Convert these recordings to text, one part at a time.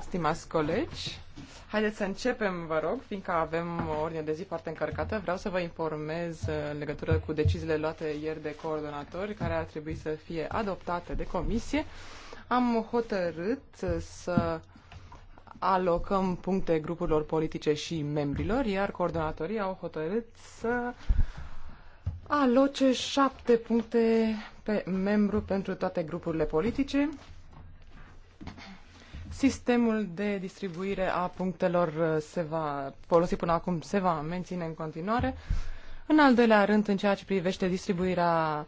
Stimați colegi, haideți să începem, vă rog, fiindcă avem o ordine de zi foarte încărcată. Vreau să vă informez în legătură cu deciziile luate ieri de coordonatori, care ar trebui să fie adoptate de comisie. Am hotărât să alocăm puncte grupurilor politice și membrilor, iar coordonatorii au hotărât să aloce șapte puncte pe membru pentru toate grupurile politice. Sistemul de distribuire a punctelor uh, se va folosi până acum, se va menține în continuare. În al doilea rând, în ceea ce privește distribuirea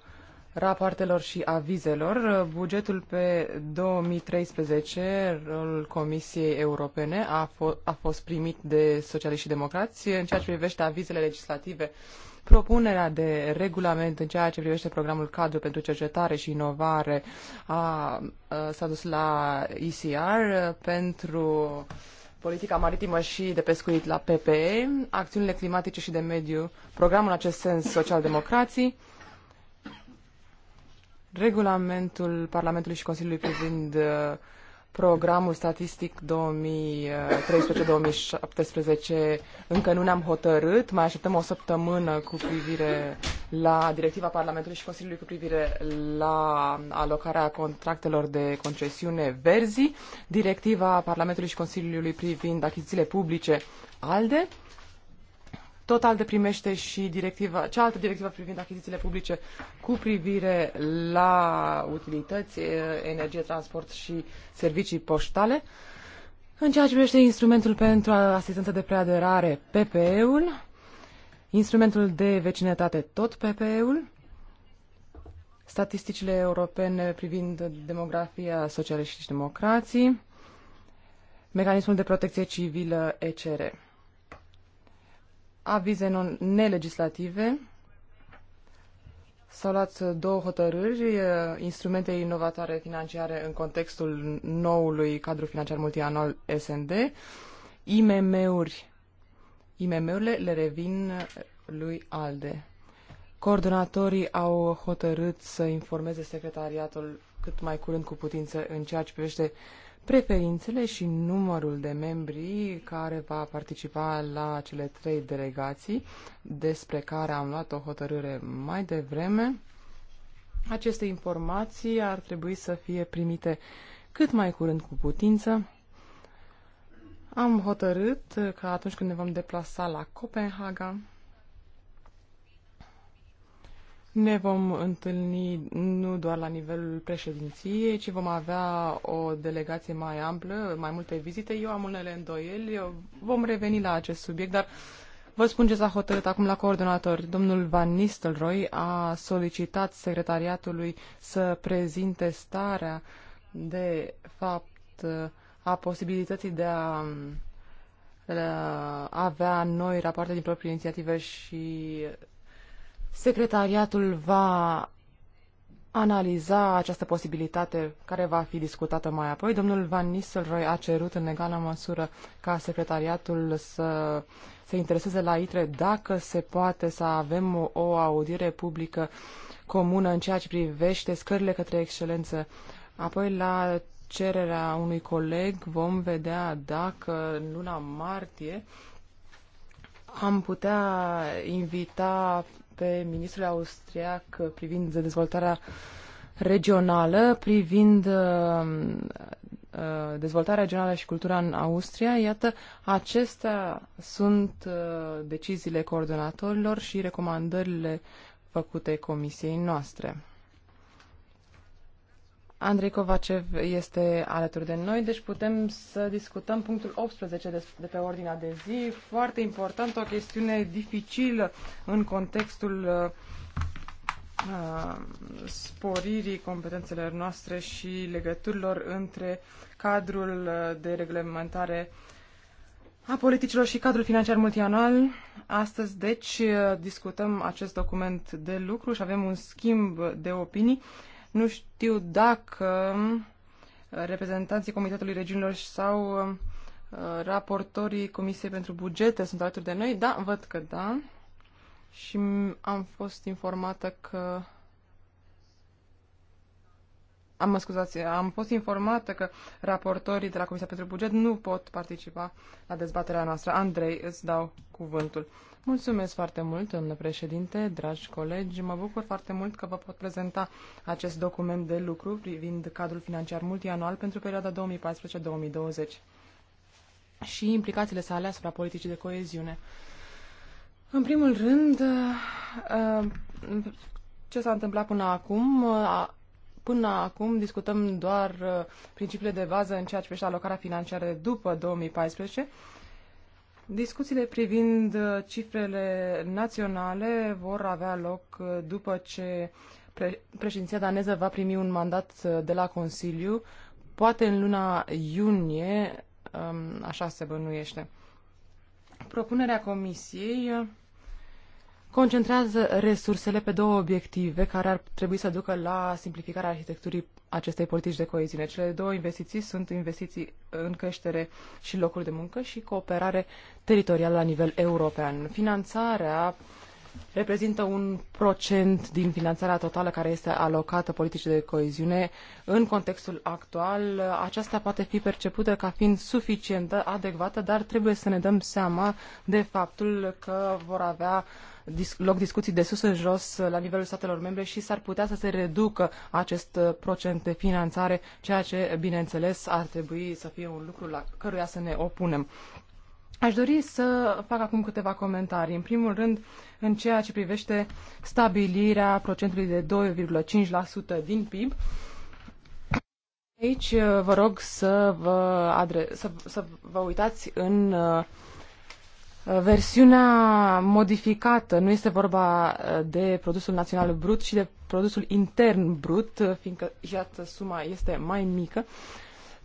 rapoartelor și avizelor, uh, bugetul pe 2013, rolul Comisiei Europene, a, fo- a fost primit de socialiști și democrați. În ceea ce privește avizele legislative, uh, Propunerea de regulament în ceea ce privește programul cadru pentru cercetare și inovare a, a, s-a dus la ECR pentru politica maritimă și de pescuit la PPE, acțiunile climatice și de mediu, programul în acest sens Social social-democrații, regulamentul Parlamentului și Consiliului privind uh, programul statistic 2013-2017 încă nu ne-am hotărât, mai așteptăm o săptămână cu privire la directiva Parlamentului și Consiliului cu privire la alocarea contractelor de concesiune verzi, directiva Parlamentului și Consiliului privind achizițiile publice ALDE Total de primește și directiva, cealaltă directivă privind achizițiile publice cu privire la utilități, energie, transport și servicii poștale. În ceea ce privește instrumentul pentru asistență de preaderare, PPE-ul, instrumentul de vecinătate, tot PPE-ul, statisticile europene privind demografia, socialiști și democrații, mecanismul de protecție civilă, ECR avize nelegislative. S-au luat uh, două hotărâri, uh, instrumente inovatoare financiare în contextul noului cadru financiar multianual SND, IMM-uri, IMM-urile le revin uh, lui ALDE. Coordonatorii au hotărât să informeze secretariatul cât mai curând cu putință în ceea ce privește uh, preferințele și numărul de membri care va participa la cele trei delegații despre care am luat o hotărâre mai devreme. Aceste informații ar trebui să fie primite cât mai curând cu putință. Am hotărât că atunci când ne vom deplasa la Copenhaga, ne vom întâlni nu doar la nivelul președinției, ci vom avea o delegație mai amplă, mai multe vizite. Eu am unele îndoieli, vom reveni la acest subiect, dar vă spun ce s-a hotărât acum la coordonator. Domnul Van Nistelrooy a solicitat secretariatului să prezinte starea de fapt a posibilității de a avea noi rapoarte din proprie inițiative și Secretariatul va analiza această posibilitate care va fi discutată mai apoi. Domnul Van Nistelrooy a cerut în egală măsură ca secretariatul să se intereseze la ITRE dacă se poate să avem o, o audiere publică comună în ceea ce privește scările către excelență. Apoi la cererea unui coleg vom vedea dacă în luna martie am putea invita pe ministrul austriac privind dezvoltarea regională, privind uh, uh, dezvoltarea regională și cultura în Austria. Iată, acestea sunt uh, deciziile coordonatorilor și recomandările făcute comisiei noastre. Andrei Kovacev este alături de noi, deci putem să discutăm punctul 18 de, pe ordinea de zi. Foarte important, o chestiune dificilă în contextul uh, uh sporirii competențelor noastre și legăturilor între cadrul uh, de reglementare a politicilor și cadrul financiar multianual. Astăzi, deci, uh, discutăm acest document de lucru și avem un schimb de opinii. Uh, nu știu dacă uh, reprezentanții Comitetului Regiunilor sau uh, raportorii Comisiei pentru Bugete sunt alături de noi. Da, văd că da. Și am fost informată că am, mă scuzați, am fost informată că raportorii de la Comisia pentru Buget nu pot participa la dezbaterea noastră. Andrei, îți dau cuvântul. Mulțumesc foarte mult, domnule președinte, dragi colegi. Mă bucur foarte mult că vă pot prezenta acest document de lucru privind cadrul financiar multianual pentru perioada 2014-2020 și implicațiile sale asupra politicii de coeziune. În primul rând, ce s-a întâmplat până acum? Până acum discutăm doar uh, principiile de bază în ceea ce privește alocarea financiară după 2014 Discuțiile privind uh, cifrele naționale vor avea loc uh, după ce președinția daneză va primi un mandat uh, de la Consiliu, poate în luna iunie, um, așa se bănuiește. Propunerea Comisiei concentrează resursele pe două obiective care ar trebui să ducă la simplificarea arhitecturii acestei politici de coeziune. Cele două investiții sunt investiții în creștere și locuri de muncă și cooperare teritorială la nivel european. Finanțarea reprezintă un procent din finanțarea totală care este alocată politicii de coeziune. În contextul actual, aceasta poate fi percepută ca fiind suficientă, adecvată, dar trebuie să ne dăm seama de faptul că vor avea loc discuții de sus în jos la nivelul statelor membre și s-ar putea să se reducă acest procent de finanțare, ceea ce, bineînțeles, ar trebui să fie un lucru la căruia să ne opunem. Aș dori să fac acum câteva comentarii. În primul rând, în ceea ce privește stabilirea procentului de 2,5% din PIB, aici uh, vă rog să vă, adre- să, să vă uitați în uh, versiunea modificată. Nu este vorba uh, de produsul național brut, ci de produsul intern brut, fiindcă, iată, suma este mai mică.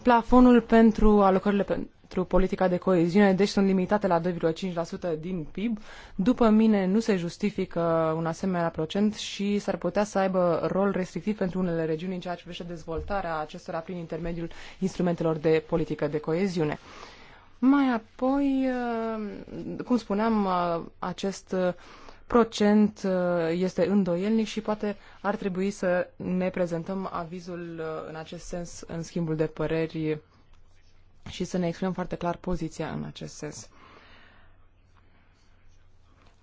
Plafonul pentru alocările pentru pentru politica de coeziune, deci sunt limitate la 2,5% din PIB. După mine, nu se justifică un asemenea procent și s-ar putea să aibă rol restrictiv pentru unele regiuni în ceea ce privește dezvoltarea acestora prin intermediul instrumentelor de politică de coeziune. Mai apoi, uh, cum spuneam, uh, acest uh, procent este îndoielnic și poate ar trebui să ne prezentăm avizul în acest sens în schimbul de păreri și să ne exprimăm foarte clar poziția în acest sens.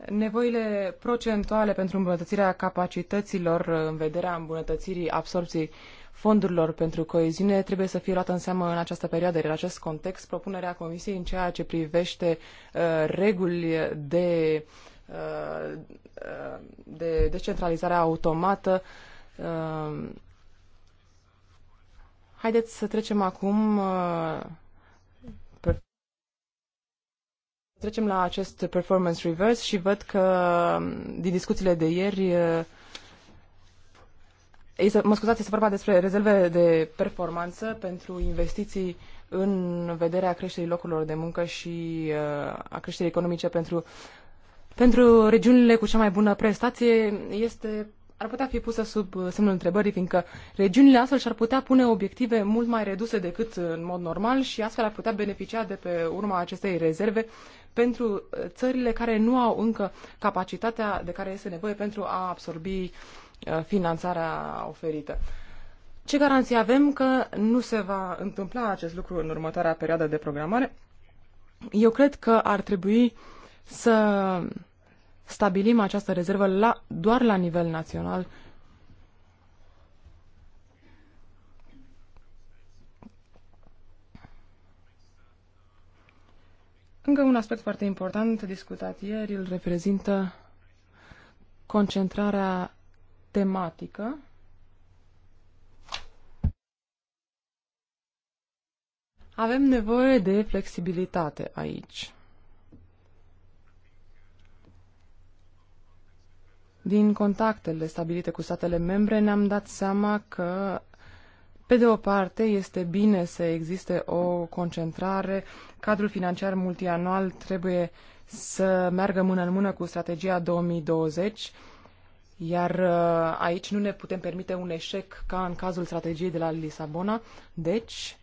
Nevoile procentuale pentru îmbunătățirea capacităților uh, în vederea îmbunătățirii absorpției fondurilor pentru coeziune trebuie să fie luată în seamă în această perioadă. În acest context, propunerea Comisiei în ceea ce privește uh, reguli de, uh, de decentralizare automată uh, Haideți să trecem acum uh, Trecem la acest performance reverse și văd că um, din discuțiile de ieri uh, este, mă scuzați, este vorba despre rezerve de performanță pentru investiții în vederea creșterii locurilor de muncă și uh, a creșterii economice pentru, pentru regiunile cu cea mai bună prestație este ar putea fi pusă sub uh, semnul întrebării, fiindcă regiunile astfel și-ar putea pune obiective mult mai reduse decât în mod normal și astfel ar putea beneficia de pe urma acestei rezerve pentru uh, țările care nu au încă capacitatea de care este nevoie pentru a absorbi uh, finanțarea oferită. Ce garanții avem că nu se va întâmpla acest lucru în următoarea perioadă de programare? Eu cred că ar trebui să stabilim această rezervă la, doar la nivel național Încă un aspect foarte important discutat ieri îl reprezintă concentrarea tematică Avem nevoie de flexibilitate aici. Din contactele stabilite cu statele membre ne-am dat seama că pe de o parte, este bine să existe o concentrare. Cadrul financiar multianual trebuie să meargă mână în mână cu strategia 2020, iar uh, aici nu ne putem permite un eșec ca în cazul strategiei de la Lisabona. Deci,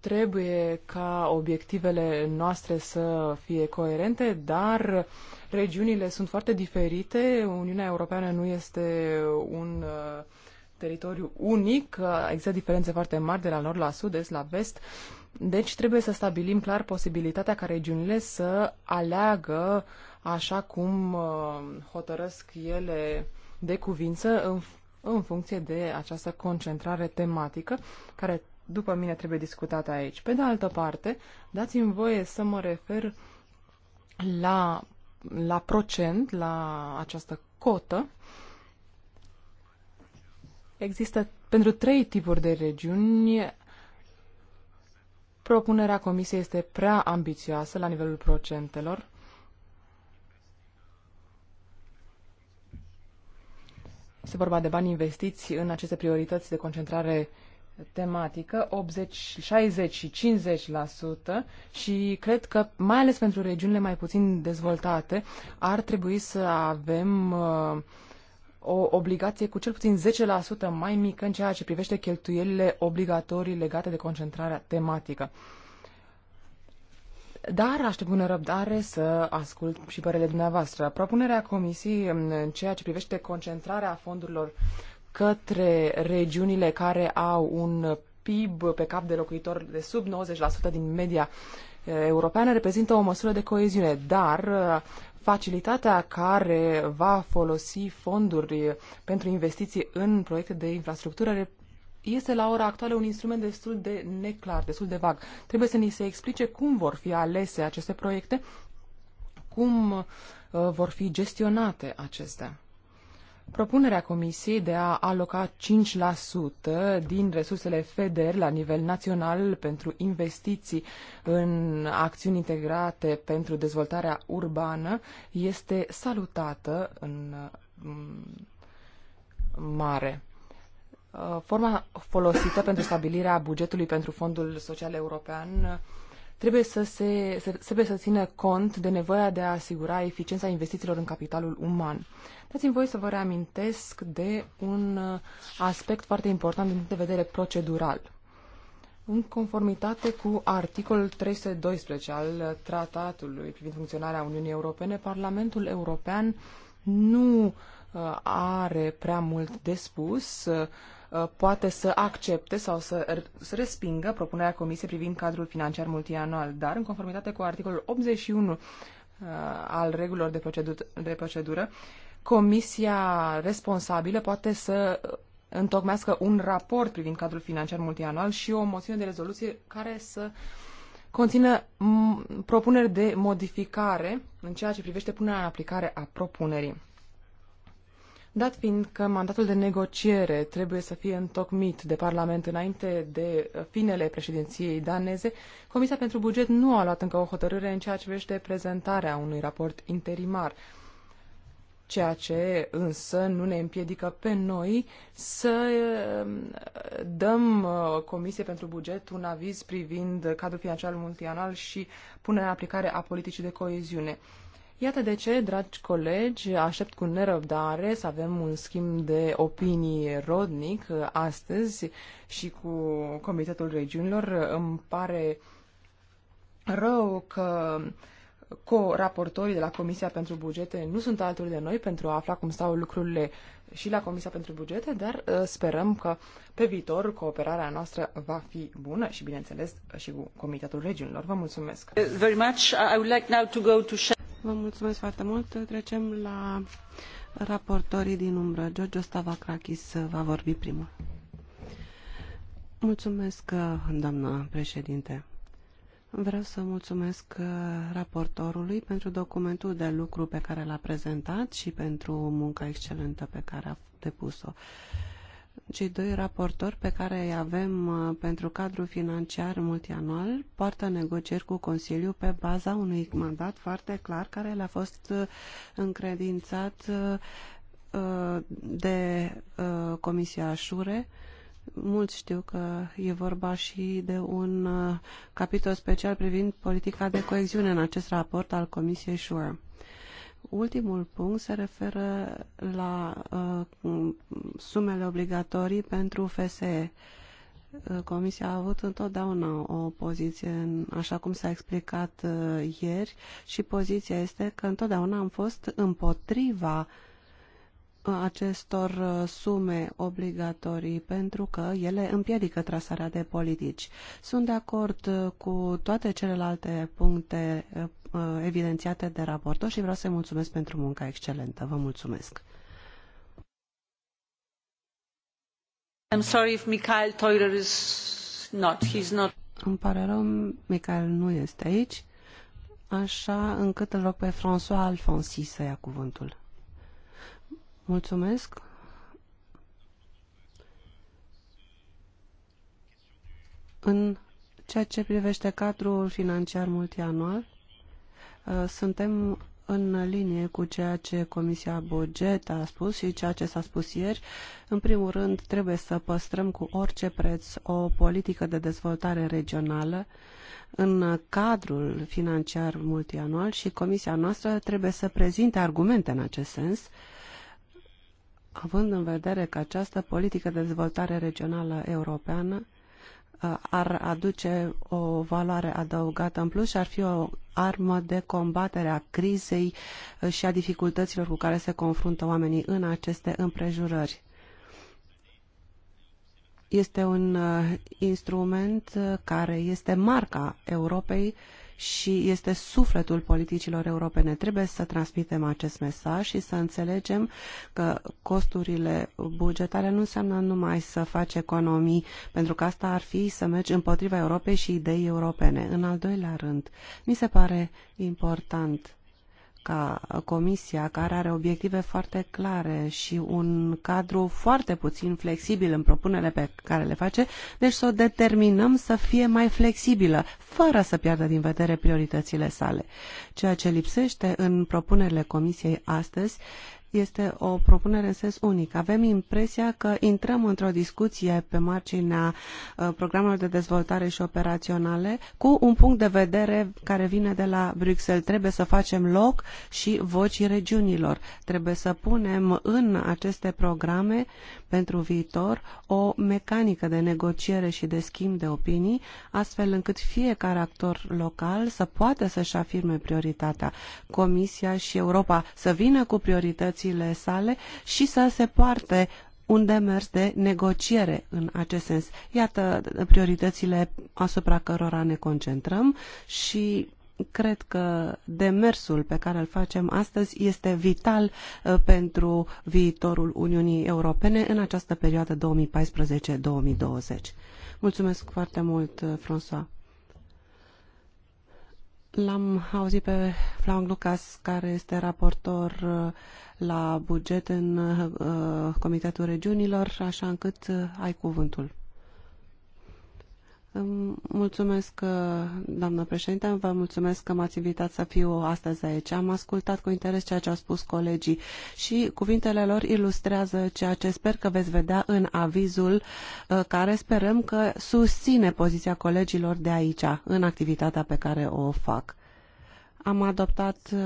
trebuie ca obiectivele noastre să fie coerente, dar regiunile sunt foarte diferite. Uniunea Europeană nu este un uh, teritoriu unic, există diferențe foarte mari de la nord la sud, est la vest, deci trebuie să stabilim clar posibilitatea ca regiunile să aleagă așa cum uh, hotărăsc ele de cuvință în, în funcție de această concentrare tematică care după mine trebuie discutată aici. Pe de altă parte, dați-mi voie să mă refer la, la procent, la această cotă uh, Există pentru trei tipuri de regiuni. Propunerea Comisiei este prea ambițioasă la nivelul procentelor. Este vorba de bani investiți în aceste priorități de concentrare tematică, 80, 60 și 50% și cred că, mai ales pentru regiunile mai puțin dezvoltate, ar trebui să avem uh, o obligație cu cel puțin 10% mai mică în ceea ce privește cheltuielile obligatorii legate de concentrarea tematică. Dar aștept bună răbdare să ascult și părerile dumneavoastră. Propunerea Comisiei în ceea ce privește concentrarea fondurilor către regiunile care au un PIB pe cap de locuitor de sub 90% din media eh, europeană reprezintă o măsură de coeziune, dar eh, facilitatea care va folosi fonduri pentru investiții în proiecte de infrastructură este la ora actuală un instrument destul de neclar, destul de vag. Trebuie să ni se explice cum vor fi alese aceste proiecte, cum uh, vor fi gestionate acestea. Propunerea Comisiei de a aloca 5% din resursele FEDER la nivel național pentru investiții în acțiuni integrate pentru dezvoltarea urbană este salutată în mm, mare. Forma folosită pentru stabilirea bugetului pentru Fondul Social European trebuie să se, trebuie să țină cont de nevoia de a asigura eficiența investițiilor în capitalul uman. Dați-mi voi să vă reamintesc de un uh, aspect foarte important din punct de vedere procedural. În conformitate cu articolul 312 al tratatului privind funcționarea Uniunii Europene, Parlamentul European nu uh, are prea mult de spus, uh, poate să accepte sau să, respingă propunerea Comisiei privind cadrul financiar multianual, dar în conformitate cu articolul 81 al regulilor de, de procedură, comisia responsabilă poate să întocmească un raport privind cadrul financiar multianual și o moțiune de rezoluție care să conțină propuneri de modificare în ceea ce privește punerea în aplicare a propunerii. Dat fiind că mandatul de negociere trebuie să fie întocmit de Parlament înainte de finele președinției daneze, Comisia pentru Buget nu a luat încă o hotărâre în ceea ce privește prezentarea unui raport interimar ceea ce însă nu ne împiedică pe noi să um, dăm uh, Comisiei pentru Buget un aviz privind cadrul financiar multianual și punerea în aplicare a politicii de coeziune. Iată de ce, dragi colegi, aștept cu nerăbdare să avem un schimb de opinii rodnic uh, astăzi și cu Comitetul Regiunilor. Îmi pare rău că uh, co-raportorii de la Comisia pentru Bugete nu sunt alături de noi pentru a afla cum stau lucrurile și la Comisia pentru Bugete, dar uh, sperăm că pe viitor cooperarea noastră va fi bună și, bineînțeles, și cu Comitetul Regiunilor. Vă mulțumesc! Very much. I would like now to go to... Vă mulțumesc foarte mult. Trecem la raportorii din umbră. George Stavakakis va vorbi primul. Mulțumesc, uh, doamnă președinte. Vreau să mulțumesc uh, raportorului pentru documentul de lucru pe care l-a prezentat și pentru munca excelentă pe care a depus-o. Cei doi raportori pe care îi avem uh, pentru cadrul financiar multianual poartă negocieri cu Consiliul pe baza unui mandat foarte clar care le-a fost uh, încredințat de Comisia Șure Mulți știu că e vorba și de un uh, capitol special privind politica de coeziune în acest raport al Comisiei SURE. Ultimul punct se referă la uh, sumele obligatorii pentru FSE. Uh, Comisia a avut întotdeauna o poziție, în, așa cum s-a explicat uh, ieri, și poziția este că întotdeauna am fost împotriva uh, acestor uh, sume obligatorii pentru că ele împiedică trasarea de politici. Sunt de acord uh, cu toate celelalte puncte uh, evidențiate de raportor și vreau să-i mulțumesc pentru munca excelentă. Vă mulțumesc. I'm sorry if Mikhail Teurer is not. He's not. Îmi pare rău, Michael nu este aici, așa încât îl rog pe François Alfonsi să ia cuvântul. Mulțumesc. În ceea ce privește cadrul financiar multianual, uh, suntem în linie cu ceea ce Comisia Buget a spus și ceea ce s-a spus ieri. În primul rând, trebuie să păstrăm cu orice preț o politică de dezvoltare regională în cadrul financiar multianual și Comisia noastră trebuie să prezinte argumente în acest sens uh, având în vedere că această politică de dezvoltare regională europeană uh, ar aduce o valoare adăugată în plus și ar fi o armă de combatere a crizei uh, și a dificultăților cu care se confruntă oamenii în aceste împrejurări. Este un uh, instrument care este marca Europei și este sufletul politicilor europene. Trebuie să transmitem acest mesaj și să înțelegem că costurile bugetare nu înseamnă numai să faci economii, pentru că asta ar fi să mergi împotriva Europei și ideii europene. În al doilea rând, mi se pare important ca Comisia, care are obiective foarte clare și un cadru foarte puțin flexibil în propunerile pe care le face, deci să o determinăm să fie mai flexibilă, fără să piardă din vedere prioritățile sale. Ceea ce lipsește în propunerile Comisiei astăzi este o propunere în sens unic. Avem impresia că intrăm într-o discuție pe marginea uh, programelor de dezvoltare și operaționale cu un punct de vedere care vine de la Bruxelles. Trebuie să facem loc și vocii regiunilor. Trebuie să punem în aceste programe uh, pentru viitor o mecanică de negociere și de schimb de opinii, astfel încât fiecare actor local să poată să-și afirme prioritatea. Comisia și Europa să vină cu prioritățile sale și să se poarte un demers de negociere în acest sens. Iată prioritățile asupra cărora ne concentrăm și cred că demersul pe care îl facem astăzi este vital uh, pentru viitorul Uniunii Europene în această perioadă 2014-2020. Mulțumesc foarte mult, uh, François. L-am auzit pe Flaun Lucas, care este raportor uh, la buget în Comitetul Regiunilor, așa încât ai cuvântul. Mulțumesc, uh, doamnă președinte, vă mulțumesc că m-ați invitat să fiu astăzi aici. Am ascultat cu interes ceea ce au spus colegii și cuvintele lor ilustrează ceea ce sper că veți vedea în avizul uh, care sperăm că susține poziția colegilor de aici în activitatea pe care o fac. Am adoptat uh,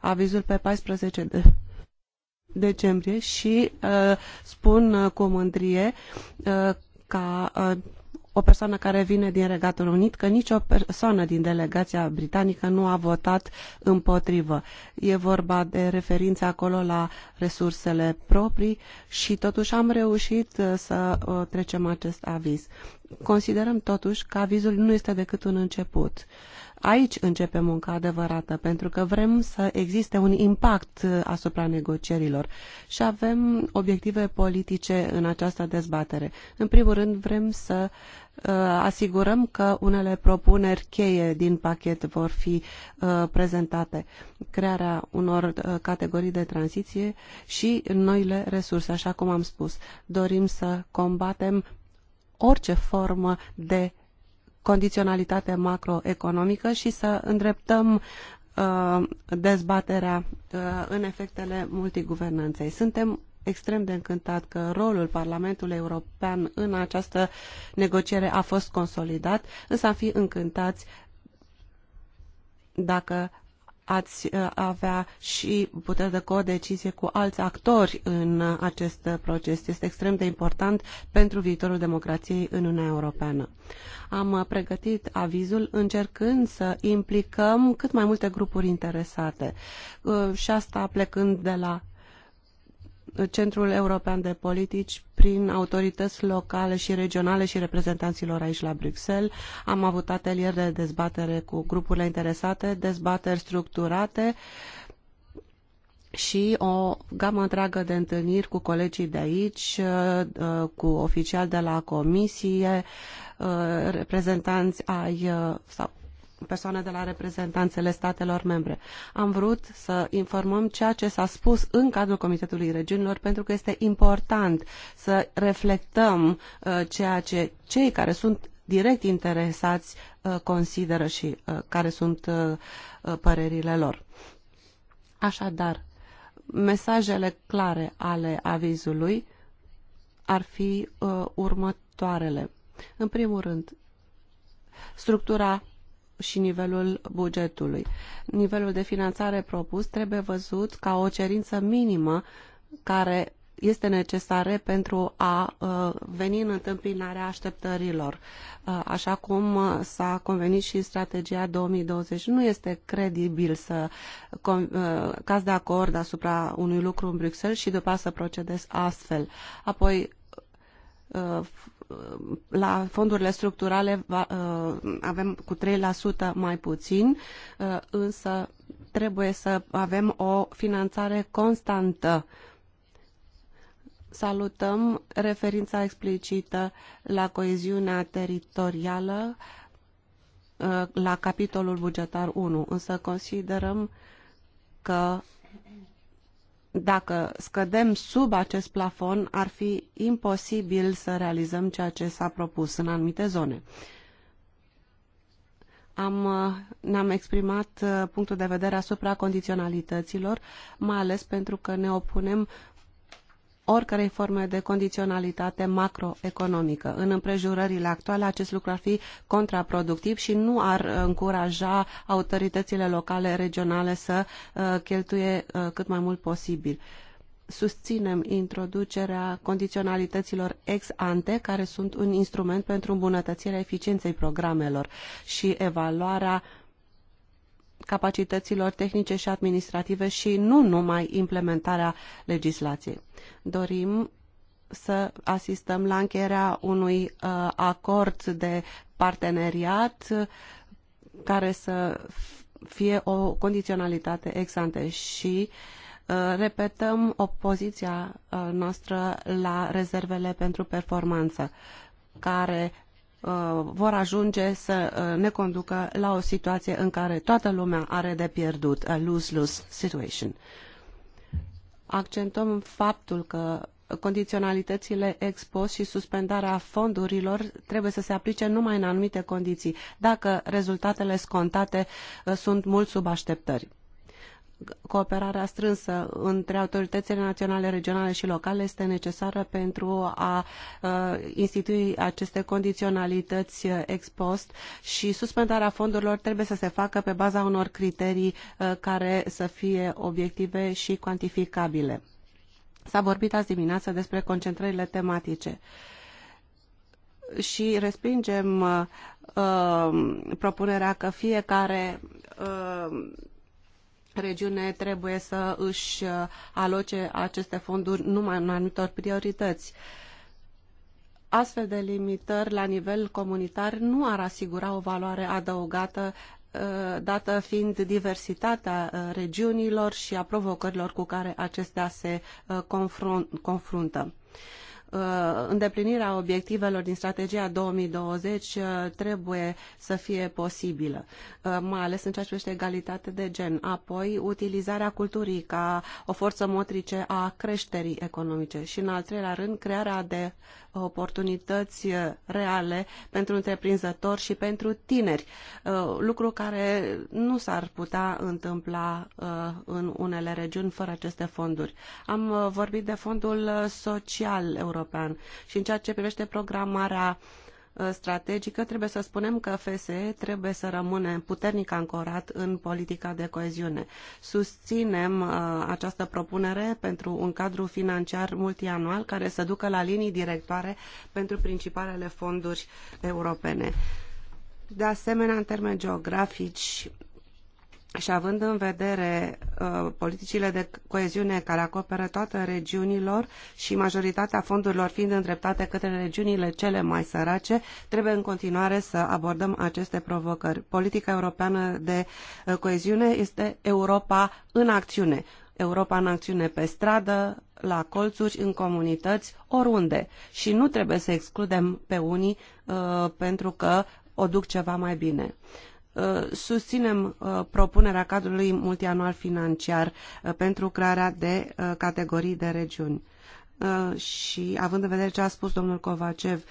avizul pe 14 de decembrie și uh, spun cu mândrie uh, ca o persoană care vine din Regatul Unit că nicio persoană din delegația britanică nu a votat împotrivă. E vorba de referință acolo la resursele proprii și totuși am reușit uh, să uh, trecem acest aviz. Considerăm totuși că avizul nu este decât un început. Uh, Aici începe munca adevărată, pentru că vrem să existe un impact asupra negocierilor și avem obiective politice în această dezbatere. În primul rând, vrem să uh, asigurăm că unele propuneri cheie din pachet vor fi uh, prezentate, crearea unor uh, categorii de tranziție și noile resurse, așa cum am spus. Dorim să combatem orice formă de condiționalitate macroeconomică și să îndreptăm uh, dezbaterea uh, în efectele multiguvernanței. Suntem extrem de încântat că rolul Parlamentului European în această negociere a fost consolidat, însă am fi încântați dacă ați uh, avea și puteri de codecizie cu alți actori în uh, acest uh, proces. Este extrem de important pentru viitorul democrației în Uniunea Europeană. Am pregătit avizul încercând să implicăm cât mai multe grupuri interesate și asta plecând de la Centrul European de Politici prin autorități locale și regionale și reprezentanților aici la Bruxelles. Am avut atelier de dezbatere cu grupurile interesate, dezbateri structurate și o gamă întreagă de întâlniri cu colegii de aici, uh, cu oficiali de la comisie, uh, reprezentanți ai uh, sau persoane de la reprezentanțele statelor membre. Am vrut să informăm ceea ce s-a spus în cadrul Comitetului Regiunilor pentru că este important să reflectăm uh, ceea ce cei care sunt direct interesați uh, consideră și uh, care sunt uh, uh părerile lor. Așadar, mesajele clare ale avizului ar fi uh, următoarele. În primul rând, structura și nivelul bugetului. Nivelul de finanțare propus trebuie văzut ca o cerință minimă care este necesară pentru a uh, veni în întâmpinarea așteptărilor. Uh, așa cum s-a convenit și strategia 2020, nu este credibil să uh, caz de acord asupra unui lucru în Bruxelles și după să procedezi astfel. Apoi la fondurile structurale uh, avem cu 3% mai puțin, uh, însă trebuie să avem o finanțare constantă. Salutăm referința explicită la coeziunea teritorială uh, la capitolul bugetar 1, însă considerăm că dacă scădem sub acest plafon, ar fi imposibil să realizăm ceea ce s-a propus în anumite zone. Am, ne-am exprimat uh, punctul de vedere asupra condiționalităților, mai ales pentru că ne opunem oricărei forme de condiționalitate macroeconomică. În împrejurările actuale, acest lucru ar fi contraproductiv și nu ar uh, încuraja autoritățile locale, regionale să uh, cheltuie uh, cât mai mult posibil susținem introducerea condiționalităților ex ante, care sunt un instrument pentru îmbunătățirea eficienței programelor și evaluarea capacităților tehnice și administrative și nu numai implementarea legislației. Dorim să asistăm la încheierea unui uh, acord de parteneriat uh, care să fie o condiționalitate exante și uh, repetăm opoziția uh, noastră la rezervele pentru performanță care Uh, vor ajunge să uh, ne conducă la o situație în care toată lumea are de pierdut, a lose-lose situation. Accentuăm faptul că condiționalitățile ex post și suspendarea fondurilor trebuie să se aplice numai în anumite condiții, dacă rezultatele scontate uh, sunt mult sub așteptări cooperarea strânsă între autoritățile naționale, regionale și locale este necesară pentru a institui aceste condiționalități ex post și suspendarea fondurilor trebuie să se facă pe baza unor criterii care să fie obiective și cuantificabile. S-a vorbit azi dimineață despre concentrările tematice și respingem uh, propunerea că fiecare uh, regiune trebuie să își uh, aloce aceste fonduri numai în anumitor priorități. Astfel de limitări la nivel comunitar nu ar asigura o valoare adăugată uh, dată fiind diversitatea uh, regiunilor și a provocărilor cu care acestea se confruntă. Uh, îndeplinirea obiectivelor din strategia 2020 uh, trebuie să fie posibilă, uh, mai ales în ceea ce privește egalitate de gen. Apoi, utilizarea culturii ca o forță motrice a creșterii economice și, în al treilea rând, crearea de oportunități eh, reale pentru întreprinzători și pentru tineri, eh, lucru care nu s-ar putea întâmpla eh, în unele regiuni fără aceste fonduri. Am vorbit de fondul social european și în ceea ce privește programarea strategică, trebuie să spunem că FSE trebuie să rămâne puternic ancorat în politica de coeziune. Susținem uh, această propunere pentru un cadru financiar multianual care să ducă la linii directoare pentru principalele fonduri europene. De asemenea, în termeni geografici, și având în vedere uh, politicile de coeziune care acoperă toate regiunilor și majoritatea fondurilor fiind îndreptate către regiunile cele mai sărace, trebuie în continuare să abordăm aceste provocări. Politica europeană de uh, coeziune este Europa în acțiune. Europa în acțiune pe stradă, la colțuri, în comunități, oriunde. Și nu trebuie să excludem pe unii uh, pentru că o duc ceva mai bine. Uh, Uh, susținem uh, propunerea cadrului multianual financiar uh, pentru crearea de categorii de regiuni. Și având în vedere ce a spus domnul Covacev,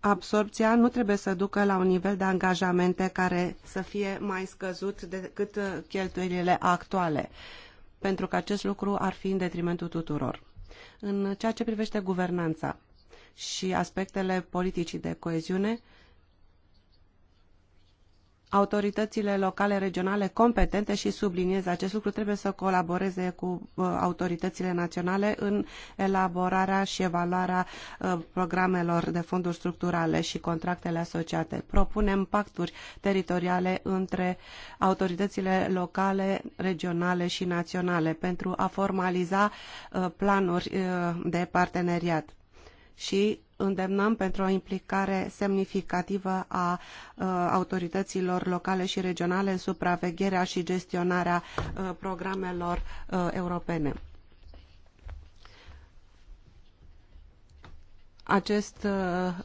absorpția nu trebuie să ducă la un nivel de angajamente care să fie mai scăzut decât cheltuielile actuale, pentru că acest lucru ar fi în detrimentul tuturor. În ceea ce privește guvernanța, și aspectele politicii de coeziune, autoritățile locale, regionale competente și subliniez acest lucru, trebuie să colaboreze cu uh, autoritățile naționale în elaborarea și evaluarea uh, programelor de fonduri structurale și contractele asociate. Propunem pacturi teritoriale între autoritățile locale, regionale și naționale pentru a formaliza uh, planuri de parteneriat și îndemnăm pentru o implicare semnificativă a uh, autorităților locale și regionale în supravegherea și gestionarea uh, programelor uh, europene. Acest uh,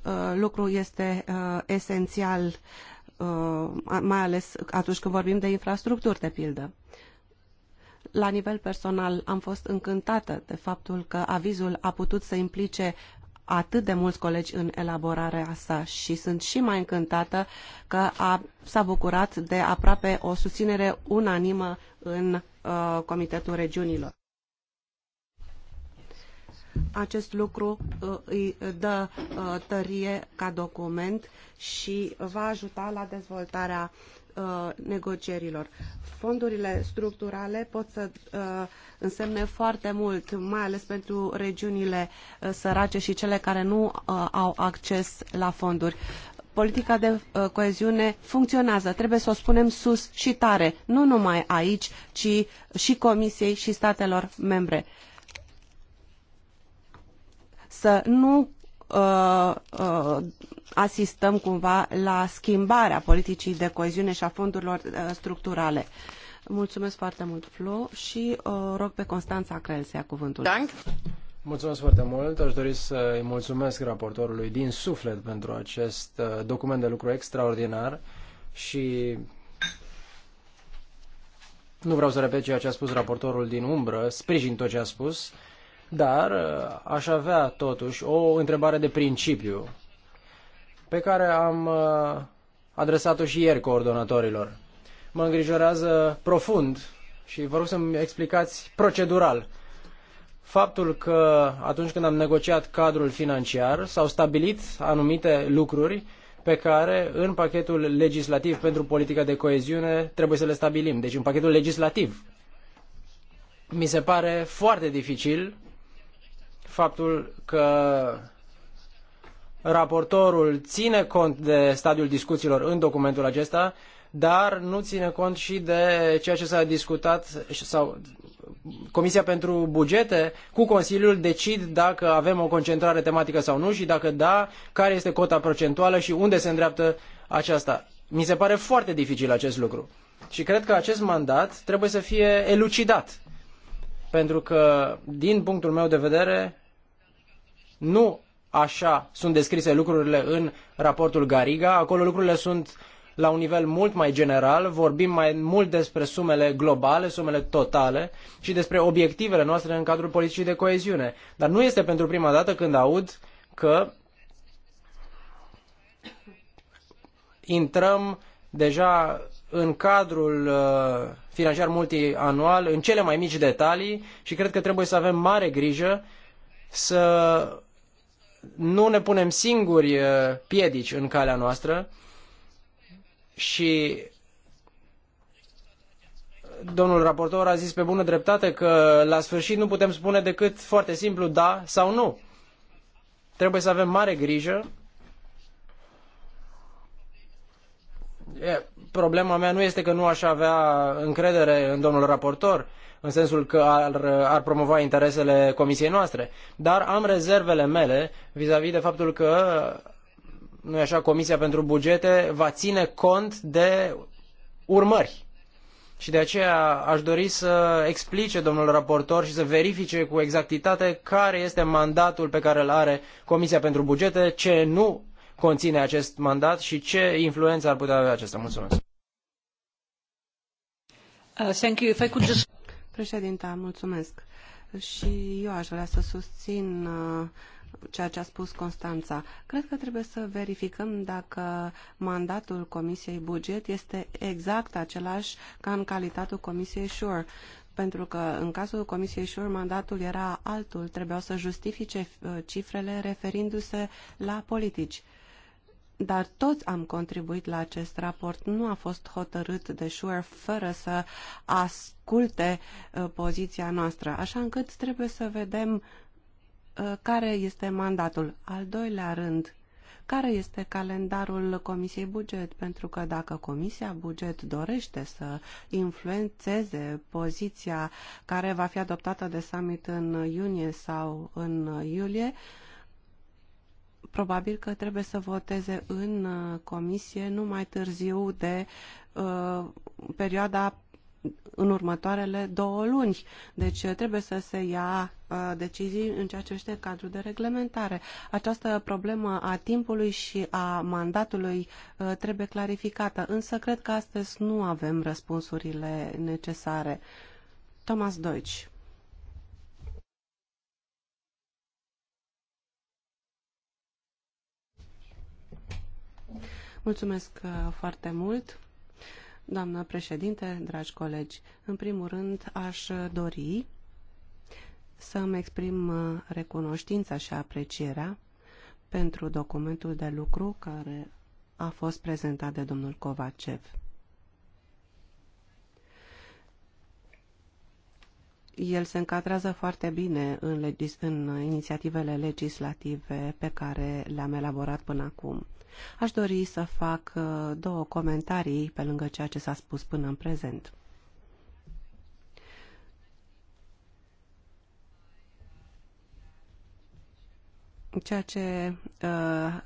uh, lucru este uh, esențial, mai ales atunci când vorbim de infrastructuri, de pildă la nivel personal am fost încântată de faptul că avizul a putut să implice atât de mulți colegi în elaborarea sa și sunt și mai încântată că a, s-a bucurat de aproape o susținere unanimă în uh, Comitetul Regiunilor. Acest lucru uh, îi dă uh, tărie ca document și va ajuta la dezvoltarea Uh, negocierilor. Fondurile structurale pot să uh, însemne foarte mult, mai ales pentru regiunile uh, sărace și cele care nu uh, au acces la fonduri. Politica de uh, coeziune funcționează, trebuie să o spunem sus și tare, nu numai aici, ci și Comisiei și statelor membre. Să nu uh, uh, asistăm cumva la schimbarea politicii de coeziune și a fondurilor uh, structurale. Mulțumesc foarte mult, Flo, și uh, rog pe Constanța Crel să ia cuvântul. Dank. Mulțumesc foarte mult. Aș dori să îi mulțumesc raportorului din suflet pentru acest uh, document de lucru extraordinar și nu vreau să repet ceea ce a spus raportorul din umbră, sprijin tot ce a spus dar uh, aș avea totuși o întrebare de principiu pe care am uh, adresat-o și ieri coordonatorilor. Mă îngrijorează profund și vă rog să-mi explicați procedural faptul că atunci când am negociat cadrul financiar s-au stabilit anumite lucruri pe care în pachetul legislativ pentru politica de coeziune trebuie să le stabilim. Deci în pachetul legislativ. Mi se pare foarte dificil faptul că raportorul ține cont de stadiul discuțiilor în documentul acesta, dar nu ține cont și de ceea ce s-a discutat sau Comisia pentru Bugete cu Consiliul decid dacă avem o concentrare tematică sau nu și dacă da, care este cota procentuală și unde se îndreaptă aceasta. Mi se pare foarte dificil acest lucru și cred că acest mandat trebuie să fie elucidat. Pentru că, din punctul meu de vedere, nu așa sunt descrise lucrurile în raportul Gariga. Acolo lucrurile sunt la un nivel mult mai general, vorbim mai mult despre sumele globale, sumele totale și despre obiectivele noastre în cadrul politicii de coeziune. Dar nu este pentru prima dată când aud că intrăm deja în cadrul uh, financiar multianual, în cele mai mici detalii și cred că trebuie să avem mare grijă să nu ne punem singuri uh, piedici în calea noastră și domnul raportor a zis pe bună dreptate că la sfârșit nu putem spune decât foarte simplu da sau nu. Trebuie să avem mare grijă. problema mea nu este că nu aș avea încredere în domnul raportor, în sensul că ar, ar promova interesele comisiei noastre. Dar am rezervele mele vis-a-vis de faptul că nu așa, Comisia pentru Bugete va ține cont de urmări. Și de aceea aș dori să explice domnul raportor și să verifice cu exactitate care este mandatul pe care îl are Comisia pentru Bugete, ce nu conține acest mandat și ce influență ar putea avea acesta. Mulțumesc. Uh, Președinte, mulțumesc. Și eu aș vrea să susțin uh, ceea ce a spus Constanța. Cred că trebuie să verificăm dacă mandatul Comisiei Buget este exact același ca în calitatea Comisiei Sure pentru că în cazul Comisiei Sure mandatul era altul, trebuiau să justifice uh, cifrele referindu-se la politici dar toți am contribuit la acest raport. Nu a fost hotărât de Sure fără să asculte uh, poziția noastră, așa încât trebuie să vedem uh, care este mandatul. Al doilea rând, care este calendarul Comisiei Buget, pentru că dacă Comisia Buget dorește să influențeze poziția care va fi adoptată de summit în iunie sau în iulie, uh, probabil că trebuie să voteze în uh, comisie nu mai târziu de uh, perioada în următoarele două luni. Deci uh, trebuie să se ia uh, decizii în ceea ce este cadrul de reglementare. Această problemă a timpului și a mandatului uh, trebuie clarificată, însă cred că astăzi nu avem răspunsurile necesare. Thomas Deutsch. Mulțumesc uh, foarte mult, doamnă președinte, dragi colegi. În primul rând, aș uh, dori să-mi exprim uh, recunoștința și aprecierea pentru documentul de lucru care a fost prezentat de domnul Covacev. El se încadrează foarte bine în, legis- în inițiativele legislative pe care le-am elaborat până acum. Aș dori să fac uh, două comentarii pe lângă ceea ce s-a spus până în prezent. Ceea ce uh,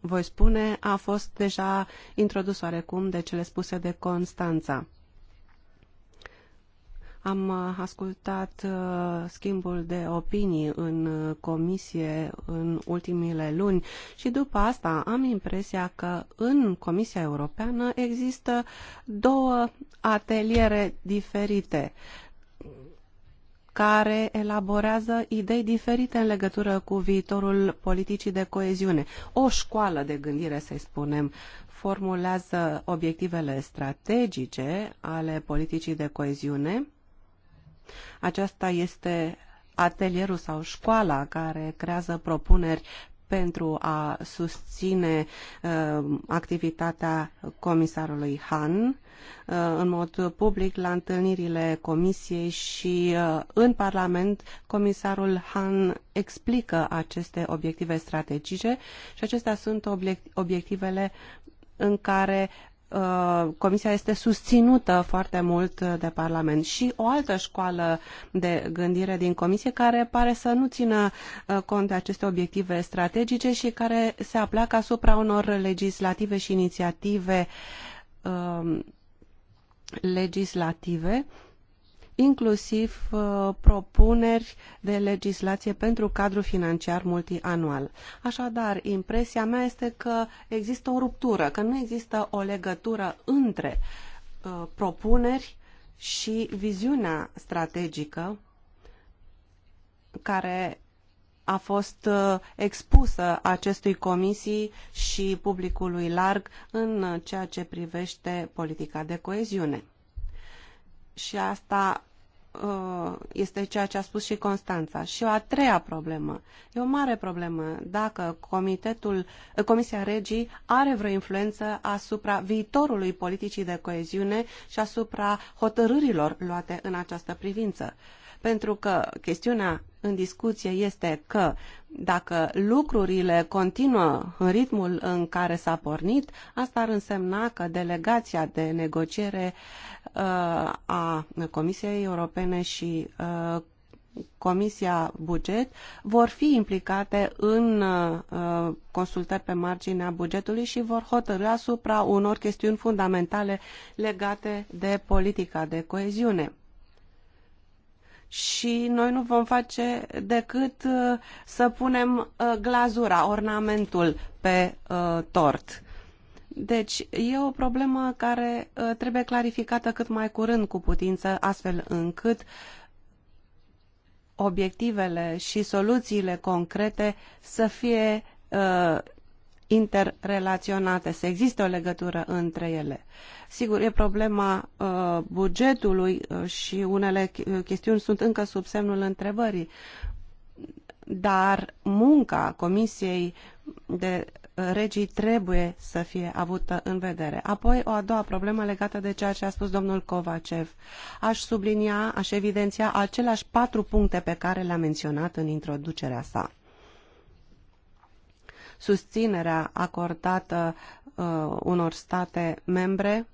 voi spune a fost deja introdus oarecum de cele spuse de Constanța. Am uh, ascultat uh, schimbul de opinii în uh, comisie în ultimile luni și după asta am impresia că în Comisia Europeană există două ateliere diferite care elaborează idei diferite în legătură cu viitorul politicii de coeziune. O școală de gândire, să-i spunem, formulează obiectivele strategice ale politicii de coeziune, aceasta este atelierul sau școala care creează propuneri pentru a susține uh, activitatea comisarului Han uh, în mod public la întâlnirile comisiei și uh, în Parlament comisarul Han explică aceste obiective strategice și acestea sunt obiectivele în care Uh, Comisia este susținută foarte mult de Parlament și o altă școală de gândire din Comisie care pare să nu țină uh, cont de aceste obiective strategice și care se aplacă asupra unor legislative și inițiative uh, legislative inclusiv uh, propuneri de legislație pentru cadru financiar multianual. Așadar, impresia mea este că există o ruptură, că nu există o legătură între uh, propuneri și viziunea strategică care a fost uh, expusă acestui comisii și publicului larg în ceea ce privește politica de coeziune și asta uh, este ceea ce a spus și Constanța. Și o a treia problemă. E o mare problemă dacă comitetul, Comisia Regii are vreo influență asupra viitorului politicii de coeziune și asupra hotărârilor luate în această privință. Pentru că chestiunea în discuție este că dacă lucrurile continuă în ritmul în care s-a pornit, asta ar însemna că delegația de negociere uh, a Comisiei Europene și uh, Comisia Buget vor fi implicate în uh, consultări pe marginea bugetului și vor hotărâ asupra unor chestiuni fundamentale legate de politica de coeziune și noi nu vom face decât uh, să punem uh, glazura, ornamentul pe uh, tort. Deci e o problemă care trebuie clarificată cât mai curând cu putință, astfel încât obiectivele și soluțiile concrete să fie interrelaționate, să existe o legătură între ele. Sigur, e problema uh, bugetului uh, și unele uh, chestiuni sunt încă sub semnul întrebării, dar munca Comisiei de regii trebuie să fie avută în vedere. Apoi, o a doua problemă legată de ceea ce a spus domnul Kovacev. Aș sublinia, aș evidenția aceleași patru puncte pe care le-a menționat în introducerea sa susținerea acordată uh, unor state membre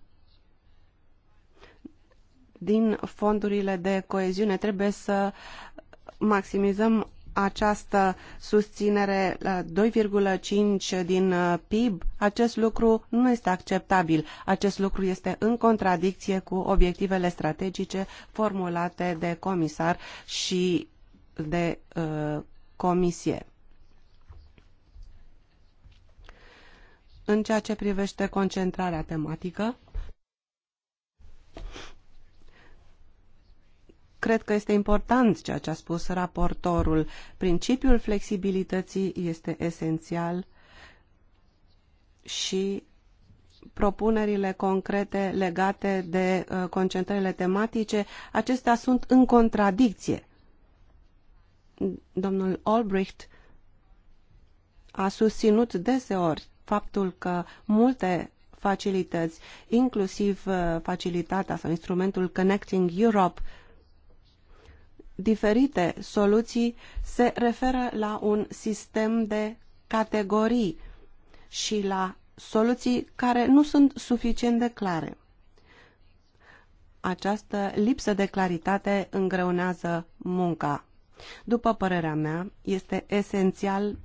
din fondurile de coeziune. Trebuie să maximizăm această susținere la 2,5 din uh, PIB, acest lucru nu este acceptabil. Acest lucru este în contradicție cu obiectivele strategice formulate de comisar și de uh, comisie. În ceea ce privește concentrarea tematică, cred că este important ceea ce a spus raportorul. Principiul flexibilității este esențial și propunerile concrete legate de uh, concentrările tematice, acestea sunt în contradicție. Domnul Albrecht a susținut deseori faptul că multe facilități, inclusiv uh, facilitatea sau instrumentul Connecting Europe, diferite soluții se referă la un sistem de categorii și la soluții care nu sunt suficient de clare. Această lipsă de claritate îngreunează munca. După părerea mea, este esențial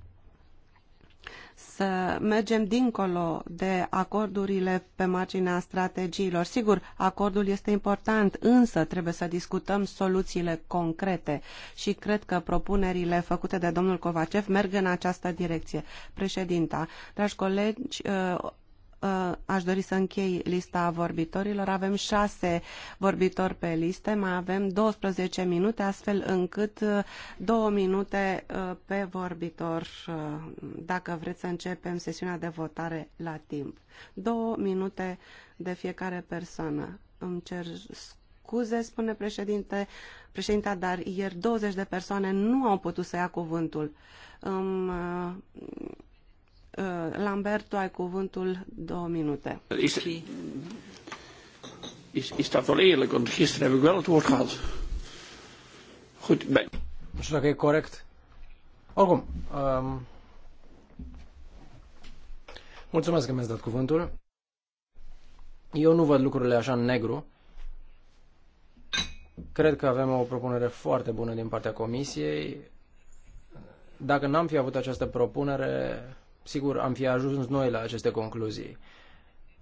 să mergem dincolo de acordurile pe marginea strategiilor. Sigur, acordul este important, însă trebuie să discutăm soluțiile concrete și cred că propunerile făcute de domnul Covacev merg în această direcție. Președinta, dragi colegi, Uh, aș dori să închei lista vorbitorilor. Avem șase vorbitori pe liste, mai avem 12 minute, astfel încât uh, două minute uh, pe vorbitor, dacă vreți să începem sesiunea de votare la timp. Două minute de fiecare persoană. Îmi cer scuze, spune președinte, președinta, dar ieri 20 de persoane nu au putut să ia cuvântul. Îmi Uh, Lamberto ai cuvântul două minute. Is, is, is dat wel eerlijk? Want gisteren heb ik wel het woord gehad. Goed, ben... Is dat dacă corect. Oricum, um, mulțumesc că mi-ați dat cuvântul. Eu nu văd lucrurile așa în negru. Cred că avem o propunere foarte bună din partea comisiei. Dacă n-am fi avut această propunere, sigur am fi ajuns noi la aceste concluzii.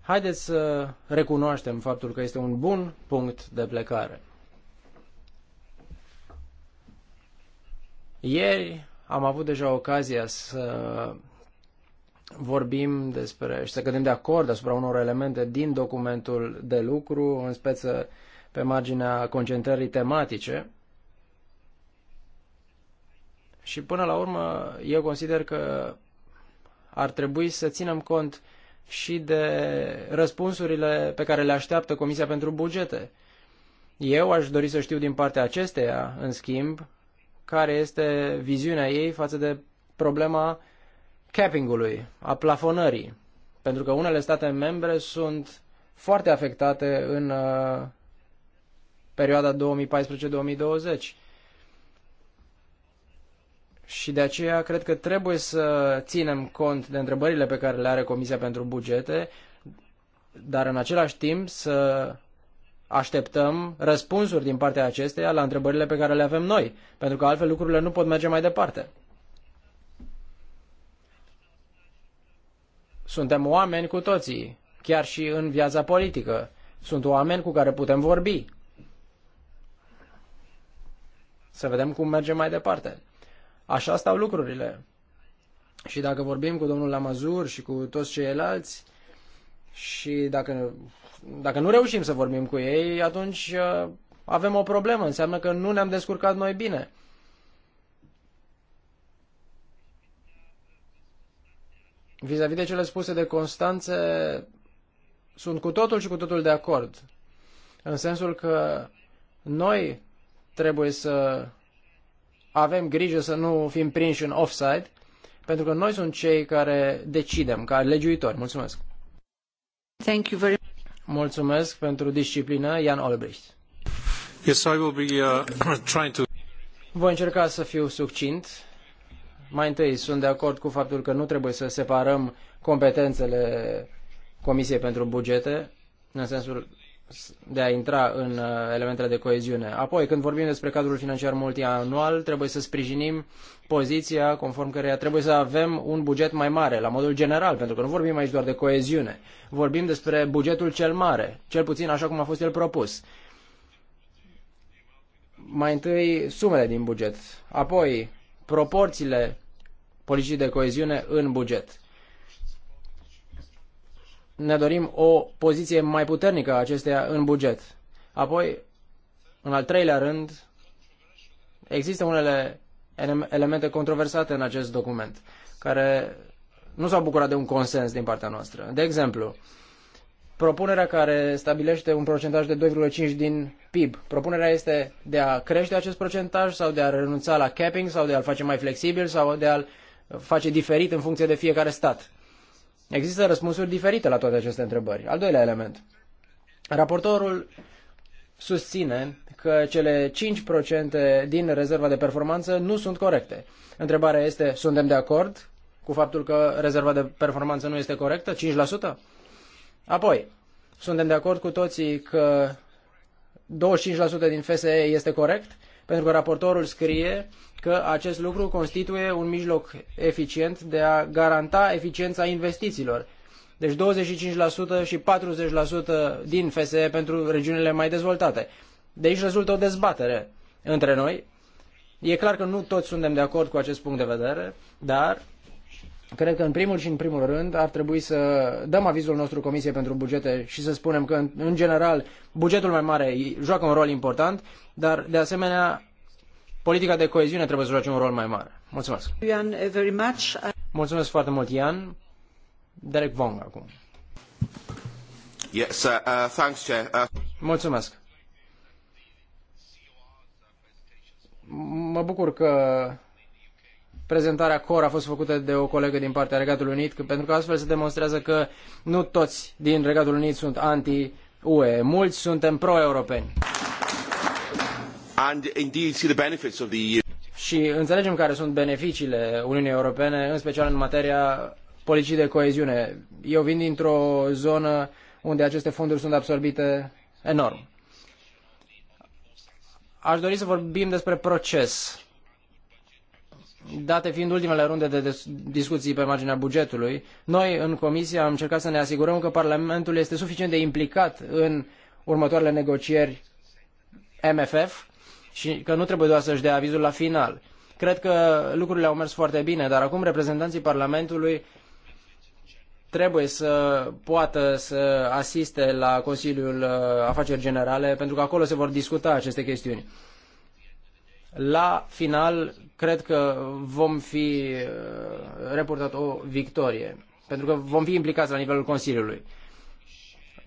Haideți să recunoaștem faptul că este un bun punct de plecare. Ieri am avut deja ocazia să vorbim despre și să cădem de acord asupra unor elemente din documentul de lucru, în speță pe marginea concentrării tematice. Și până la urmă, eu consider că ar trebui să ținem cont și de răspunsurile pe care le așteaptă Comisia pentru Bugete. Eu aș dori să știu din partea acesteia, în schimb, care este viziunea ei față de problema capping-ului, a plafonării. Pentru că unele state membre sunt foarte afectate în uh, perioada 2014-2020. Și de aceea cred că trebuie să ținem cont de întrebările pe care le are Comisia pentru Bugete, dar în același timp să așteptăm răspunsuri din partea acesteia la întrebările pe care le avem noi, pentru că altfel lucrurile nu pot merge mai departe. Suntem oameni cu toții, chiar și în viața politică. Sunt oameni cu care putem vorbi. Să vedem cum mergem mai departe. Așa stau lucrurile. Și dacă vorbim cu domnul Lamazur și cu toți ceilalți și dacă, dacă nu reușim să vorbim cu ei, atunci uh, avem o problemă. Înseamnă că nu ne-am descurcat noi bine. Vis-a-vis de cele spuse de Constanțe, sunt cu totul și cu totul de acord. În sensul că noi trebuie să avem grijă să nu fim prinși în offside, pentru că noi sunt cei care decidem, ca legiuitori. Mulțumesc! Thank you very Mulțumesc pentru disciplină, Jan Olbricht. Yes, I will be, uh, trying to... Voi încerca să fiu succint. Mai întâi, sunt de acord cu faptul că nu trebuie să separăm competențele Comisiei pentru Bugete, în sensul de a intra în uh, elementele de coeziune. Apoi, când vorbim despre cadrul financiar multianual, trebuie să sprijinim poziția conform căreia trebuie să avem un buget mai mare, la modul general, pentru că nu vorbim aici doar de coeziune. Vorbim despre bugetul cel mare, cel puțin așa cum a fost el propus. Mai întâi, sumele din buget, apoi proporțiile politicii de coeziune în buget ne dorim o poziție mai puternică a acesteia în buget. Apoi, în al treilea rând, există unele elemente controversate în acest document, care nu s-au bucurat de un consens din partea noastră. De exemplu, propunerea care stabilește un procentaj de 2,5 din PIB. Propunerea este de a crește acest procentaj sau de a renunța la capping sau de a-l face mai flexibil sau de a-l face diferit în funcție de fiecare stat. Există răspunsuri diferite la toate aceste întrebări. Al doilea element. Raportorul susține că cele 5% din rezerva de performanță nu sunt corecte. Întrebarea este, suntem de acord cu faptul că rezerva de performanță nu este corectă? 5%? Apoi, suntem de acord cu toții că 25% din FSE este corect? Pentru că raportorul scrie că acest lucru constituie un mijloc eficient de a garanta eficiența investițiilor. Deci 25% și 40% din FSE pentru regiunile mai dezvoltate. De aici rezultă o dezbatere între noi. E clar că nu toți suntem de acord cu acest punct de vedere, dar cred că în primul și în primul rând ar trebui să dăm avizul nostru Comisiei pentru Bugete și să spunem că, în general, bugetul mai mare joacă un rol important, dar, de asemenea, politica de coeziune trebuie să joace un rol mai mare. Mulțumesc. Ian, eh, very much. Mulțumesc foarte mult, Ian. Derek Wong acum. Yes, uh, uh, thanks, Chair. Uh... Mulțumesc. Mă bucur că prezentarea COR a fost făcută de o colegă din partea Regatului Unit, pentru că astfel se demonstrează că nu toți din Regatul Unit sunt anti-UE. Mulți suntem pro-europeni and indeed see the benefits of the EU. Și înțelegem care sunt beneficiile Uniunii Europene, în special în materia politicii de coeziune. Eu vin dintr-o zonă unde aceste fonduri sunt absorbite enorm. Aș dori să vorbim despre proces. Date fiind ultimele runde de discuții pe marginea bugetului, noi în comisie am încercat să ne asigurăm că Parlamentul este suficient de implicat în următoarele negocieri MFF și că nu trebuie doar să-și dea avizul la final. Cred că lucrurile au mers foarte bine, dar acum reprezentanții Parlamentului trebuie să poată să asiste la Consiliul uh, Afaceri Generale, pentru că acolo se vor discuta aceste chestiuni. La final, cred că vom fi uh, reportat o victorie, pentru că vom fi implicați la nivelul Consiliului.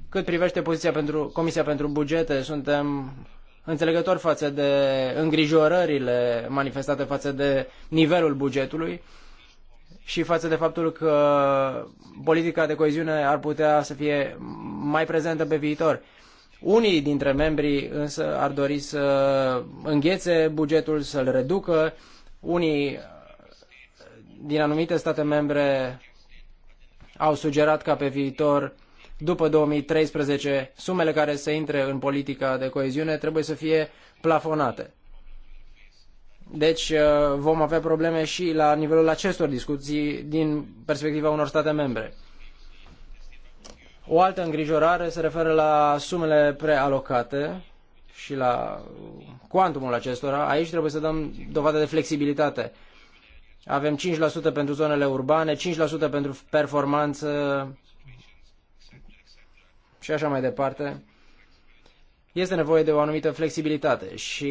Cât privește poziția pentru Comisia pentru Bugete, suntem înțelegător față de îngrijorările manifestate față de nivelul bugetului și față de faptul că politica de coeziune ar putea să fie mai prezentă pe viitor. Unii dintre membrii însă ar dori să înghețe bugetul, să-l reducă. Unii din anumite state membre au sugerat ca pe viitor după 2013 sumele care să intre în politica de coeziune trebuie să fie plafonate. Deci uh, vom avea probleme și la nivelul acestor discuții din perspectiva unor state membre. O altă îngrijorare se referă la sumele prealocate și la cuantumul acestora. Aici trebuie să dăm dovadă de flexibilitate. Avem 5% pentru zonele urbane, 5% pentru performanță și așa mai departe, este nevoie de o anumită flexibilitate și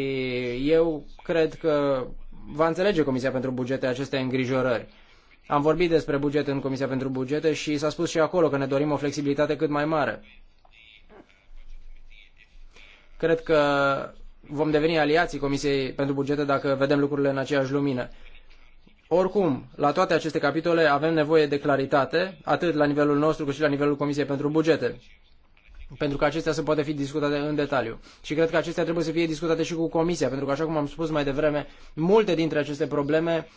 eu cred că va înțelege Comisia pentru Bugete aceste îngrijorări. Am vorbit despre buget în Comisia pentru Bugete și s-a spus și acolo că ne dorim o flexibilitate cât mai mare. Cred că vom deveni aliații Comisiei pentru Bugete dacă vedem lucrurile în aceeași lumină. Oricum, la toate aceste capitole avem nevoie de claritate, atât la nivelul nostru cât și la nivelul Comisiei pentru Bugete pentru că acestea se poate fi discutate în detaliu. Și cred că acestea trebuie să fie discutate și cu Comisia, pentru că, așa cum am spus mai devreme, multe dintre aceste probleme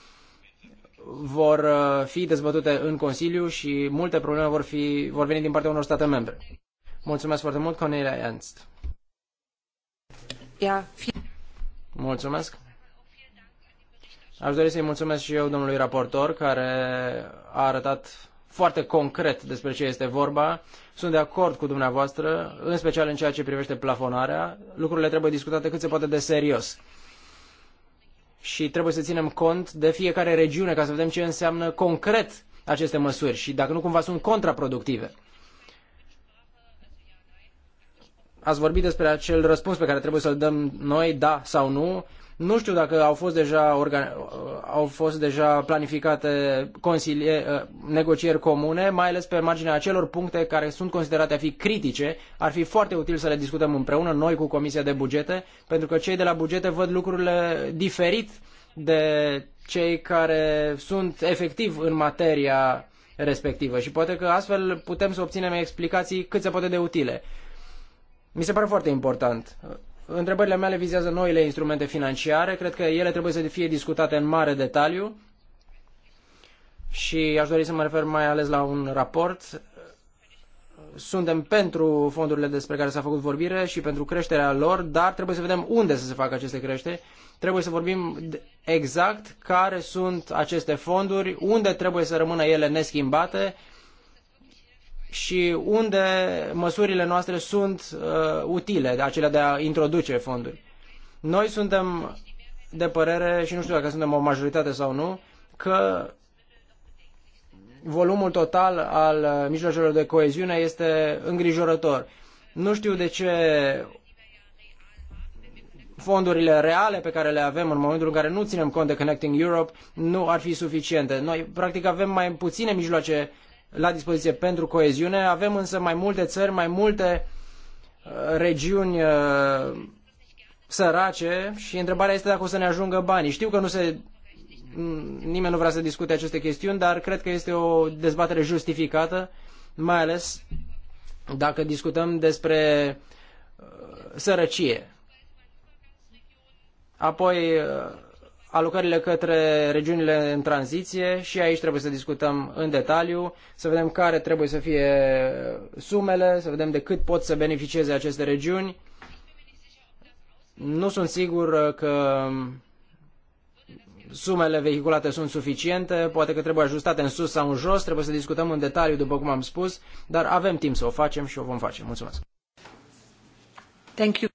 vor uh, fi dezbătute în Consiliu și multe probleme vor, fi, vor veni din partea unor state membre. Mulțumesc foarte mult, Cornelia Ernst. Mulțumesc. Aș dori să-i mulțumesc și eu domnului raportor care a arătat foarte concret despre ce este vorba sunt de acord cu dumneavoastră, în special în ceea ce privește plafonarea. Lucrurile trebuie discutate cât se poate de serios. Și trebuie să ținem cont de fiecare regiune ca să vedem ce înseamnă concret aceste măsuri și dacă nu cumva sunt contraproductive. Ați vorbit despre acel răspuns pe care trebuie să-l dăm noi, da sau nu. Nu știu dacă au fost deja, organi- au fost deja planificate consilie... Ă, negocieri comune, mai ales pe marginea acelor puncte care sunt considerate a fi critice. Ar fi foarte util să le discutăm împreună, noi cu Comisia de Bugete, pentru că cei de la bugete văd lucrurile diferit de cei care sunt efectiv în materia respectivă și poate că astfel putem să obținem explicații cât se poate de utile. Mi se pare foarte important. Întrebările mele vizează noile instrumente financiare. Cred că ele trebuie să fie discutate în mare detaliu și aș dori să mă refer mai ales la un raport. Suntem pentru fondurile despre care s-a făcut vorbire și pentru creșterea lor, dar trebuie să vedem unde să se facă aceste creșteri. Trebuie să vorbim exact care sunt aceste fonduri, unde trebuie să rămână ele neschimbate și unde măsurile noastre sunt uh, utile, acelea de a introduce fonduri. Noi suntem de părere, și nu știu dacă suntem o majoritate sau nu, că volumul total al uh, mijloacelor de coeziune este îngrijorător. Nu știu de ce fondurile reale pe care le avem în momentul în care nu ținem cont de Connecting Europe nu ar fi suficiente. Noi, practic, avem mai puține mijloace la dispoziție pentru coeziune. Avem însă mai multe țări, mai multe uh, regiuni uh, sărace și întrebarea este dacă o să ne ajungă banii. Știu că nu se nimeni nu vrea să discute aceste chestiuni, dar cred că este o dezbatere justificată, mai ales dacă discutăm despre uh, sărăcie. Apoi alocările către regiunile în tranziție și aici trebuie să discutăm în detaliu, să vedem care trebuie să fie sumele, să vedem de cât pot să beneficieze aceste regiuni. Nu sunt sigur că sumele vehiculate sunt suficiente, poate că trebuie ajustate în sus sau în jos, trebuie să discutăm în detaliu, după cum am spus, dar avem timp să o facem și o vom face. Mulțumesc! Thank you.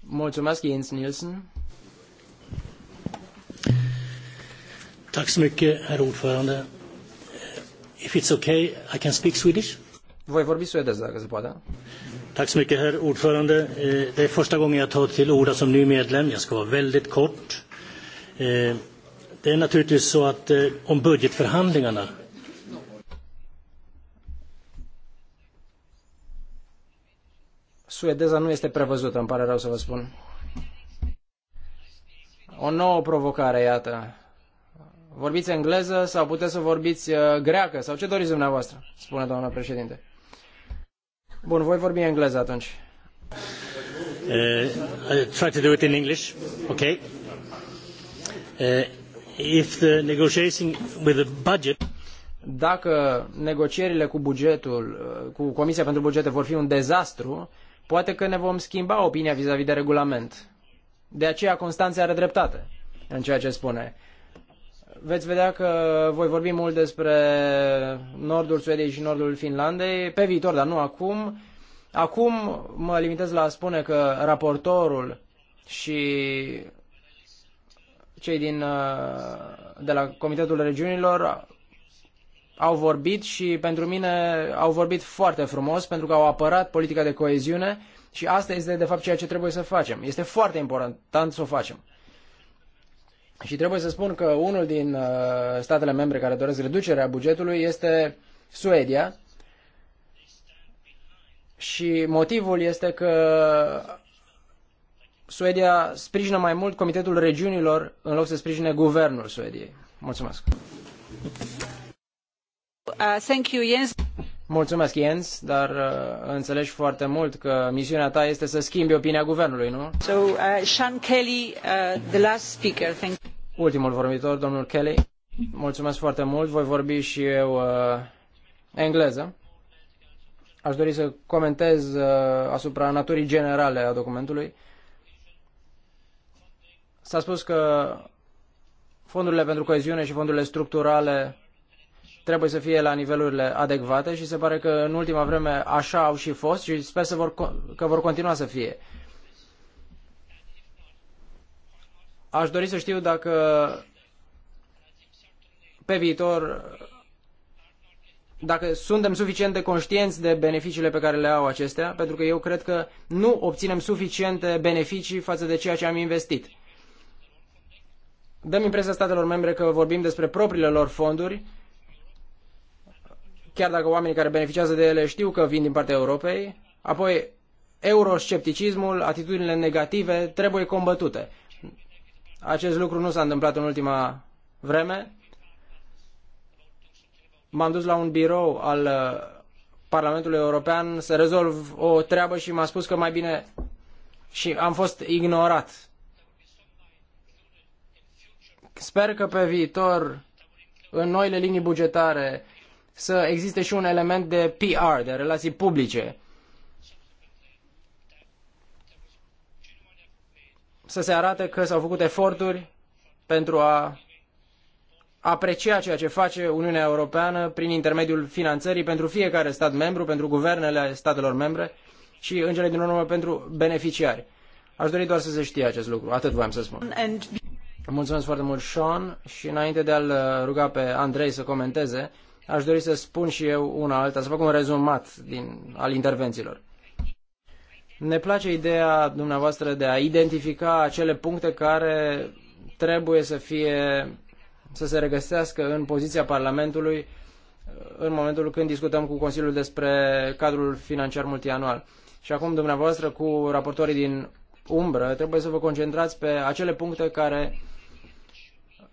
Mulțumesc, Jens Nielsen. Tack så mycket, herr ordförande. Eh, if it's okay, I can speak Swedish. Voi vorbi suedeză, dacă se poate. Tack så mycket, herr ordförande. Eh, det är första gången jag tar till orda som ny medlem. Jag ska vara väldigt kort. Eh, det är naturligtvis så att om budgetförhandlingarna Suedeza nu este prevăzută, îmi pare rău să vă spun. O nouă provocare, iată vorbiți engleză sau puteți să vorbiți uh, greacă sau ce doriți dumneavoastră, spune doamna președinte. Bun, voi vorbi engleză atunci. Uh, try to do it in English. Okay. Uh, if the negotiating with the budget dacă negocierile cu bugetul, uh, cu Comisia pentru Bugete vor fi un dezastru, poate că ne vom schimba opinia vis-a-vis -vis de regulament. De aceea Constanța are dreptate în ceea ce spune veți vedea că voi vorbi mult despre nordul Suediei și nordul Finlandei pe viitor, dar nu acum. Acum mă limitez la a spune că raportorul și cei din, uh, de la Comitetul Regiunilor au vorbit și pentru mine au vorbit foarte frumos pentru că au apărat politica de coeziune și asta este de fapt ceea ce trebuie să facem. Este foarte important să o facem. Și trebuie să spun că unul din uh, statele membre care doresc reducerea bugetului este Suedia. Și motivul este că Suedia sprijină mai mult Comitetul Regiunilor în loc să sprijine guvernul Suediei. Mulțumesc. Uh, thank you, Jens. Mulțumesc, Jens, dar uh, înțelegi foarte mult că misiunea ta este să schimbi opinia guvernului, nu? So, uh, Sean Kelly, uh, the last speaker. Thank you. Ultimul vorbitor, domnul Kelly. Mulțumesc foarte mult. Voi vorbi și eu uh, engleză. Aș dori să comentez uh, asupra naturii generale a documentului. S-a spus că fondurile pentru coeziune și fondurile structurale trebuie să fie la nivelurile adecvate și se pare că în ultima vreme așa au și fost și sper să vor, că vor continua să fie. Aș dori să știu dacă pe viitor dacă suntem suficient de conștienți de beneficiile pe care le au acestea, pentru că eu cred că nu obținem suficiente beneficii față de ceea ce am investit. Dăm impresia statelor membre că vorbim despre propriile lor fonduri, chiar dacă oamenii care beneficiază de ele știu că vin din partea Europei, apoi euroscepticismul, atitudinile negative trebuie combătute. Acest lucru nu s-a întâmplat în ultima vreme. M-am dus la un birou al uh, Parlamentului European să rezolv o treabă și m-a spus că mai bine și am fost ignorat. Sper că pe viitor, în noile linii bugetare, să existe și un element de PR, de relații publice. Să se arate că s-au făcut eforturi pentru a aprecia ceea ce face Uniunea Europeană prin intermediul finanțării pentru fiecare stat membru, pentru guvernele statelor membre și, în cele din urmă, pentru beneficiari. Aș dori doar să se știe acest lucru. Atât voiam să spun. Mulțumesc foarte mult, Sean. Și înainte de a-l uh, ruga pe Andrei să comenteze, aș dori să spun și eu una alta, să fac un rezumat din, al intervențiilor. Ne place ideea dumneavoastră de a identifica acele puncte care trebuie să fie să se regăsească în poziția Parlamentului uh, în momentul când discutăm cu Consiliul despre cadrul financiar multianual. Și acum dumneavoastră cu raportorii din umbră trebuie să vă concentrați pe acele puncte care uh,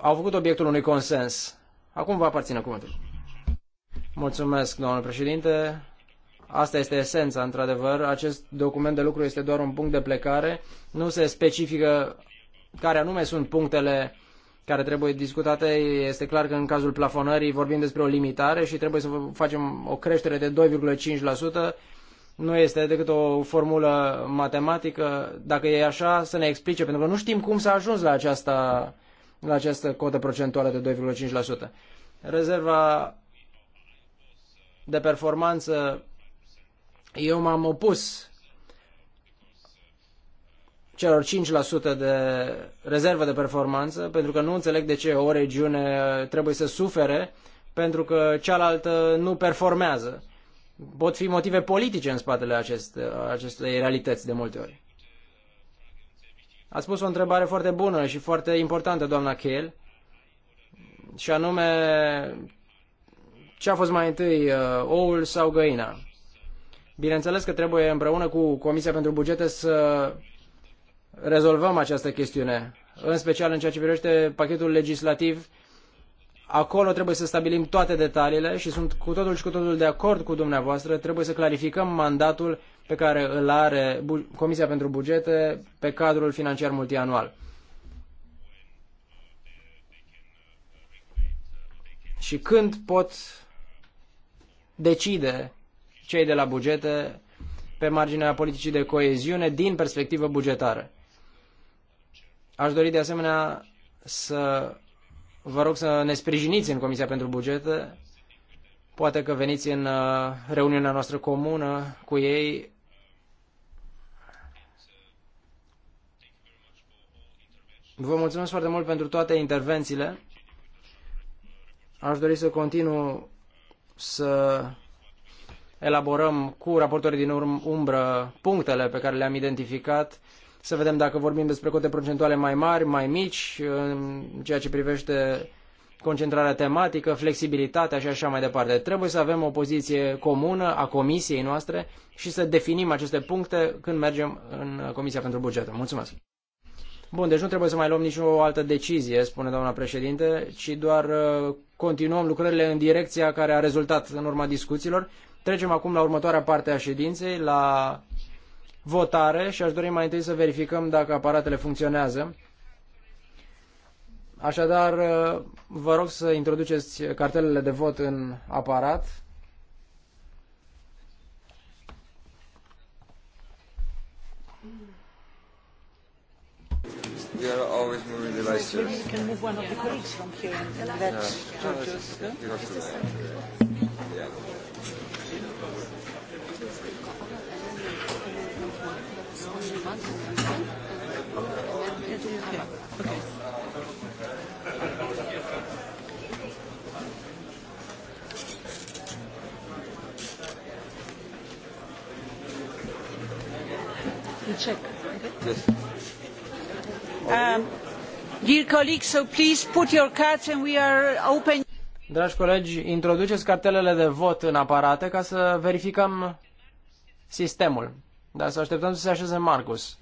au făcut obiectul unui consens Acum vă aparține cuvântul. Mulțumesc, domnule președinte. Asta este esența, într-adevăr. Acest document de lucru este doar un punct de plecare. Nu se specifică care anume sunt punctele care trebuie discutate. Este clar că în cazul plafonării vorbim despre o limitare și trebuie să facem o creștere de 2,5%. Nu este decât o formulă matematică. Dacă e așa, să ne explice, pentru că nu știm cum s-a ajuns la această la această cotă procentuală de 2,5%. Rezerva de performanță, eu m-am opus celor 5% de rezervă de performanță, pentru că nu înțeleg de ce o regiune trebuie să sufere pentru că cealaltă nu performează. Pot fi motive politice în spatele acestei realități de multe ori. Ați spus o întrebare foarte bună și foarte importantă, doamna Kiel, și anume ce a fost mai întâi, uh, oul sau găina. Bineînțeles că trebuie împreună cu Comisia pentru Bugete să rezolvăm această chestiune, în special în ceea ce privește pachetul legislativ. Acolo trebuie să stabilim toate detaliile și sunt cu totul și cu totul de acord cu dumneavoastră. Trebuie să clarificăm mandatul pe care îl are Comisia pentru Bugete pe cadrul financiar multianual. Și când pot decide cei de la bugete pe marginea politicii de coeziune din perspectivă bugetară. Aș dori de asemenea să vă rog să ne sprijiniți în Comisia pentru Bugete. Poate că veniți în uh, reuniunea noastră comună cu ei Vă mulțumesc foarte mult pentru toate intervențiile. Aș dori să continu să elaborăm cu raportorii din umbră punctele pe care le-am identificat, să vedem dacă vorbim despre cote procentuale mai mari, mai mici, în ceea ce privește concentrarea tematică, flexibilitatea și așa mai departe. Trebuie să avem o poziție comună a comisiei noastre și să definim aceste puncte când mergem în Comisia pentru Bugetă. Mulțumesc! Bun, deci nu trebuie să mai luăm nicio altă decizie, spune doamna președinte, ci doar uh, continuăm lucrările în direcția care a rezultat în urma discuțiilor. Trecem acum la următoarea parte a ședinței, la votare și aș dori mai întâi să verificăm dacă aparatele funcționează. Așadar, uh, vă rog să introduceți cartelele de vot în aparat. we are always moving the vice chairs. Maybe we can move one of the colleagues from here and let Georgios go. check. Okay? Yes. Dragi colegi, introduceți cartelele de vot în aparate ca să verificăm sistemul. Dar să așteptăm să se așeze Marcus.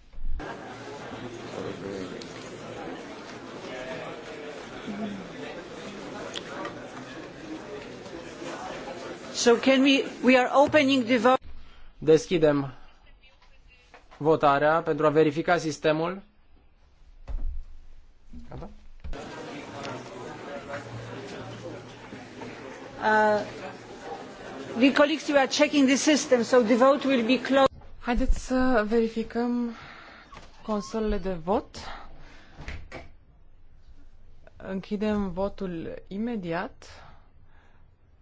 So can we, we are opening the vote. Deschidem votarea pentru a verifica sistemul. Gata? Uh, the colleagues, you are checking the system, so the vote will be closed. Haideți să verificăm consolele de vot. Închidem votul imediat,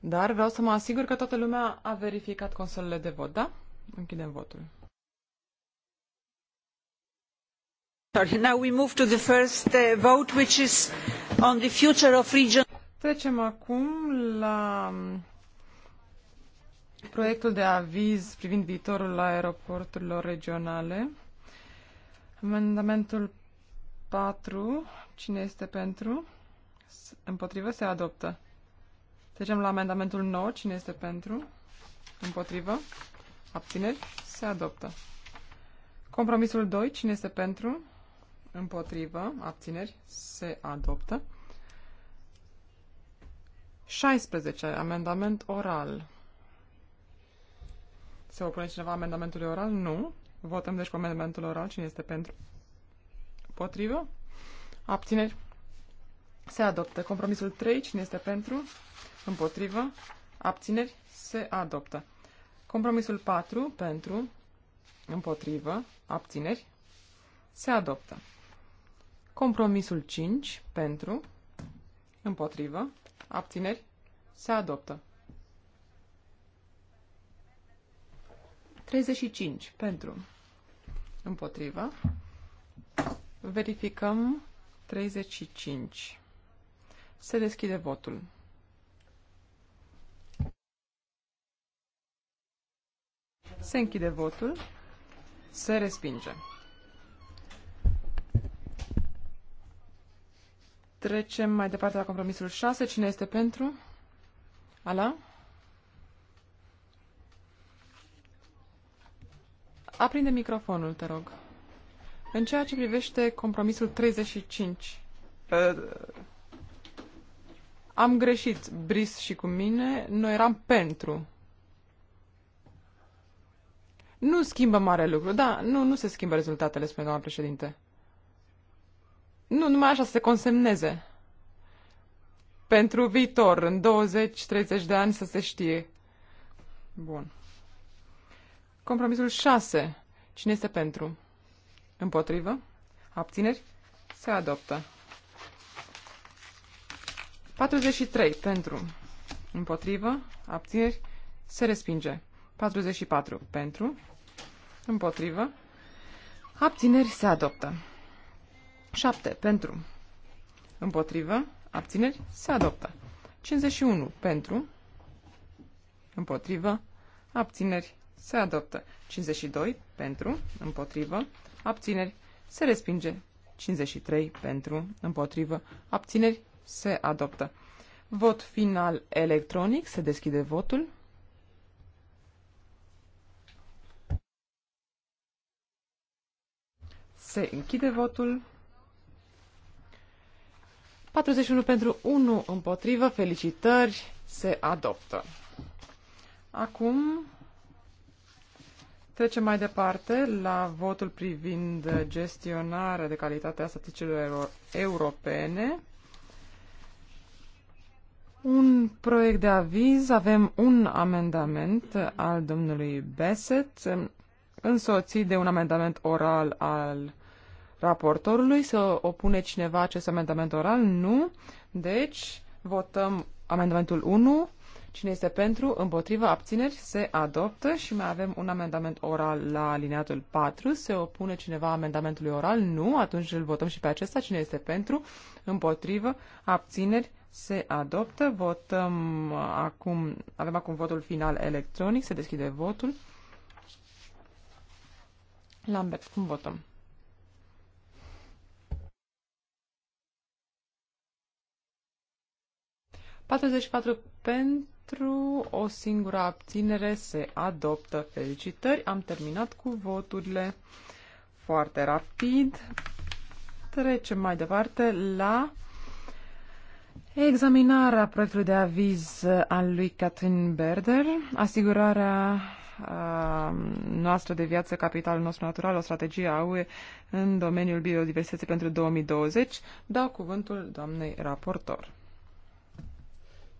dar vreau să mă asigur că toată lumea a verificat consolele de vot, da? Închidem votul. Trecem acum la um, proiectul de aviz privind viitorul aeroporturilor regionale. Amendamentul 4. Cine este pentru? Împotrivă se adoptă. Trecem la amendamentul 9. Cine este pentru? Împotrivă. Abțineri. Se adoptă. Compromisul 2. Cine este pentru? Împotrivă. Abțineri. Se adoptă. 16. Amendament oral. Se opune cineva amendamentului oral? Nu. Votăm deci cu amendamentul oral. Cine este pentru? Potrivă? Abțineri? Se adoptă. Compromisul 3. Cine este pentru? Împotrivă? Abțineri? Se adoptă. Compromisul 4. Pentru? Împotrivă? Abțineri? Se adoptă. Compromisul 5 pentru, împotrivă, abțineri, se adoptă. 35 pentru, împotrivă. Verificăm 35. Se deschide votul. Se închide votul. Se respinge. Trecem mai departe la compromisul 6. Cine este pentru? Ala? Aprinde microfonul, te rog. În ceea ce privește compromisul 35, uh, am greșit, Bris și cu mine, noi eram pentru. Nu schimbă mare lucru, da, nu, nu se schimbă rezultatele, spune doamna președinte. Nu, numai așa, să se consemneze. Pentru viitor, în 20-30 de ani, să se știe. Bun. Compromisul 6. Cine este pentru? Împotrivă? Abțineri? Se adoptă. 43. Pentru. Împotrivă? Abțineri? Se respinge. 44. Pentru. Împotrivă? Abțineri? Se adoptă. 7 pentru. Împotrivă. Abțineri. Se adoptă. 51 pentru. Împotrivă. Abțineri. Se adoptă. 52 pentru. Împotrivă. Abțineri. Se respinge. 53 pentru. Împotrivă. Abțineri. Se adoptă. Vot final electronic. Se deschide votul. Se închide votul. 41 pentru 1 împotrivă, felicitări, se adoptă. Acum trecem mai departe la votul privind gestionarea de calitate a statisticilor europene. Un proiect de aviz, avem un amendament al domnului Besset, însoțit de un amendament oral al raportorului. Să opune cineva acest amendament oral? Nu. Deci, votăm amendamentul 1. Cine este pentru, împotriva, abțineri, se adoptă și mai avem un amendament oral la alineatul 4. Se opune cineva amendamentului oral? Nu. Atunci îl votăm și pe acesta. Cine este pentru, împotrivă, abțineri, se adoptă. Votăm acum, avem acum votul final electronic. Se deschide votul. Lambert, cum votăm? 44 pentru, o singură abținere se adoptă. Felicitări, am terminat cu voturile foarte rapid. Trecem mai departe la examinarea proiectului de aviz al lui Catherine Berder, asigurarea um, noastră de viață, capitalul nostru natural, o strategie a UE în domeniul biodiversității pentru 2020. Dau cuvântul doamnei raportor.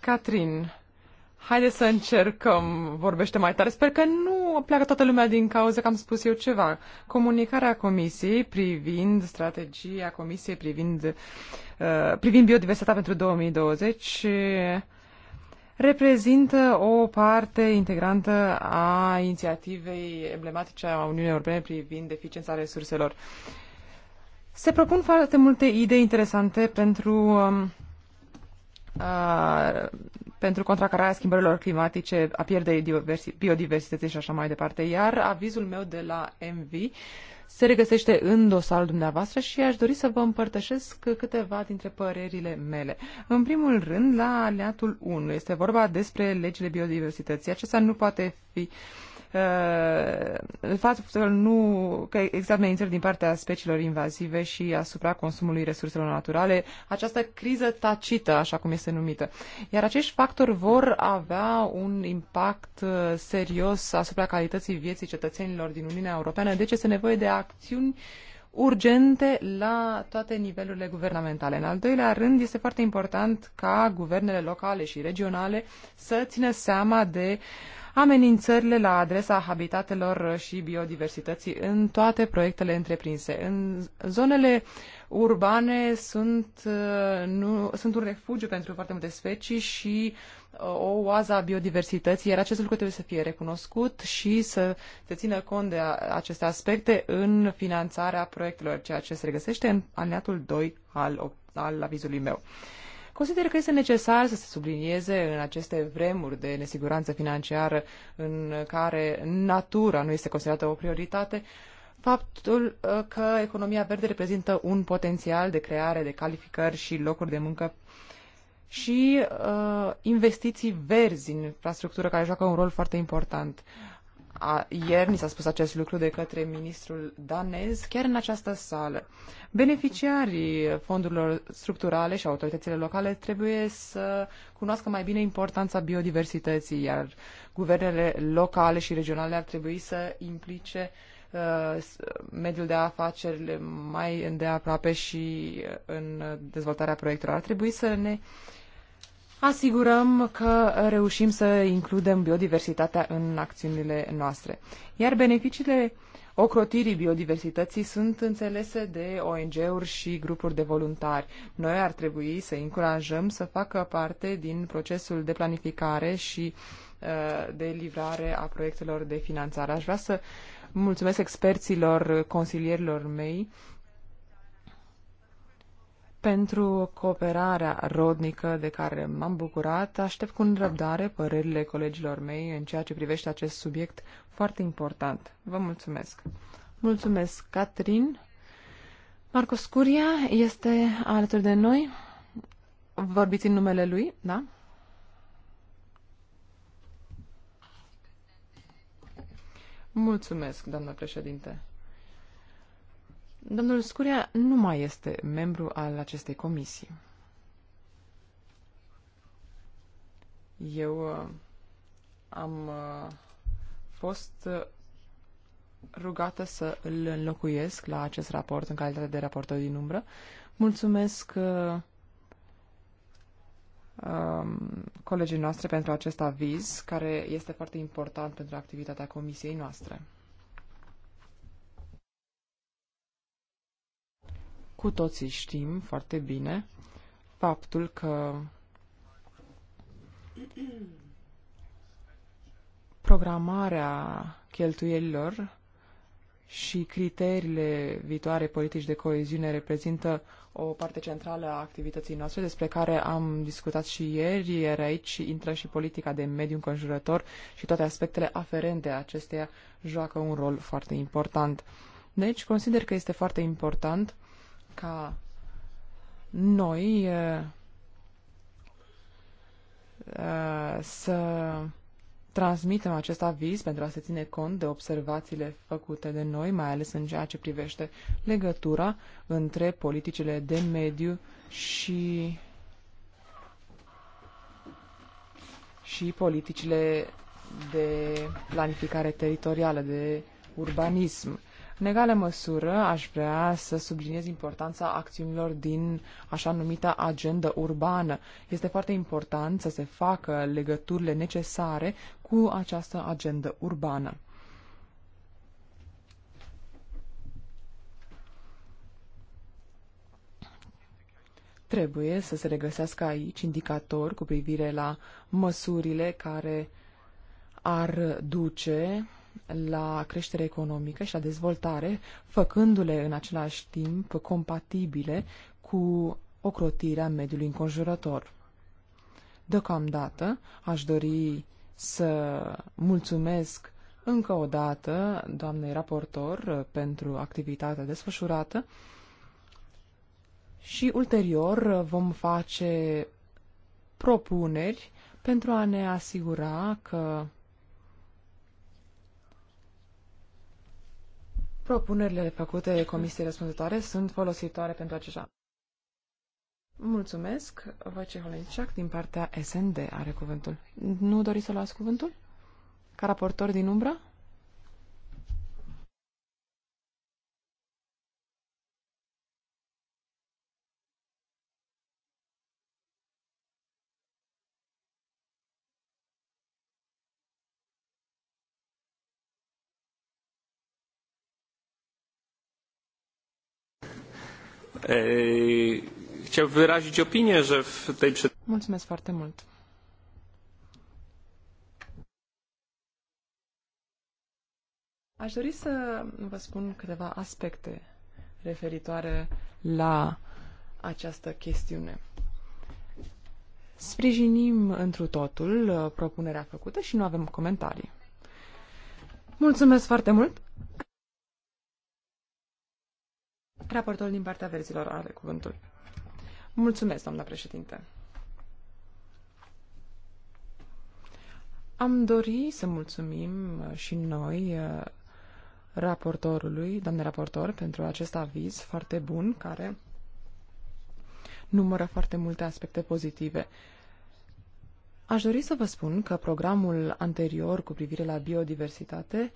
Catherine, haideți să încercăm, vorbește mai tare. Sper că nu pleacă toată lumea din cauza că am spus eu ceva. Comunicarea Comisiei privind strategia Comisiei privind, uh, privind biodiversitatea pentru 2020 uh, reprezintă o parte integrantă a inițiativei emblematice a Uniunii Europene privind eficiența resurselor. Se propun foarte multe idei interesante pentru um, pentru contracararea schimbărilor climatice, a pierderii biodiversității și așa mai departe. Iar avizul meu de la MV se regăsește în dosarul dumneavoastră și aș dori să vă împărtășesc câteva dintre părerile mele. În primul rând, la aliatul 1 este vorba despre legile biodiversității. Acesta nu poate fi uh, Uh, faptul că nu că există amenințări din partea speciilor invazive și asupra consumului resurselor naturale, această criză tacită, așa cum este numită. Iar acești factori vor avea un impact uh, serios asupra calității vieții cetățenilor din Uniunea Europeană, deci este nevoie de acțiuni urgente la toate nivelurile guvernamentale. În al doilea rând, este foarte important ca guvernele locale și regionale să țină seama de uh, amenințările la adresa habitatelor și biodiversității în toate proiectele întreprinse. În zonele urbane sunt, uh, nu, sunt un refugiu pentru foarte multe specii și uh, o oază a biodiversității, iar acest lucru trebuie să fie recunoscut și să se țină cont de aceste aspecte în finanțarea proiectelor, ceea ce se regăsește în aliatul 2 al, al avizului meu. Uh, Consider că este necesar să se sublinieze în aceste vremuri de nesiguranță financiară în care natura nu este considerată o prioritate, faptul uh, că economia verde reprezintă un potențial de creare de calificări și locuri de muncă și uh, investiții verzi în infrastructură care joacă un rol foarte important. Uh, a, ieri mi s-a spus acest lucru de către ministrul danez, chiar în această sală. Beneficiarii fondurilor structurale și autoritățile locale trebuie să cunoască mai bine importanța biodiversității, iar guvernele locale și regionale ar trebui să implice uh, mediul de afaceri mai îndeaproape și în dezvoltarea proiectelor. Ar trebui să ne uh, asigurăm că reușim să includem biodiversitatea în acțiunile noastre. Iar beneficiile ocrotirii biodiversității sunt înțelese de ONG-uri și grupuri de voluntari. Noi ar trebui să încurajăm să facă parte din procesul de planificare și uh, de livrare a proiectelor de finanțare. Aș vrea să mulțumesc experților, consilierilor mei, pentru cooperarea rodnică de care m-am bucurat. Aștept cu înrăbdare părerile colegilor mei în ceea ce privește acest subiect foarte important. Vă mulțumesc! Mulțumesc, Catrin! Marco Scuria este alături de noi. Vorbiți în numele lui, da? Mulțumesc, doamnă președinte. Domnul Scuria nu mai este membru al acestei comisii. Eu uh, am uh, fost uh, rugată să îl înlocuiesc la acest raport în calitate de raportor din umbră. Mulțumesc uh, um, colegii noastre pentru acest aviz, care este foarte important pentru activitatea comisiei noastre. Cu toții știm foarte bine faptul că programarea cheltuielilor și criteriile viitoare politici de coeziune reprezintă o parte centrală a activității noastre, despre care am discutat și ieri, iar aici intră și politica de mediu înconjurător și toate aspectele aferente acesteia joacă un rol foarte important. Deci, consider că este foarte important ca noi uh, uh, să transmitem acest aviz pentru a se ține cont de observațiile făcute de noi, mai ales în ceea ce privește legătura între politicile de mediu și și politicile de planificare teritorială, de urbanism. În egală măsură, aș vrea să subliniez importanța acțiunilor din așa numita agenda urbană. Este foarte important să se facă legăturile necesare cu această agenda urbană. Trebuie să se regăsească aici indicatori cu privire la măsurile care ar duce la creștere economică și la dezvoltare, făcându-le în același timp compatibile cu ocrotirea mediului înconjurător. Deocamdată aș dori să mulțumesc încă o dată doamnei raportor pentru activitatea desfășurată și ulterior vom face propuneri pentru a ne asigura că Propunerile făcute de comisiei răspunzătoare sunt folositoare pentru aceștia. Mulțumesc. Voce Holenciac din partea SND are cuvântul. Nu doriți să luați cuvântul? Ca raportor din umbra? Chciałbym wyrazić opinię, że w tej... Mulțumesc foarte mult. Aș dori să vă spun câteva aspecte referitoare la această chestiune. Sprijinim întru totul uh, propunerea făcută și nu avem comentarii. Mulțumesc foarte mult! Raportul din partea verzilor are cuvântul. Mulțumesc, doamna președinte. Am dori să mulțumim uh, și noi uh, raportorului, doamne raportor, pentru acest aviz foarte bun, care numără foarte multe aspecte pozitive. Aș dori să vă spun că programul anterior cu privire la biodiversitate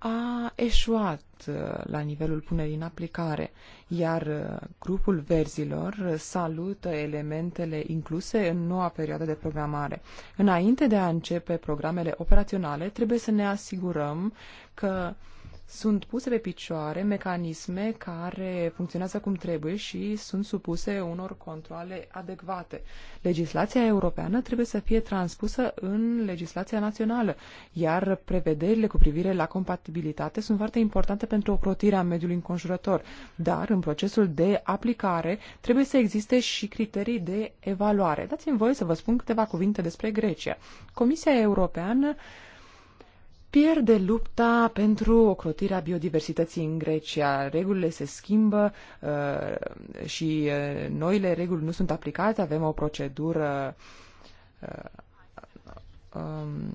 a eșuat uh, la nivelul punerii în aplicare, iar uh, grupul verzilor uh, salută elementele incluse în noua perioadă de programare. Înainte de a începe programele operaționale, trebuie să ne asigurăm că sunt puse pe picioare mecanisme care funcționează cum trebuie și sunt supuse unor controle adecvate. Legislația europeană trebuie să fie transpusă în legislația națională, iar prevederile cu privire la compatibilitate sunt foarte importante pentru ocrotirea mediului înconjurător, dar în procesul de aplicare trebuie să existe și criterii de evaluare. Dați-mi voie să vă spun câteva cuvinte despre Grecia. Comisia Europeană uh, pierde lupta pentru ocrotirea biodiversității în Grecia. Regulile se schimbă uh, și uh, noile reguli nu sunt aplicate. Avem o procedură uh, um,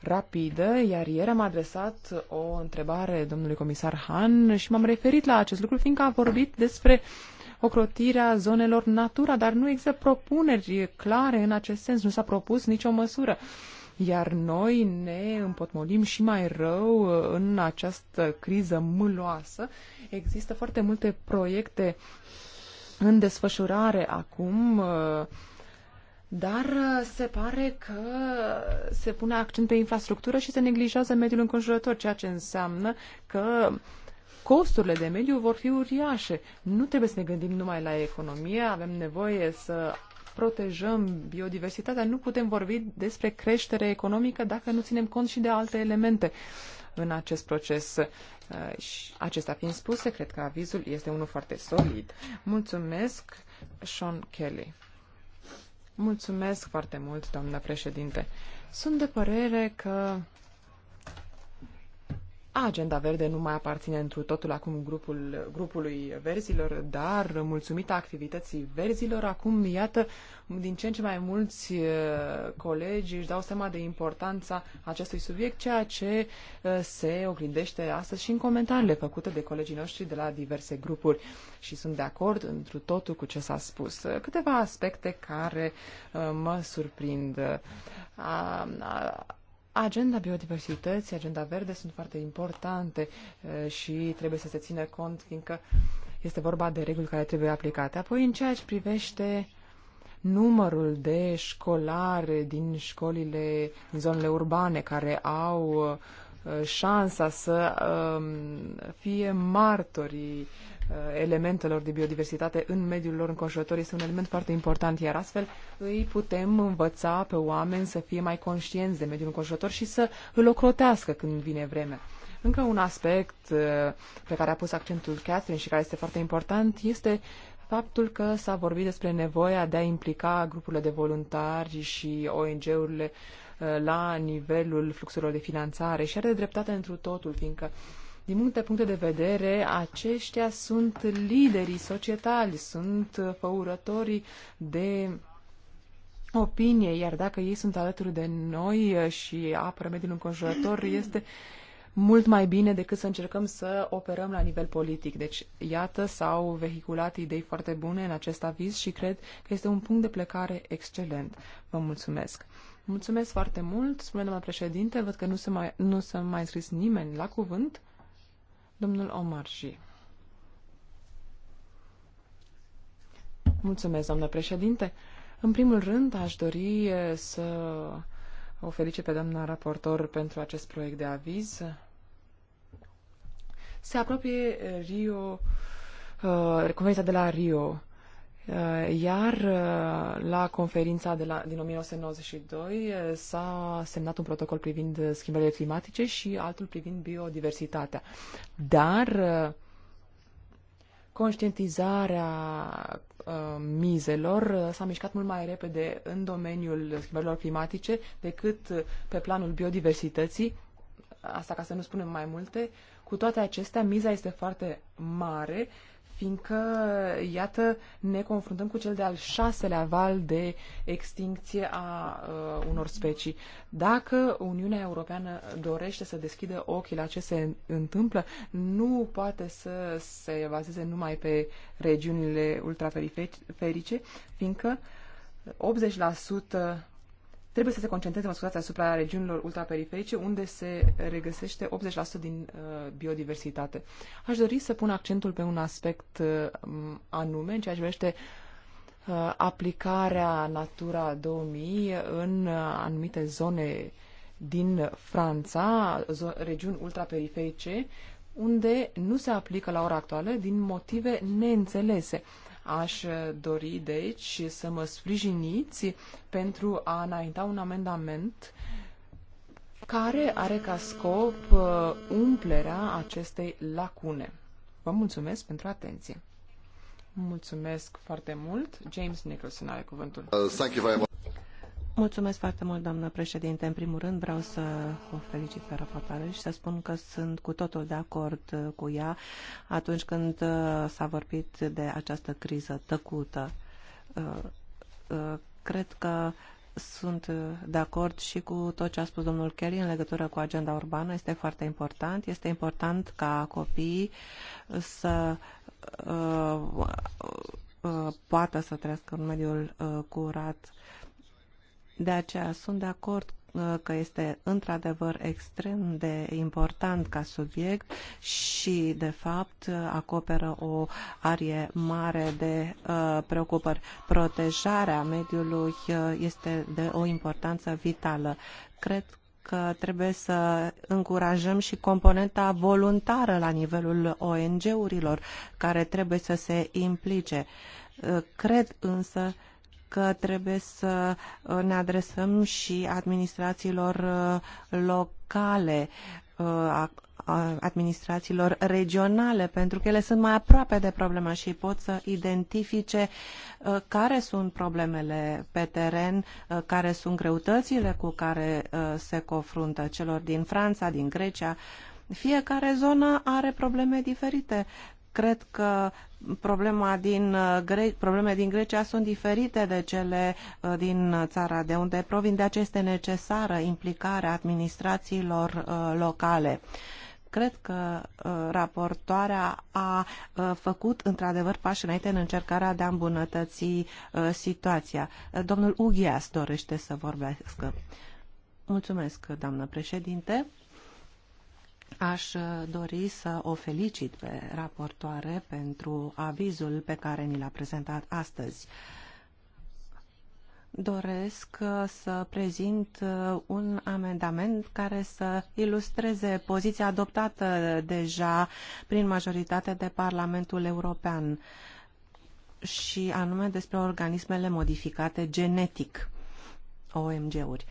rapidă, iar ieri am adresat o întrebare domnului comisar Han și m-am referit la acest lucru, fiindcă a vorbit despre ocrotirea zonelor natura, dar nu există propuneri clare în acest sens, nu s-a propus nicio măsură. Uh, iar noi ne împotmolim și mai rău uh, în această criză mâloasă. Există foarte multe proiecte în desfășurare acum, uh, dar uh, se pare că se pune accent pe infrastructură și se neglijează mediul înconjurător, ceea ce înseamnă că costurile de mediu vor fi uriașe. Nu trebuie să ne gândim numai la economie, avem nevoie să protejăm biodiversitatea, nu putem vorbi despre creștere economică dacă nu ținem cont și de alte elemente în acest proces. Uh, și acestea fiind spuse, cred că avizul este unul foarte solid. Mulțumesc, Sean Kelly. Mulțumesc foarte mult, doamnă președinte. Sunt de părere că Agenda verde nu mai aparține întru totul acum grupul, grupului verzilor, dar mulțumită activității verzilor, acum, iată, din ce în ce mai mulți uh, colegi își dau seama de importanța acestui subiect, ceea ce uh, se oglindește astăzi și în comentariile făcute de colegii noștri de la diverse grupuri și sunt de acord întru totul cu ce s-a spus. Uh, câteva aspecte care mă surprind. A, a, Agenda biodiversității, agenda verde sunt foarte importante și trebuie să se țină cont, fiindcă este vorba de reguli care trebuie aplicate. Apoi, în ceea ce privește numărul de școlare din școlile din zonele urbane care au șansa să fie martorii Uh, elementelor de biodiversitate în mediul lor înconjurător este un element foarte important, iar astfel îi putem învăța pe oameni să fie mai conștienți de mediul înconjurător și să îl ocrotească când vine vreme. Încă un aspect uh, pe care a pus accentul Catherine și care este foarte important este faptul că s-a vorbit despre nevoia de a implica grupurile de voluntari și ONG-urile uh, la nivelul fluxurilor de finanțare și are dreptate întru totul, fiindcă uh, din multe puncte de vedere, aceștia sunt liderii societali, sunt făurătorii de opinie, iar dacă ei sunt alături de noi și apără mediul înconjurător, este mult mai bine decât să încercăm să operăm la nivel politic. Deci, iată, s-au vehiculat idei foarte bune în acest aviz și cred că este un punct de plecare excelent. Vă mulțumesc! Mulțumesc foarte mult, spune doamna președinte, văd că nu se mai, nu se mai înscris nimeni la cuvânt. Domnul Omar și. Mulțumesc, doamnă președinte. În primul rând, aș dori eh, să o felice pe doamna raportor pentru acest proiect de aviz. Se apropie eh, Rio, uh, Convenția de la Rio Eh, iar eh, la conferința de la, din 1992 eh, s-a semnat un protocol privind schimbările climatice și altul privind biodiversitatea. Dar conștientizarea mizelor s-a mișcat mult mai repede în domeniul schimbărilor climatice decât pe planul biodiversității, asta ca să nu spunem mai multe. Cu toate acestea, miza este foarte mare fiindcă, iată, ne confruntăm cu cel de-al șaselea val de extincție a uh, unor specii. Dacă Uniunea Europeană dorește să deschidă ochii la ce se întâmplă, nu poate să se bazeze numai pe regiunile ultraperiferice, fiindcă 80% trebuie să se concentreze, mă scuzați, asupra regiunilor ultraperiferice, unde se regăsește 80% din uh, biodiversitate. Aș dori să pun accentul pe un aspect uh, anume, în ceea ce vrește uh, aplicarea Natura 2000 în uh, anumite zone din Franța, zo- regiuni ultraperiferice, unde nu se aplică la ora actuală din motive neînțelese. Uh, Aș dori, deci, să mă sprijiniți pentru a înainta un amendament care are ca scop uh, umplerea acestei lacune. Vă mulțumesc pentru atenție. Mulțumesc foarte mult. James Nicholson are cuvântul. Uh, thank you very much. Mulțumesc foarte mult, doamnă președinte. În primul rând vreau să o felicit pe raportare și să spun că sunt cu totul de acord uh, cu ea atunci când uh, s-a vorbit de această criză tăcută. Uh, cred că sunt de acord și cu tot ce a spus domnul Kelly în legătură cu agenda urbană. Este foarte important. Este important ca copiii să poată să trăiască în mediul curat de aceea sunt de acord uh, că este într-adevăr extrem de important ca subiect și, de fapt, acoperă o arie mare de uh, preocupări. Protejarea mediului uh, este de o importanță vitală. Cred că trebuie să încurajăm și componenta voluntară la nivelul ONG-urilor care trebuie să se implice. Uh, cred însă că trebuie să uh, ne adresăm și administrațiilor uh, locale, uh, administrațiilor regionale, pentru că ele sunt mai aproape de problema și pot să identifice care sunt problemele pe teren, care sunt greutățile cu care se confruntă celor din Franța, din Grecia. Fiecare zonă are probleme diferite Cred că problema din uh, Gre- probleme din Grecia sunt diferite de cele uh, din țara de unde provin, de aceea este necesară implicarea administrațiilor uh, locale cred că raportoarea a făcut într-adevăr pași înainte în încercarea de a îmbunătăți situația. Domnul Ughias dorește să vorbească. Mulțumesc, doamnă președinte. Aș uh, dori să o felicit pe raportoare pentru avizul pe care ni l-a prezentat astăzi. Doresc uh, să prezint uh, un amendament care să ilustreze poziția adoptată deja prin majoritate de Parlamentul European și anume despre organismele modificate genetic, OMG-uri.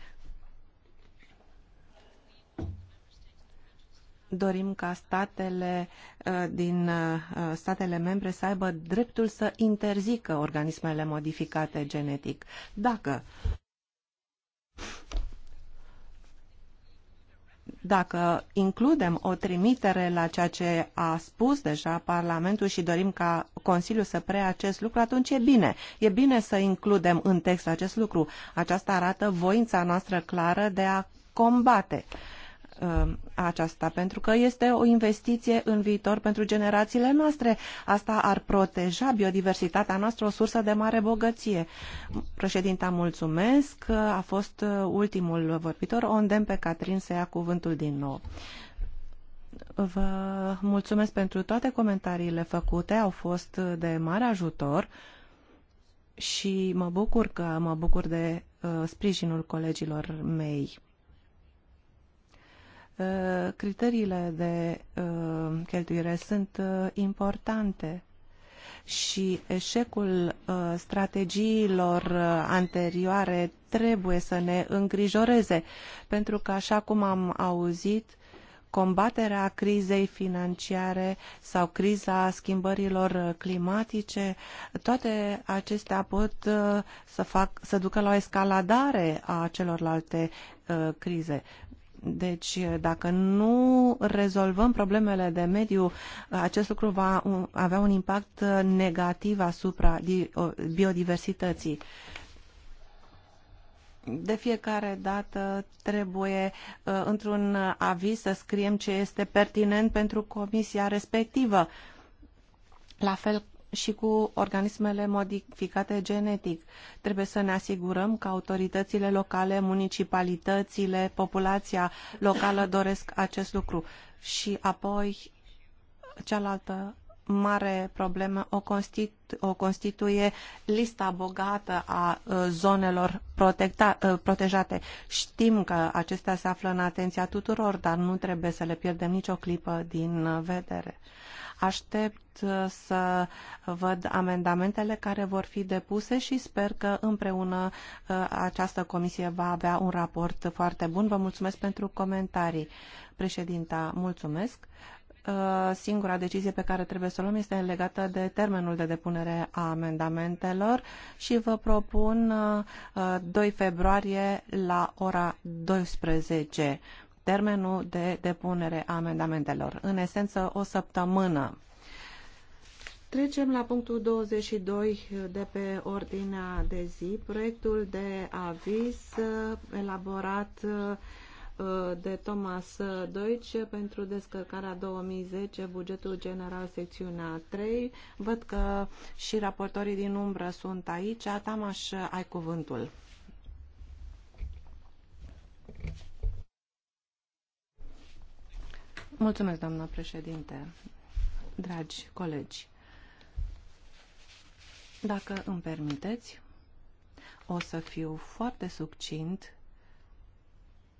dorim ca statele uh, din uh, statele membre să aibă dreptul să interzică organismele modificate genetic. Dacă dacă includem o trimitere la ceea ce a spus deja Parlamentul și dorim ca Consiliul să preia acest lucru, atunci e bine. E bine să includem în text acest lucru. Aceasta arată voința noastră clară de a combate uh, Um, aceasta, pentru că este o investiție în viitor pentru generațiile noastre. Asta ar proteja biodiversitatea noastră, o sursă de mare bogăție. Președinta, mulțumesc. A fost uh, ultimul vorbitor. O îndemn pe Catrin să ia cuvântul din nou. Vă mulțumesc pentru toate comentariile făcute. Au fost uh, de mare ajutor și mă bucur că mă bucur de uh, sprijinul colegilor mei Eh, criteriile de eh, cheltuire sunt eh, importante și eșecul strategiilor anterioare trebuie să ne îngrijoreze, pentru că, așa cum am auzit, combaterea crizei financiare sau criza schimbărilor climatice, toate acestea pot să, fac, să ducă la o escaladare a celorlalte uh, crize. Deci, dacă nu rezolvăm problemele de mediu, acest lucru va avea un impact negativ asupra biodiversității. De fiecare dată trebuie uh, într-un aviz să scriem ce este pertinent pentru comisia respectivă. La fel și cu organismele modificate genetic. Trebuie să ne asigurăm că autoritățile locale, municipalitățile, populația locală doresc acest lucru. Și apoi, cealaltă mare problemă o, constitu- o constituie lista bogată a ă, zonelor ă, protejate. Știm că acestea se află în atenția tuturor, dar nu trebuie să le pierdem nicio clipă din vedere. Aștept uh, să văd amendamentele care vor fi depuse și sper că împreună uh, această comisie va avea un raport foarte bun. Vă mulțumesc pentru comentarii. Președinta, mulțumesc uh, singura decizie pe care trebuie să o luăm este legată de termenul de depunere a amendamentelor și vă propun 2 februarie la ora 12 termenul de depunere a amendamentelor. În esență, o săptămână. Trecem la punctul 22 de pe ordinea de zi, proiectul de aviz uh, elaborat uh, de Thomas Deutsch pentru descărcarea 2010, bugetul general, secțiunea 3. Văd că și raportorii din umbră sunt aici. Tamaș, ai cuvântul. Mulțumesc, doamna președinte, dragi colegi. Dacă îmi permiteți, o să fiu foarte succint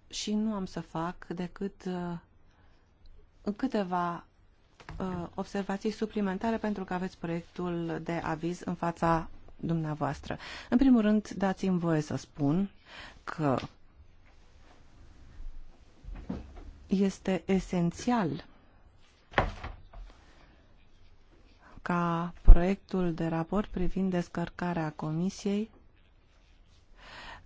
și nu am să fac decât uh, câteva uh, observații suplimentare pentru că aveți proiectul de aviz în fața dumneavoastră. În primul rând, dați-mi voie să spun că este esențial ca proiectul de raport privind descărcarea Comisiei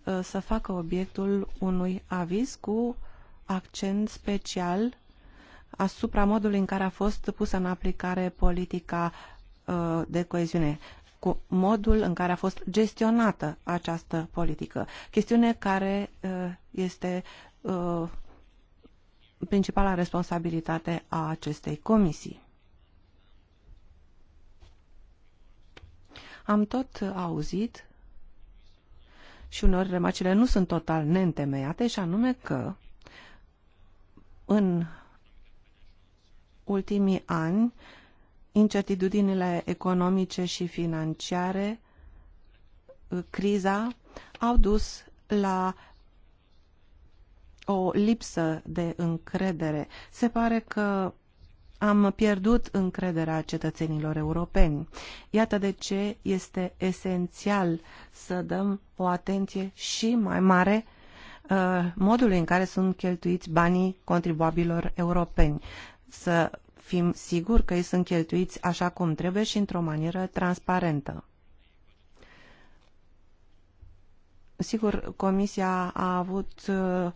uh, să facă obiectul unui aviz cu accent special asupra modului în care a fost pusă în aplicare politica uh, de coeziune cu modul în care a fost gestionată această politică. Chestiune care uh, este principala responsabilitate a acestei comisii. Am tot auzit și uneori remarcile nu sunt total neîntemeiate și anume că în ultimii ani incertitudinile economice și financiare, criza, au dus la o lipsă de încredere. Se pare că am pierdut încrederea cetățenilor europeni. Iată de ce este esențial să dăm o atenție și mai mare uh, modului în care sunt cheltuiți banii contribuabilor europeni. Să fim siguri că ei sunt cheltuiți așa cum trebuie și într-o manieră transparentă. Sigur, Comisia a avut uh,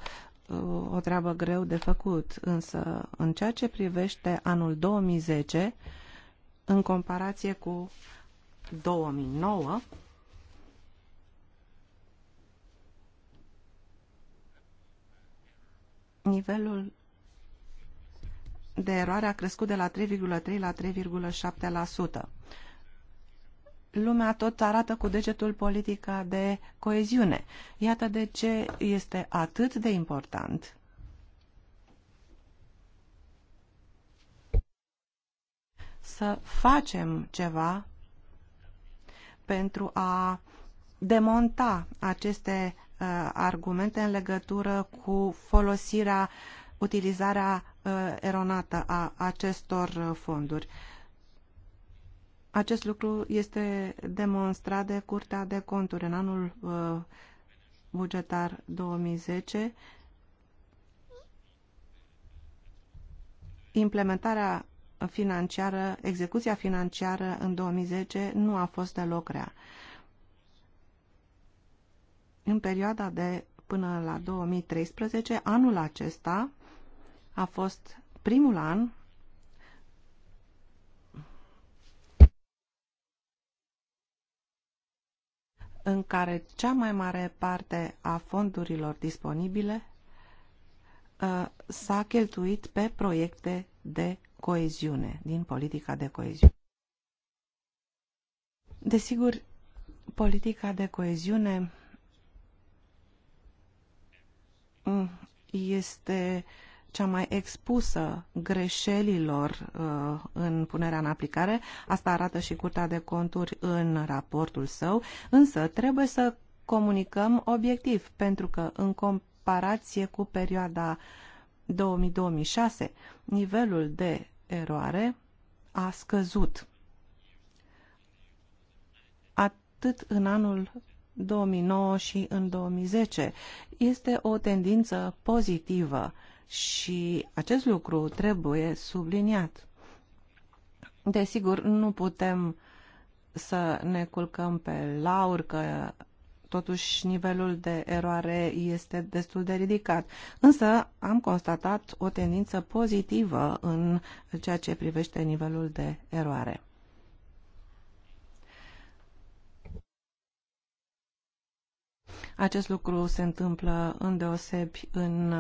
o treabă greu de făcut, însă în ceea ce privește anul 2010, în comparație cu 2009, nivelul de eroare a crescut de la 3,3 la 3,7% lumea tot arată cu degetul politica de coeziune. Iată de ce este atât de important să facem ceva pentru a demonta aceste uh, argumente în legătură cu folosirea, utilizarea uh, eronată a acestor uh, fonduri. Uh, acest lucru este demonstrat de Curtea de Conturi. În anul uh, bugetar 2010, implementarea financiară, execuția financiară în 2010 nu a fost deloc rea. În perioada de până la 2013, anul acesta a fost primul an în care cea mai mare parte a fondurilor disponibile uh, s-a cheltuit pe proiecte de coeziune, din politica de coeziune. Desigur, politica de coeziune mm, este cea mai expusă greșelilor uh, în punerea în aplicare. Asta arată și Curtea de Conturi în raportul său, însă trebuie să comunicăm obiectiv, pentru că în comparație cu perioada 2000-2006, nivelul de eroare a scăzut. Atât în anul 2009 și în 2010. Este o tendință pozitivă și acest lucru trebuie subliniat. Desigur, nu putem să ne culcăm pe laur, că totuși nivelul de eroare este destul de ridicat. Însă am constatat o tendință pozitivă în ceea ce privește nivelul de eroare. Acest lucru se întâmplă îndeosebi în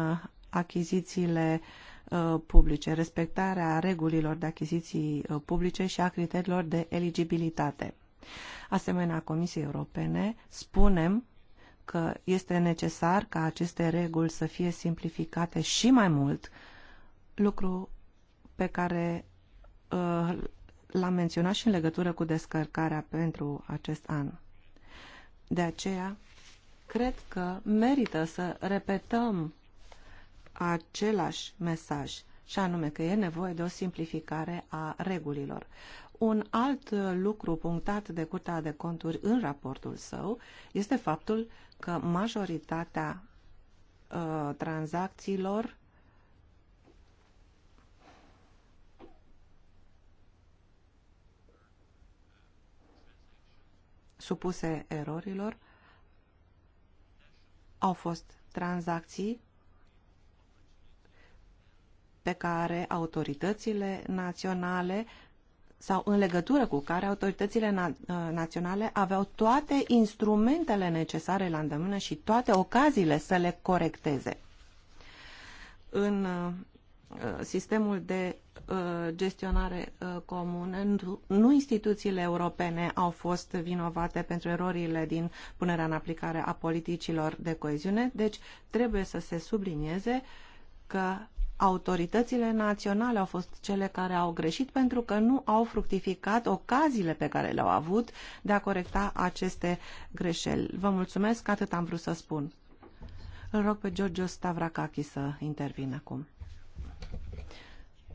achizițiile uh, publice, respectarea regulilor de achiziții uh, publice și a criteriilor de eligibilitate. Asemenea, Comisiei Europene spunem că este necesar ca aceste reguli să fie simplificate și mai mult, lucru pe care uh, l-am menționat și în legătură cu descărcarea pentru acest an. De aceea, cred că merită să repetăm același mesaj, și anume că e nevoie de o simplificare a regulilor. Un alt lucru punctat de Curtea de Conturi în raportul său este faptul că majoritatea uh, tranzacțiilor supuse erorilor au fost tranzacții pe care autoritățile naționale sau în legătură cu care autoritățile na- uh, naționale aveau toate instrumentele necesare la îndemână și toate ocaziile să le corecteze. În uh, uh, sistemul de uh, gestionare uh, comună, nu, nu instituțiile europene au fost vinovate pentru erorile din punerea în aplicare a politicilor de coeziune, deci trebuie să se sublinieze că autoritățile naționale au fost cele care au greșit pentru că nu au fructificat ocaziile pe care le-au avut de a corecta aceste greșeli. Vă mulțumesc, atât am vrut să spun. Îl rog pe Georgios Stavrakaki să intervină acum.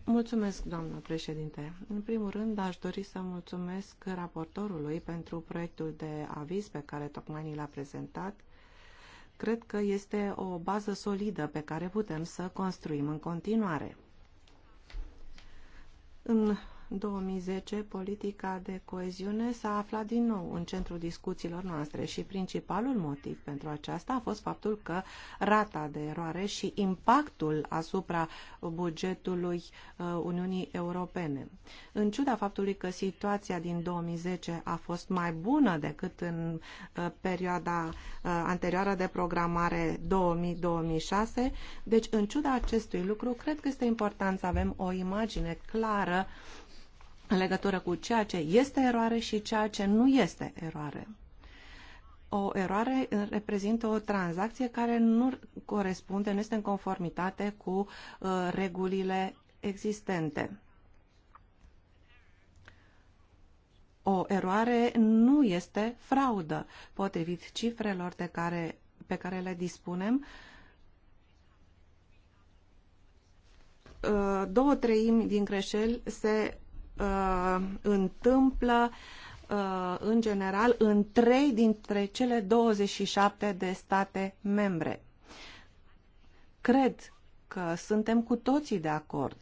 Mulțumesc, doamnă președinte. În primul rând, aș dori să mulțumesc raportorului pentru proiectul de aviz pe care tocmai ni l-a prezentat Cred că este o bază solidă pe care putem să construim în continuare. În 2010, politica de coeziune s-a aflat din nou în centrul discuțiilor noastre și principalul motiv pentru aceasta a fost faptul că rata de eroare și impactul asupra bugetului uh, Uniunii Europene. În ciuda faptului că situația din 2010 a fost mai bună decât în uh, perioada uh, anterioară de programare 2000-2006, deci în ciuda acestui lucru, cred că este important să avem o imagine clară în legătură cu ceea ce este eroare și ceea ce nu este eroare. O eroare uh, reprezintă o tranzacție care nu corespunde, nu este în conformitate cu uh, regulile existente. O eroare nu este fraudă, potrivit cifrelor de care, pe care le dispunem. Uh, două treimi din greșeli se uh, întâmplă uh, în general în trei dintre cele 27 de state membre. Cred că suntem cu toții de acord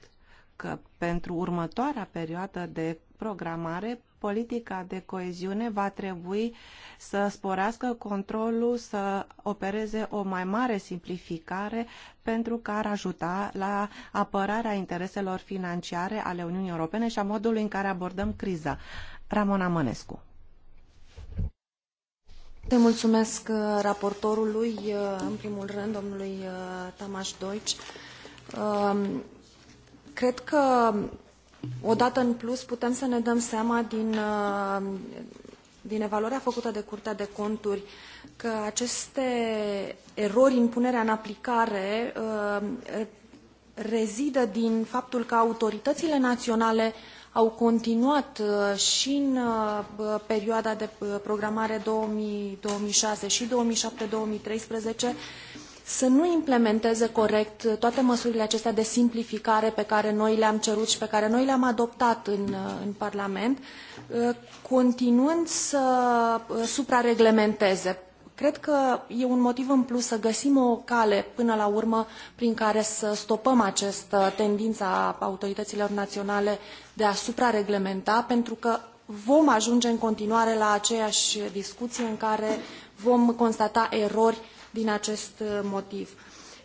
că pentru următoarea perioadă de programare politica de coeziune va trebui să sporească controlul, să opereze o mai mare simplificare pentru că ar ajuta la apărarea intereselor financiare ale Uniunii Europene și a modului în care abordăm criza. Ramona Mănescu. Te mulțumesc uh, raportorului, uh, în primul rând, domnului uh, Tamaș Deutsch. Um, cred că Odată în plus putem să ne dăm seama din, uh, din evaluarea făcută de Curtea de Conturi că aceste erori în punerea în aplicare uh, rezidă din faptul că autoritățile naționale au continuat uh, și în perioada de programare 2006 și 2007-2013 să nu implementeze corect toate măsurile acestea de simplificare pe care noi le-am cerut și pe care noi le-am adoptat în, uh, în Parlament, uh, continuând să uh, suprareglementeze. Cred că e un motiv în plus să găsim o cale până la urmă prin care să stopăm această tendință a autorităților naționale de a suprareglementa, pentru că vom ajunge în continuare la aceeași discuție în care vom constata erori din acest uh, motiv.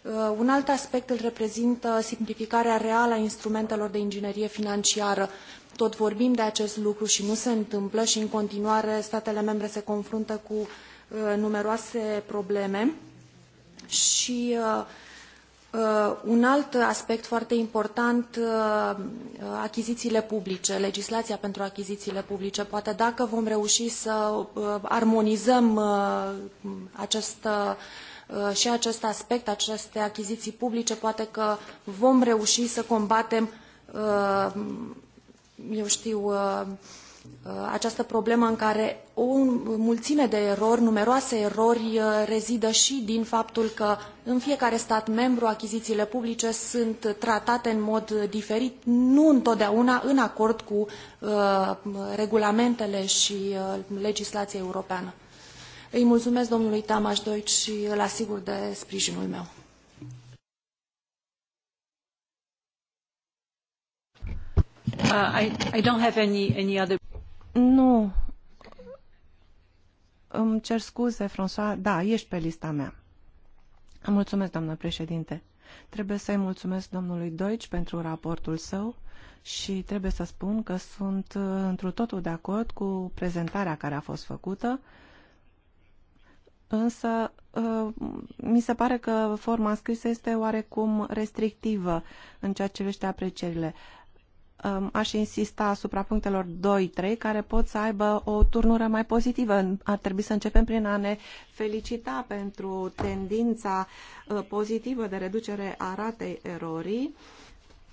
Uh, un alt aspect îl reprezintă simplificarea reală a instrumentelor de inginerie financiară. Tot vorbim de acest lucru și nu se întâmplă și în continuare statele membre se confruntă cu uh, numeroase probleme și uh, Uh, un alt aspect foarte important, uh, uh, achizițiile publice, legislația pentru achizițiile publice. Poate dacă vom reuși să armonizăm acest, și acest aspect, aceste achiziții publice, poate că vom reuși să combatem, eu știu, Uh, această problemă în care o mulțime de erori, numeroase erori, uh, rezidă și din faptul că în fiecare stat membru achizițiile publice sunt tratate în mod diferit, nu întotdeauna în acord cu uh, regulamentele și uh, legislația europeană. Îi mulțumesc domnului Tamaș Deutsch și îl asigur de sprijinul meu. Uh, I, I don't have any, any other... Nu. Îmi cer scuze, François. Da, ești pe lista mea. Mulțumesc, doamnă președinte. Trebuie să-i mulțumesc domnului Deutsch pentru raportul său și trebuie să spun că sunt întru totul de acord cu prezentarea care a fost făcută, însă uh, mi se pare că forma scrisă este oarecum restrictivă în ceea ce privește aprecierile aș insista asupra punctelor 2-3 care pot să aibă o turnură mai pozitivă. Ar trebui să începem prin a ne felicita pentru tendința uh, pozitivă de reducere a ratei erorii.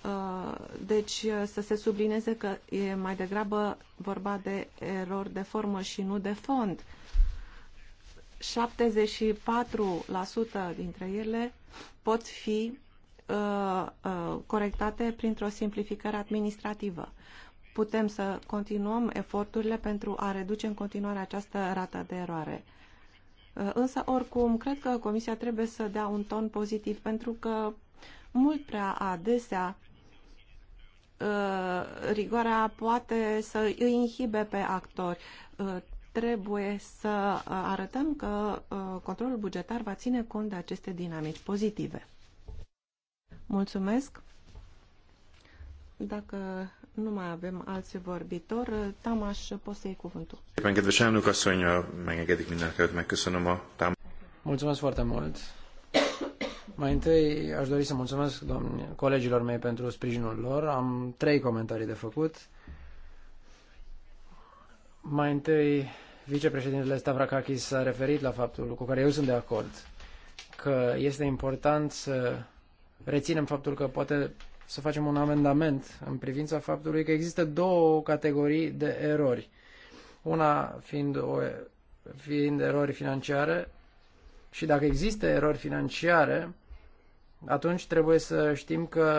Uh, deci uh, să se sublineze că e mai degrabă vorba de erori de formă și nu de fond. 74% dintre ele pot fi Uh, uh, corectate printr-o simplificare administrativă. Putem să continuăm eforturile pentru a reduce în continuare această rată de eroare. Uh, însă, oricum, cred că Comisia trebuie să dea un ton pozitiv, pentru că mult prea adesea rigoarea poate să îi inhibe pe actori. Trebuie să arătăm că controlul bugetar va ține cont de aceste dinamici pozitive. Mulțumesc. Dacă nu mai avem alți vorbitor, Tamas, poți să iei cuvântul. Mulțumesc foarte mult. Mai întâi aș dori să mulțumesc domn, colegilor mei pentru sprijinul lor. Am trei comentarii de făcut. Mai întâi, vicepreședintele Stavrakakis s-a referit la faptul cu care eu sunt de acord, că este important să reținem faptul că poate să facem un amendament în privința faptului că există două categorii de erori. Una fiind, o, fiind erori financiare și dacă există erori financiare, atunci trebuie să știm că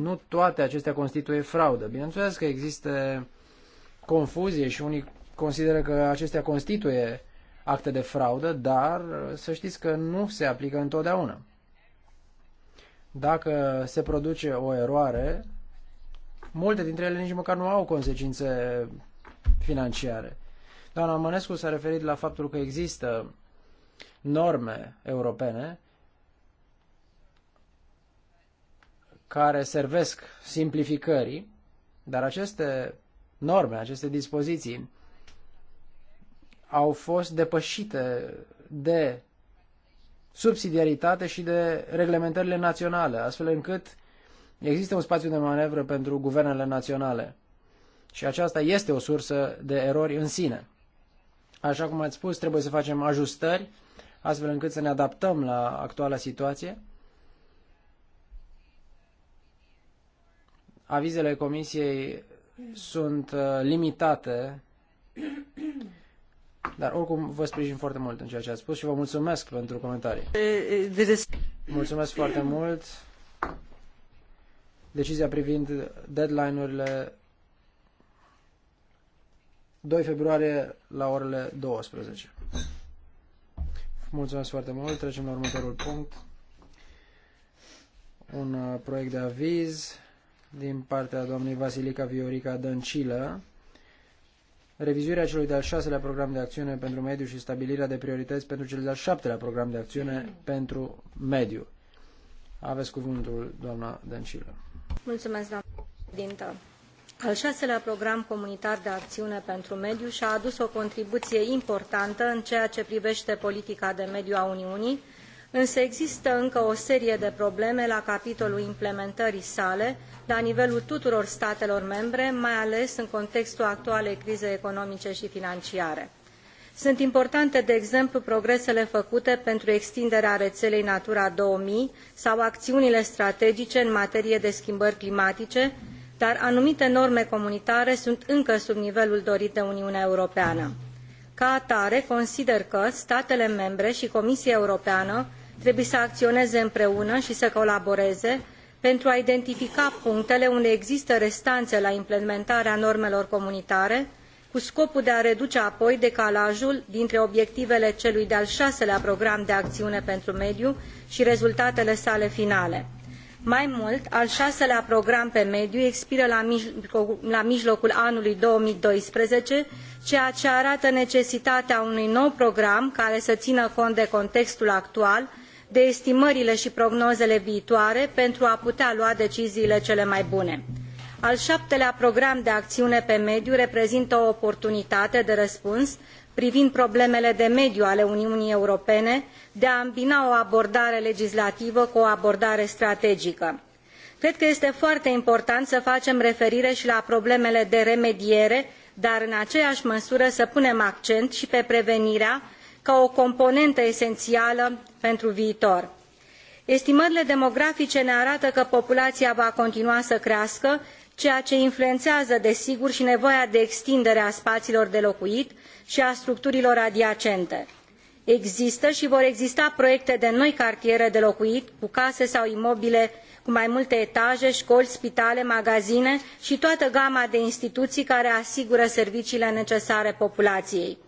nu toate acestea constituie fraudă. Bineînțeles că există confuzie și unii consideră că acestea constituie acte de fraudă, dar să știți că nu se aplică întotdeauna dacă se produce o eroare, multe dintre ele nici măcar nu au consecințe financiare. Doamna Mănescu s-a referit la faptul că există norme europene care servesc simplificării, dar aceste norme, aceste dispoziții au fost depășite de subsidiaritate și de reglementările naționale, astfel încât există un spațiu de manevră pentru guvernele naționale. Și aceasta este o sursă de erori în sine. Așa cum ați spus, trebuie să facem ajustări, astfel încât să ne adaptăm la actuala situație. Avizele comisiei sunt uh, limitate dar oricum vă sprijin foarte mult în ceea ce ați spus și vă mulțumesc pentru comentarii. Eh, eh, mulțumesc foarte mult. Decizia privind deadline-urile 2 februarie la orele 12. Mulțumesc foarte mult. Trecem la următorul punct. Un uh, proiect de aviz din partea doamnei Vasilica Viorica Dăncilă revizuirea celui de-al șaselea program de acțiune pentru mediu și stabilirea de priorități pentru cel de-al șaptelea program de acțiune pentru mediu. Aveți cuvântul, doamna Dăncilă. Mulțumesc, doamna președintă. Al șaselea program comunitar de acțiune pentru mediu și-a adus o contribuție importantă în ceea ce privește politica de mediu a Uniunii, însă există încă o serie de probleme la capitolul implementării sale la nivelul tuturor statelor membre mai ales în contextul actualei crize economice i financiare. sunt importante de exemplu progresele făcute pentru extinderea reelei natura două mii sau aciunile strategice în materie de schimbări climatice dar anumite norme comunitare sunt încă sub nivelul dorit de uniunea europeană. ca atare consider că statele membre i comisia europeană trebuie să acioneze împreună i să colaboreze pentru a identifica punctele unde există restane la implementarea normelor comunitare cu scopul de a reduce apoi decalajul dintre obiectivele celui de al șaselea program de aciune pentru mediu i rezultatele sale finale. mai mult al șaselea program pe mediu expiră la mijlocul anului două mii doisprezece ceea ce arată necesitatea unui nou program care să ină cont de contextul actual i de estimările și prognozele viitoare pentru a putea lua deciziile cele mai bune. Al șaptelea program de acțiune pe mediu reprezintă o oportunitate de răspuns privind problemele de mediu ale Uniunii Europene de a îmbina o abordare legislativă cu o abordare strategică. Cred că este foarte important să facem referire și la problemele de remediere, dar în aceeași măsură să punem accent și pe prevenirea ca o componentă esențială pentru viitor. Estimările demografice ne arată că populația va continua să crească, ceea ce influențează desigur și nevoia de extindere a spațiilor de locuit și a structurilor adiacente. Există și vor exista proiecte de noi cartiere de locuit cu case sau imobile cu mai multe etaje, școli, spitale, magazine și toată gama de instituții care asigură serviciile necesare populației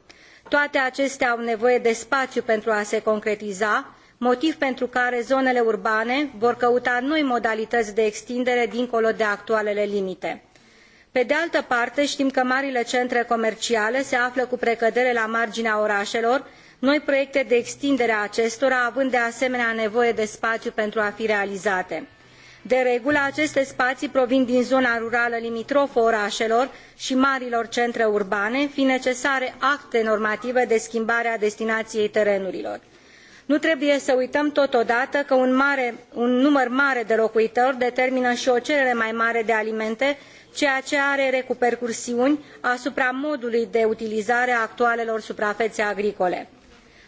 toate acestea au nevoie de spaiu pentru a se concretiza motiv pentru care zonele urbane vor căuta noi modalităi de extindere dincolo de actualele limite. pe de altă parte tim că marile centre comerciale se află cu precădere la marginea oraelor noi proiecte de extindere a acestora având de asemenea nevoie de spaiu pentru a fi realizate de regulă aceste spaii provin din zona rurală limitrofă oraelor i marilor centre urbane fiind necesare acte normative de schimbare a destinaiei terenurilor. nu trebuie să uităm totodată că un, mare, un număr mare de locuitori determină i o cerere mai mare de alimente ceea ce are repercusiuni asupra modului de utilizare a actualelor suprafee agricole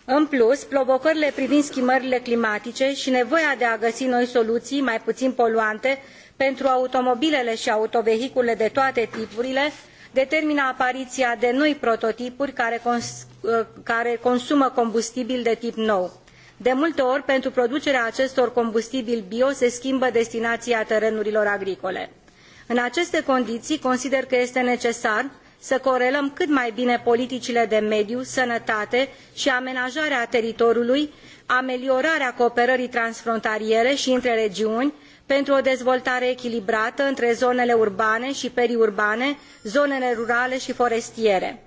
în plus provocările privind schimbările climatice i nevoia de a găsi noi soluii mai puin poluante pentru automobilele i autovehiculele de toate tipurile determină apariia de noi prototipuri care, cons care consumă combustibil de tip nou. de multe ori pentru producerea acestor combustibili bio se schimbă destinaia terenurilor agricole. în aceste condiii consider că este necesar să corelăm cât mai bine politicile de mediu, sănătate și amenajarea teritoriului, ameliorarea cooperării transfrontaliere și între regiuni, pentru o dezvoltare echilibrată între zonele urbane și periurbane, zonele rurale și forestiere.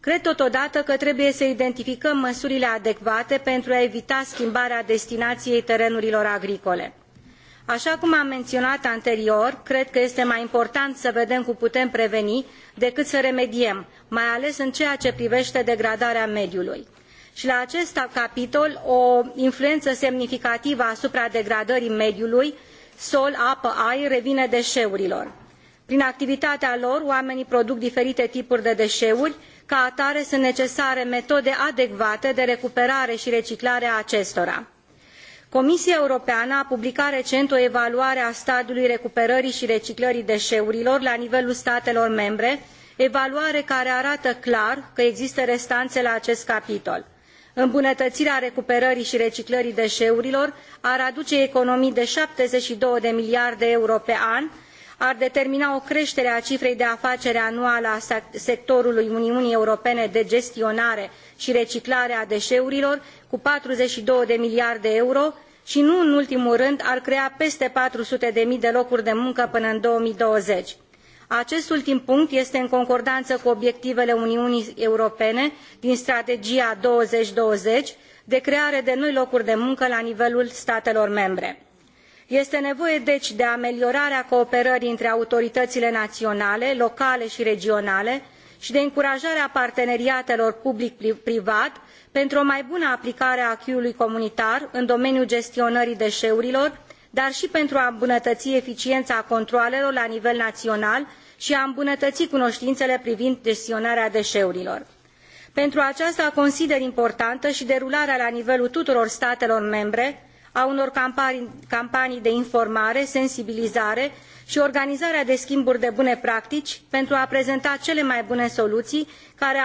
Cred totodată că trebuie să identificăm măsurile adecvate pentru a evita schimbarea destinației terenurilor agricole. Așa cum am menționat anterior, cred că este mai important să vedem cum putem preveni decât să remediem, mai ales în ceea ce privește degradarea mediului. Și la acest capitol, o influență semnificativă asupra degradării mediului, sol, apă, aer, revine deșeurilor. Prin activitatea lor, oamenii produc diferite tipuri de deșeuri, ca atare sunt necesare metode adecvate de recuperare și reciclare a acestora comisia europeană a publicat recent o evaluare a stadiului recuperării i reciclării deeurilor la nivelul statelor membre evaluare care arată clar că există restane la acest capitol. îmbunătăirea recuperării i reciclării deeurilor ar aduce economii de șaptezeci și doi de miliarde de euro pe an ar determina o cretere a cifrei de afaceri anuală a sectorului uniunii europene de gestionare i reciclare a deeurilor cu patruzeci și doi de miliarde de euro și nu în ultimul rând ar crea peste zero de locuri de muncă până în 2020. Acest ultim punct este în concordanță cu obiectivele Uniunii Europene din strategia 2020 de creare de noi locuri de muncă la nivelul statelor membre. Este nevoie deci de ameliorarea cooperării între autoritățile naționale, locale și regionale și de încurajarea parteneriatelor public-privat pentru o mai bună aplicare a acquis ului comunitar în domeniul gestionării deșeurilor dar i pentru a îmbunătăi eficiena controalelor la nivel naional i a îmbunătăi cunotinele privind gestionarea deeurilor. pentru aceasta consider importantă i derularea la nivelul tuturor statelor membre a unor campanii de informare sensibilizare i și organizarea de schimburi de bune practici pentru a prezenta cele mai bune soluții care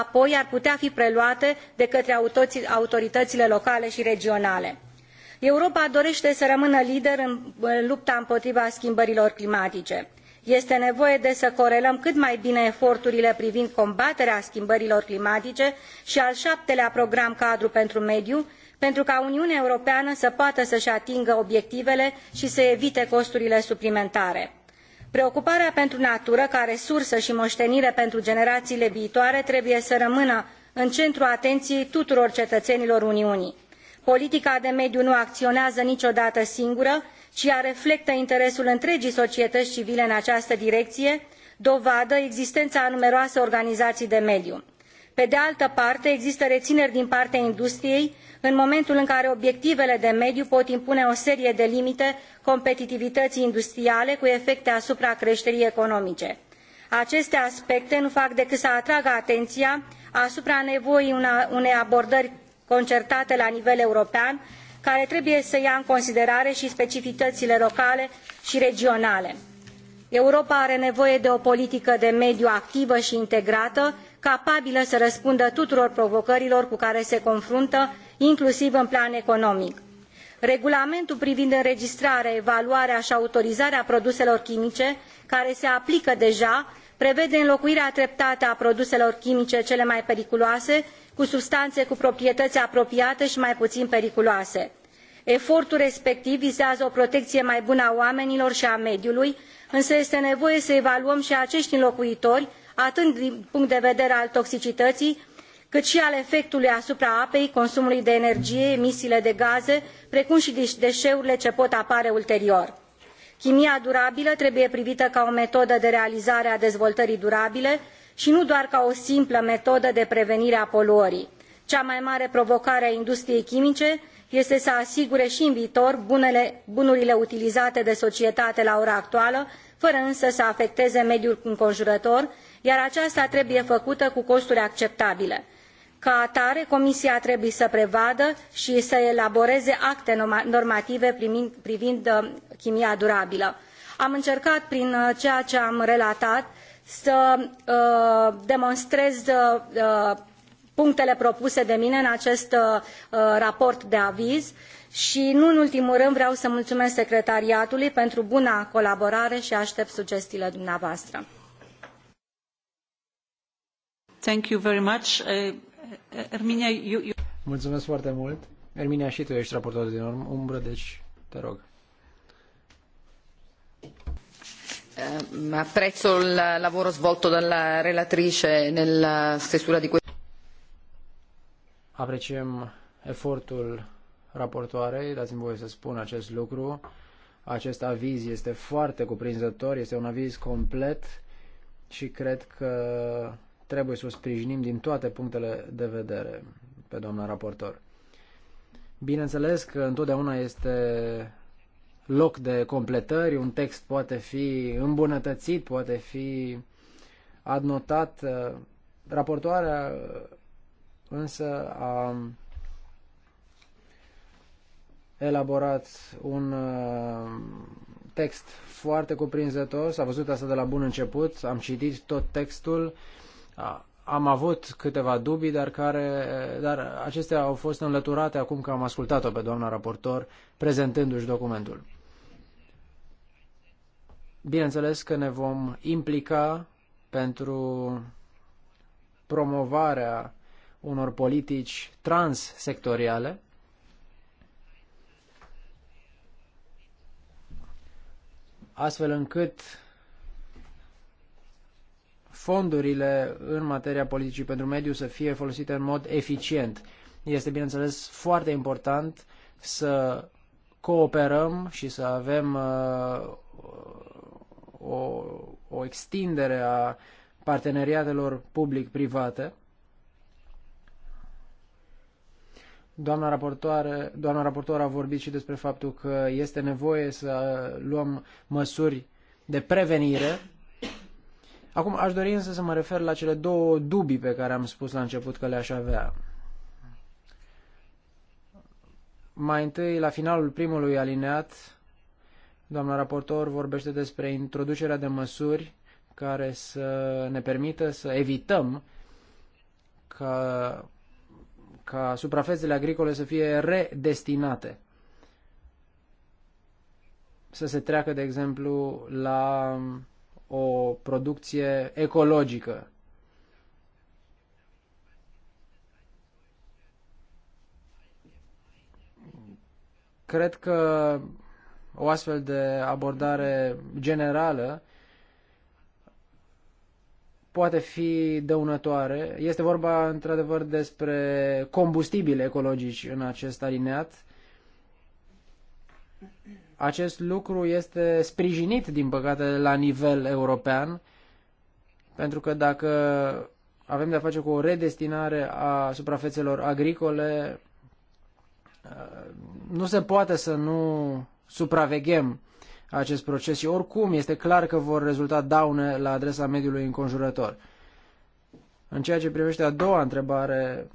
apoi ar putea fi preluate de către autoritățile locale și regionale. Europa dorește să rămână lider în lupta împotriva schimbărilor climatice. Este nevoie de să corelăm cât mai bine eforturile privind combaterea schimbărilor climatice și al șaptelea program cadru pentru mediu, pentru ca uniunea europeană să poată să i atingă obiectivele i să evite costurile suplimentare. preocuparea pentru natură ca resursă i motenire pentru generaiile viitoare trebuie să rămână în centrul ateniei tuturor cetăenilor uniunii. politica de mediu nu acionează niciodată singură ci ea reflectă interesul întregii societăi civile în această direcie dovadă existena a numeroase organizaii de mediu. pe de altă parte există reineri din partea industriei în momentul în care obiectivele de mediu pot impune o serie de limite competitivității industriale cu efecte asupra creșterii economice. Aceste aspecte nu fac decât să atragă atenția asupra nevoii unei abordări concertate la nivel european, care trebuie să ia în considerare și specificităile locale și regionale. Europa are nevoie de o politică de mediu activă și integrată, capabilă să răspundă tuturor provocărilor cu care se confruntă inclusiv în plan economic. Regulamentul privind înregistrarea, evaluarea și autorizarea produselor chimice, care se aplică deja, prevede înlocuirea treptată a produselor chimice cele mai periculoase cu substanțe cu proprietăți apropiate și mai puțin periculoase. Efortul respectiv vizează o protecție mai bună a oamenilor și a mediului, însă este nevoie să evaluăm și acești înlocuitori, atât din punct de vedere al toxicității, cât i al efectului asupra apei consumului de energie emisiile de gaze precum i deeurile ce pot apărea ulterior. chimia durabilă trebuie privită ca o metodă de realizare a dezvoltării durabile i nu doar ca o simplă metodă de prevenire a poluării. cea mai mare provocare a industriei chimice este să asigure i în viitor bunele, bunurile utilizate de societate la ora actuală fără însă să afecteze mediul înconjurător iar aceasta trebuie făcută cu costuri acceptabile ca atare comisia trebuie să prevadă i să elaboreze acte normative privind uh, chimia durabilă. am încercat prin uh, ceea ce am relatat să uh, demonstrez punctele propuse de mine în acest raport de aviz i nu în ultimul rând vreau să mulumesc secretariatului pentru buna colaborare i atept sugestiile dumneavoastră. Thank you very much. Erminia, eu, eu... Mulțumesc foarte mult. Erminia, și tu ești raportor din umbră, deci te rog. Ehm, apprezzo il lavoro svolto dalla relatrice nella stesura di questo. Apreciem efortul raportoarei, dați-mi voie să spun acest lucru. Acest aviz este foarte cuprinzător, este un aviz complet și cred că Trebuie să o sprijinim din toate punctele de vedere pe doamna raportor. Bineînțeles că întotdeauna este loc de completări, un text poate fi îmbunătățit, poate fi adnotat. Raportoarea însă a elaborat un uh, text foarte cuprinzător, s-a văzut asta de la bun început, am citit tot textul, am avut câteva dubii, dar, care, dar acestea au fost înlăturate acum că am ascultat-o pe doamna raportor prezentându-și documentul. Bineînțeles că ne vom implica pentru promovarea unor politici transsectoriale. astfel încât fondurile în materia politicii pentru mediu să fie folosite în mod eficient. Este, bineînțeles, foarte important să cooperăm și să avem uh, o, o extindere a parteneriatelor public-private. Doamna raportoare, doamna raportoare a vorbit și despre faptul că este nevoie să luăm măsuri de prevenire Acum aș dori însă să mă refer la cele două dubii pe care am spus la început că le-aș avea. Mai întâi, la finalul primului alineat, doamna raportor vorbește despre introducerea de măsuri care să ne permită să evităm ca, ca suprafețele agricole să fie redestinate. Să se treacă, de exemplu, la o producție ecologică. Cred că o astfel de abordare generală poate fi dăunătoare. Este vorba într-adevăr despre combustibile ecologici în acest alineat acest lucru este sprijinit, din păcate, la nivel european, pentru că dacă avem de-a face cu o redestinare a suprafețelor agricole, uh, nu se poate să nu supraveghem acest proces și oricum este clar că vor rezulta daune la adresa mediului înconjurător. În ceea ce privește a doua întrebare,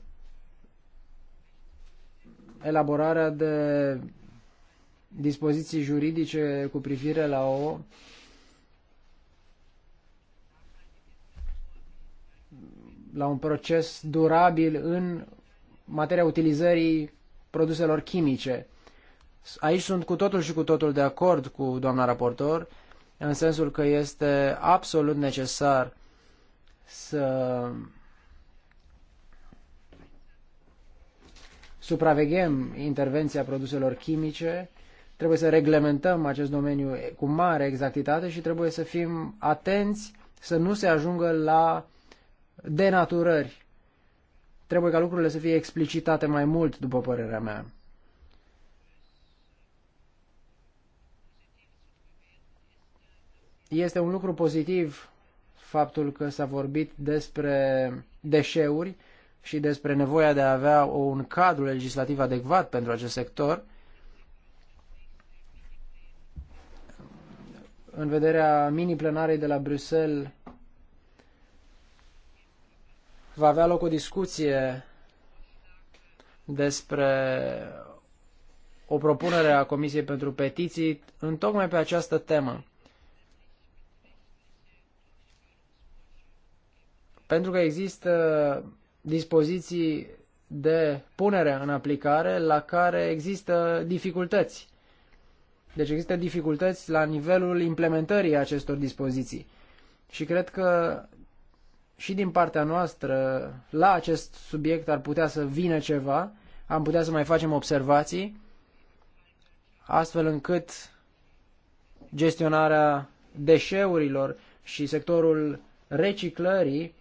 elaborarea de dispoziții juridice cu privire la o la un proces durabil în materia utilizării produselor chimice. Aici sunt cu totul și cu totul de acord cu doamna raportor, în sensul că este absolut necesar să supraveghem intervenția produselor chimice Trebuie să reglementăm acest domeniu cu mare exactitate și trebuie să fim atenți să nu se ajungă la denaturări. Trebuie ca lucrurile să fie explicitate mai mult, după părerea mea. Este un lucru pozitiv faptul că s-a vorbit despre deșeuri și despre nevoia de a avea un cadru legislativ adecvat pentru acest sector – în vederea mini-plenarei de la Bruxelles va avea loc o discuție despre o propunere a Comisiei pentru Petiții în tocmai pe această temă. Pentru că există dispoziții de punere în aplicare la care există dificultăți. Deci există dificultăți la nivelul implementării acestor dispoziții. Și cred că și din partea noastră la acest subiect ar putea să vină ceva, am putea să mai facem observații, astfel încât gestionarea deșeurilor și sectorul reciclării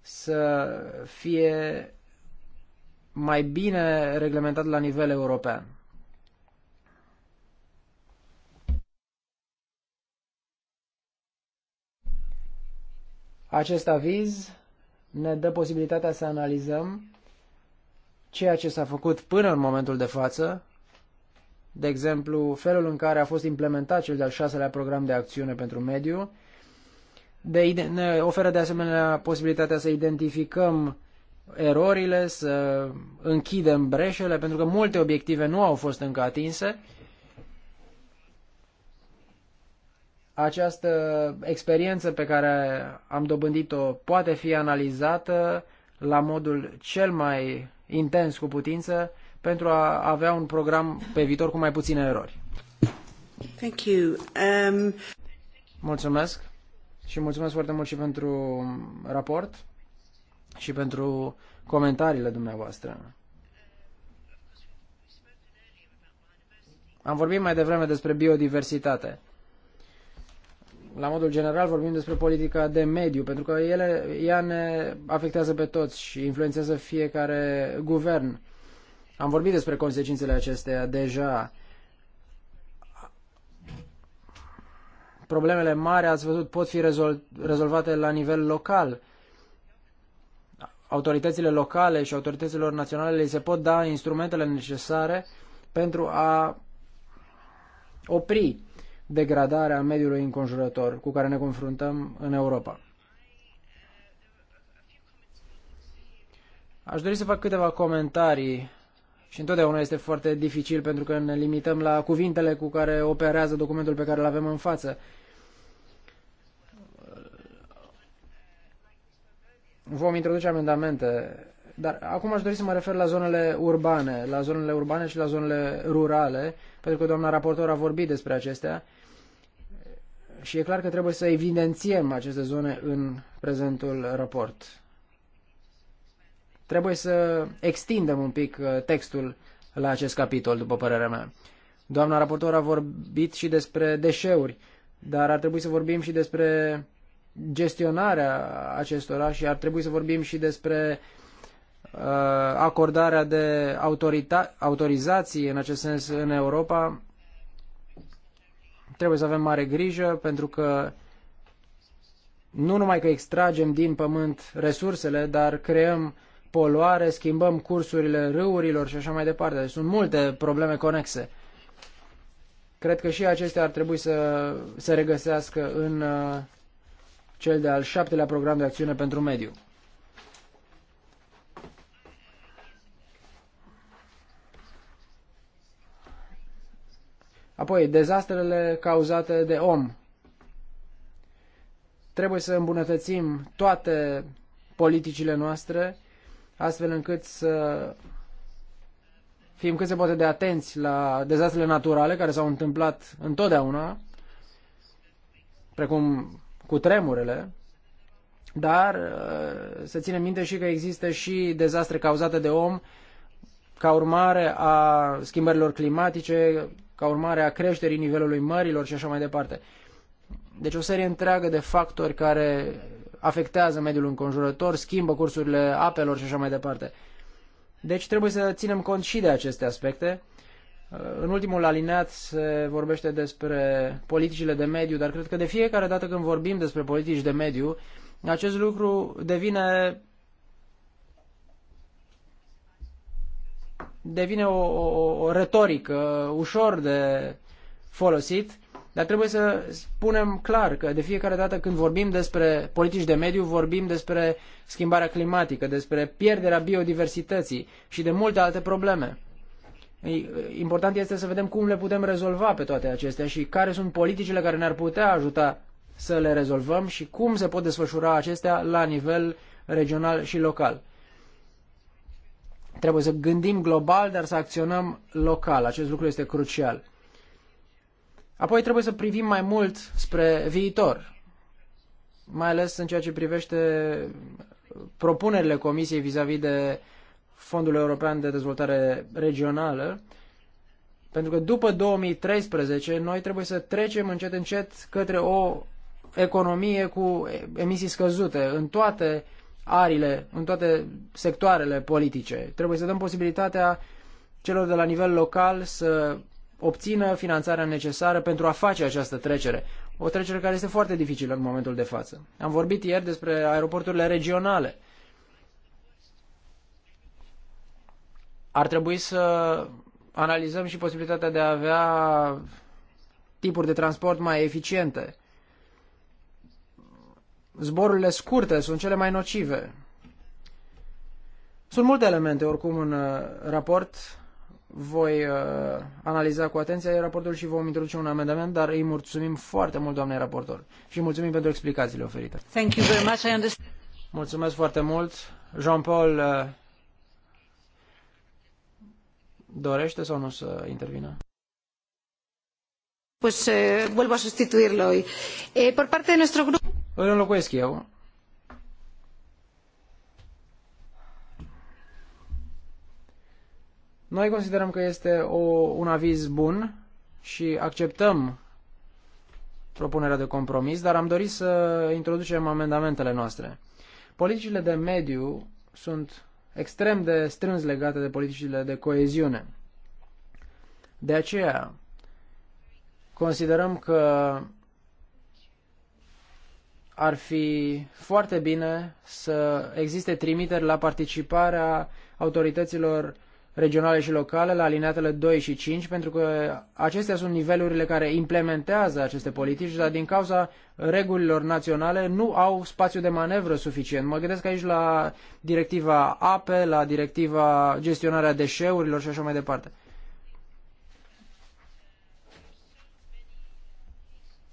să fie mai bine reglementat la nivel european. Acest aviz ne dă posibilitatea să analizăm ceea ce s-a făcut până în momentul de față, de exemplu, felul în care a fost implementat cel de-al șaselea program de acțiune pentru mediu, de, ne oferă de asemenea posibilitatea să identificăm erorile, să închidem breșele, pentru că multe obiective nu au fost încă atinse această experiență pe care am dobândit-o poate fi analizată la modul cel mai intens cu putință pentru a avea un program pe viitor cu mai puține erori. Thank you. Um... Mulțumesc și mulțumesc foarte mult și pentru raport și pentru comentariile dumneavoastră. Am vorbit mai devreme despre biodiversitate la modul general, vorbim despre politica de mediu, pentru că ele, ea ne afectează pe toți și influențează fiecare guvern. Am vorbit despre consecințele acesteia deja. Problemele mari, ați văzut, pot fi rezol- rezolvate la nivel local. Autoritățile locale și autorităților naționale le se pot da instrumentele necesare pentru a opri degradare a mediului înconjurător cu care ne confruntăm în Europa. Aș dori să fac câteva comentarii și întotdeauna este foarte dificil pentru că ne limităm la cuvintele cu care operează documentul pe care îl avem în față. Vom introduce amendamente, dar acum aș dori să mă refer la zonele urbane, la zonele urbane și la zonele rurale, pentru că doamna raportor a vorbit despre acestea și e clar că trebuie să evidențiem aceste zone în prezentul raport. Trebuie să extindem un pic uh, textul la acest capitol, după părerea mea. Doamna raportor a vorbit și despre deșeuri, dar ar trebui să vorbim și despre gestionarea acestora și ar trebui să vorbim și despre uh, acordarea de autorizații în acest sens în Europa trebuie să avem mare grijă pentru că nu numai că extragem din pământ resursele, dar creăm poluare, schimbăm cursurile râurilor și așa mai departe. Deci sunt multe probleme conexe. Cred că și acestea ar trebui să se regăsească în uh, cel de-al șaptelea program de acțiune pentru mediu. Apoi, dezastrele cauzate de om. Trebuie să îmbunătățim toate politicile noastre, astfel încât să fim cât se poate de atenți la dezastrele naturale care s-au întâmplat întotdeauna, precum cu tremurele, dar uh, să ținem minte și că există și dezastre cauzate de om ca urmare a schimbărilor climatice, ca urmare a creșterii nivelului mărilor și așa mai departe. Deci o serie întreagă de factori care afectează mediul înconjurător, schimbă cursurile apelor și așa mai departe. Deci trebuie să ținem cont și de aceste aspecte. În ultimul alineat se vorbește despre politicile de mediu, dar cred că de fiecare dată când vorbim despre politici de mediu, acest lucru devine devine o, o, o retorică ușor de folosit, dar trebuie să spunem clar că de fiecare dată când vorbim despre politici de mediu, vorbim despre schimbarea climatică, despre pierderea biodiversității și de multe alte probleme. Important este să vedem cum le putem rezolva pe toate acestea și care sunt politicile care ne-ar putea ajuta să le rezolvăm și cum se pot desfășura acestea la nivel regional și local. Trebuie să gândim global, dar să acționăm local. Acest lucru este crucial. Apoi trebuie să privim mai mult spre viitor, mai ales în ceea ce privește propunerile Comisiei vis-a-vis -vis de Fondul European de Dezvoltare Regională, pentru că după 2013 noi trebuie să trecem încet încet către o economie cu emisii scăzute în toate arile, în toate sectoarele politice. Trebuie să dăm posibilitatea celor de la nivel local să obțină finanțarea necesară pentru a face această trecere. O trecere care este foarte dificilă în momentul de față. Am vorbit ieri despre aeroporturile regionale. Ar trebui să analizăm și posibilitatea de a avea tipuri de transport mai eficiente. Zborurile scurte sunt cele mai nocive. Sunt multe elemente, oricum, în uh, raport. Voi uh, analiza cu atenție raportul și vom introduce un amendament, dar îi mulțumim foarte mult, doamnei raportor, și mulțumim pentru explicațiile oferite. Thank you very much. I understand. Mulțumesc foarte mult. Jean-Paul uh, dorește sau nu să intervină? Pues uh, vuelvo a sustituirlo Uh, por parte de nuestro grupo. Îl înlocuiesc eu. Noi considerăm că este o, un aviz bun și acceptăm propunerea de compromis, dar am dorit să introducem amendamentele noastre. Politicile de mediu sunt extrem de strâns legate de politicile de coeziune. De aceea, considerăm că ar fi foarte bine să existe trimiteri la participarea autorităților regionale și locale la alineatele 2 și 5, pentru că acestea sunt nivelurile care implementează aceste politici, dar din cauza regulilor naționale nu au spațiu de manevră suficient. Mă gândesc aici la directiva APE, la directiva gestionarea deșeurilor și așa mai departe.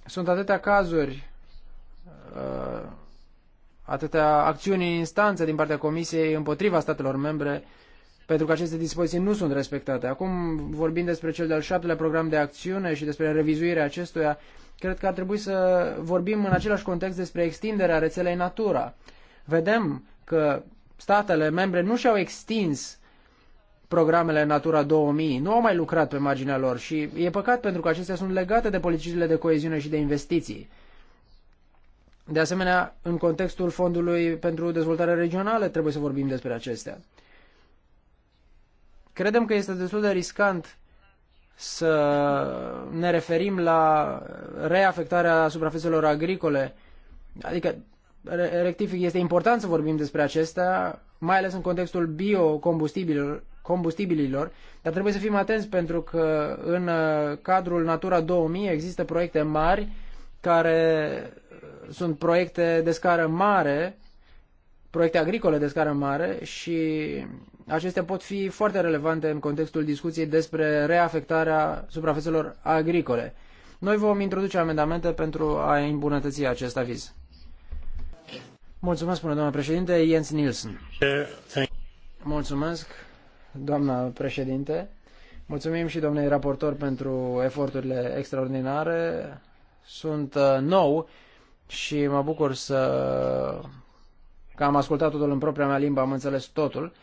Sunt atâtea cazuri Uh, atâtea acțiuni în instanță din partea Comisiei împotriva statelor membre pentru că aceste dispoziții nu sunt respectate. Acum, vorbind despre cel de-al șaptelea program de acțiune și despre revizuirea acestuia, cred că ar trebui să vorbim în același context despre extinderea rețelei Natura. Vedem că statele membre nu și-au extins programele Natura 2000, nu au mai lucrat pe marginea lor și e păcat pentru că acestea sunt legate de politicile de coeziune și de investiții. De asemenea, în contextul Fondului pentru Dezvoltare Regională trebuie să vorbim despre acestea. Credem că este destul de riscant să ne referim la reafectarea suprafețelor agricole, adică rectific, este important să vorbim despre acestea, mai ales în contextul biocombustibililor, combustibililor, dar trebuie să fim atenți pentru că în uh, cadrul Natura 2000 există proiecte mari care sunt proiecte de scară mare, proiecte agricole de scară mare și acestea pot fi foarte relevante în contextul discuției despre reafectarea suprafețelor agricole. Noi vom introduce amendamente pentru a îmbunătăți acest aviz. Mulțumesc, până președinte, Jens Nielsen. Mulțumesc, doamna președinte. Mulțumim și domnului raportor pentru eforturile extraordinare. Sunt uh, nou și mă bucur să că am ascultat totul în propria mea limbă, am înțeles totul.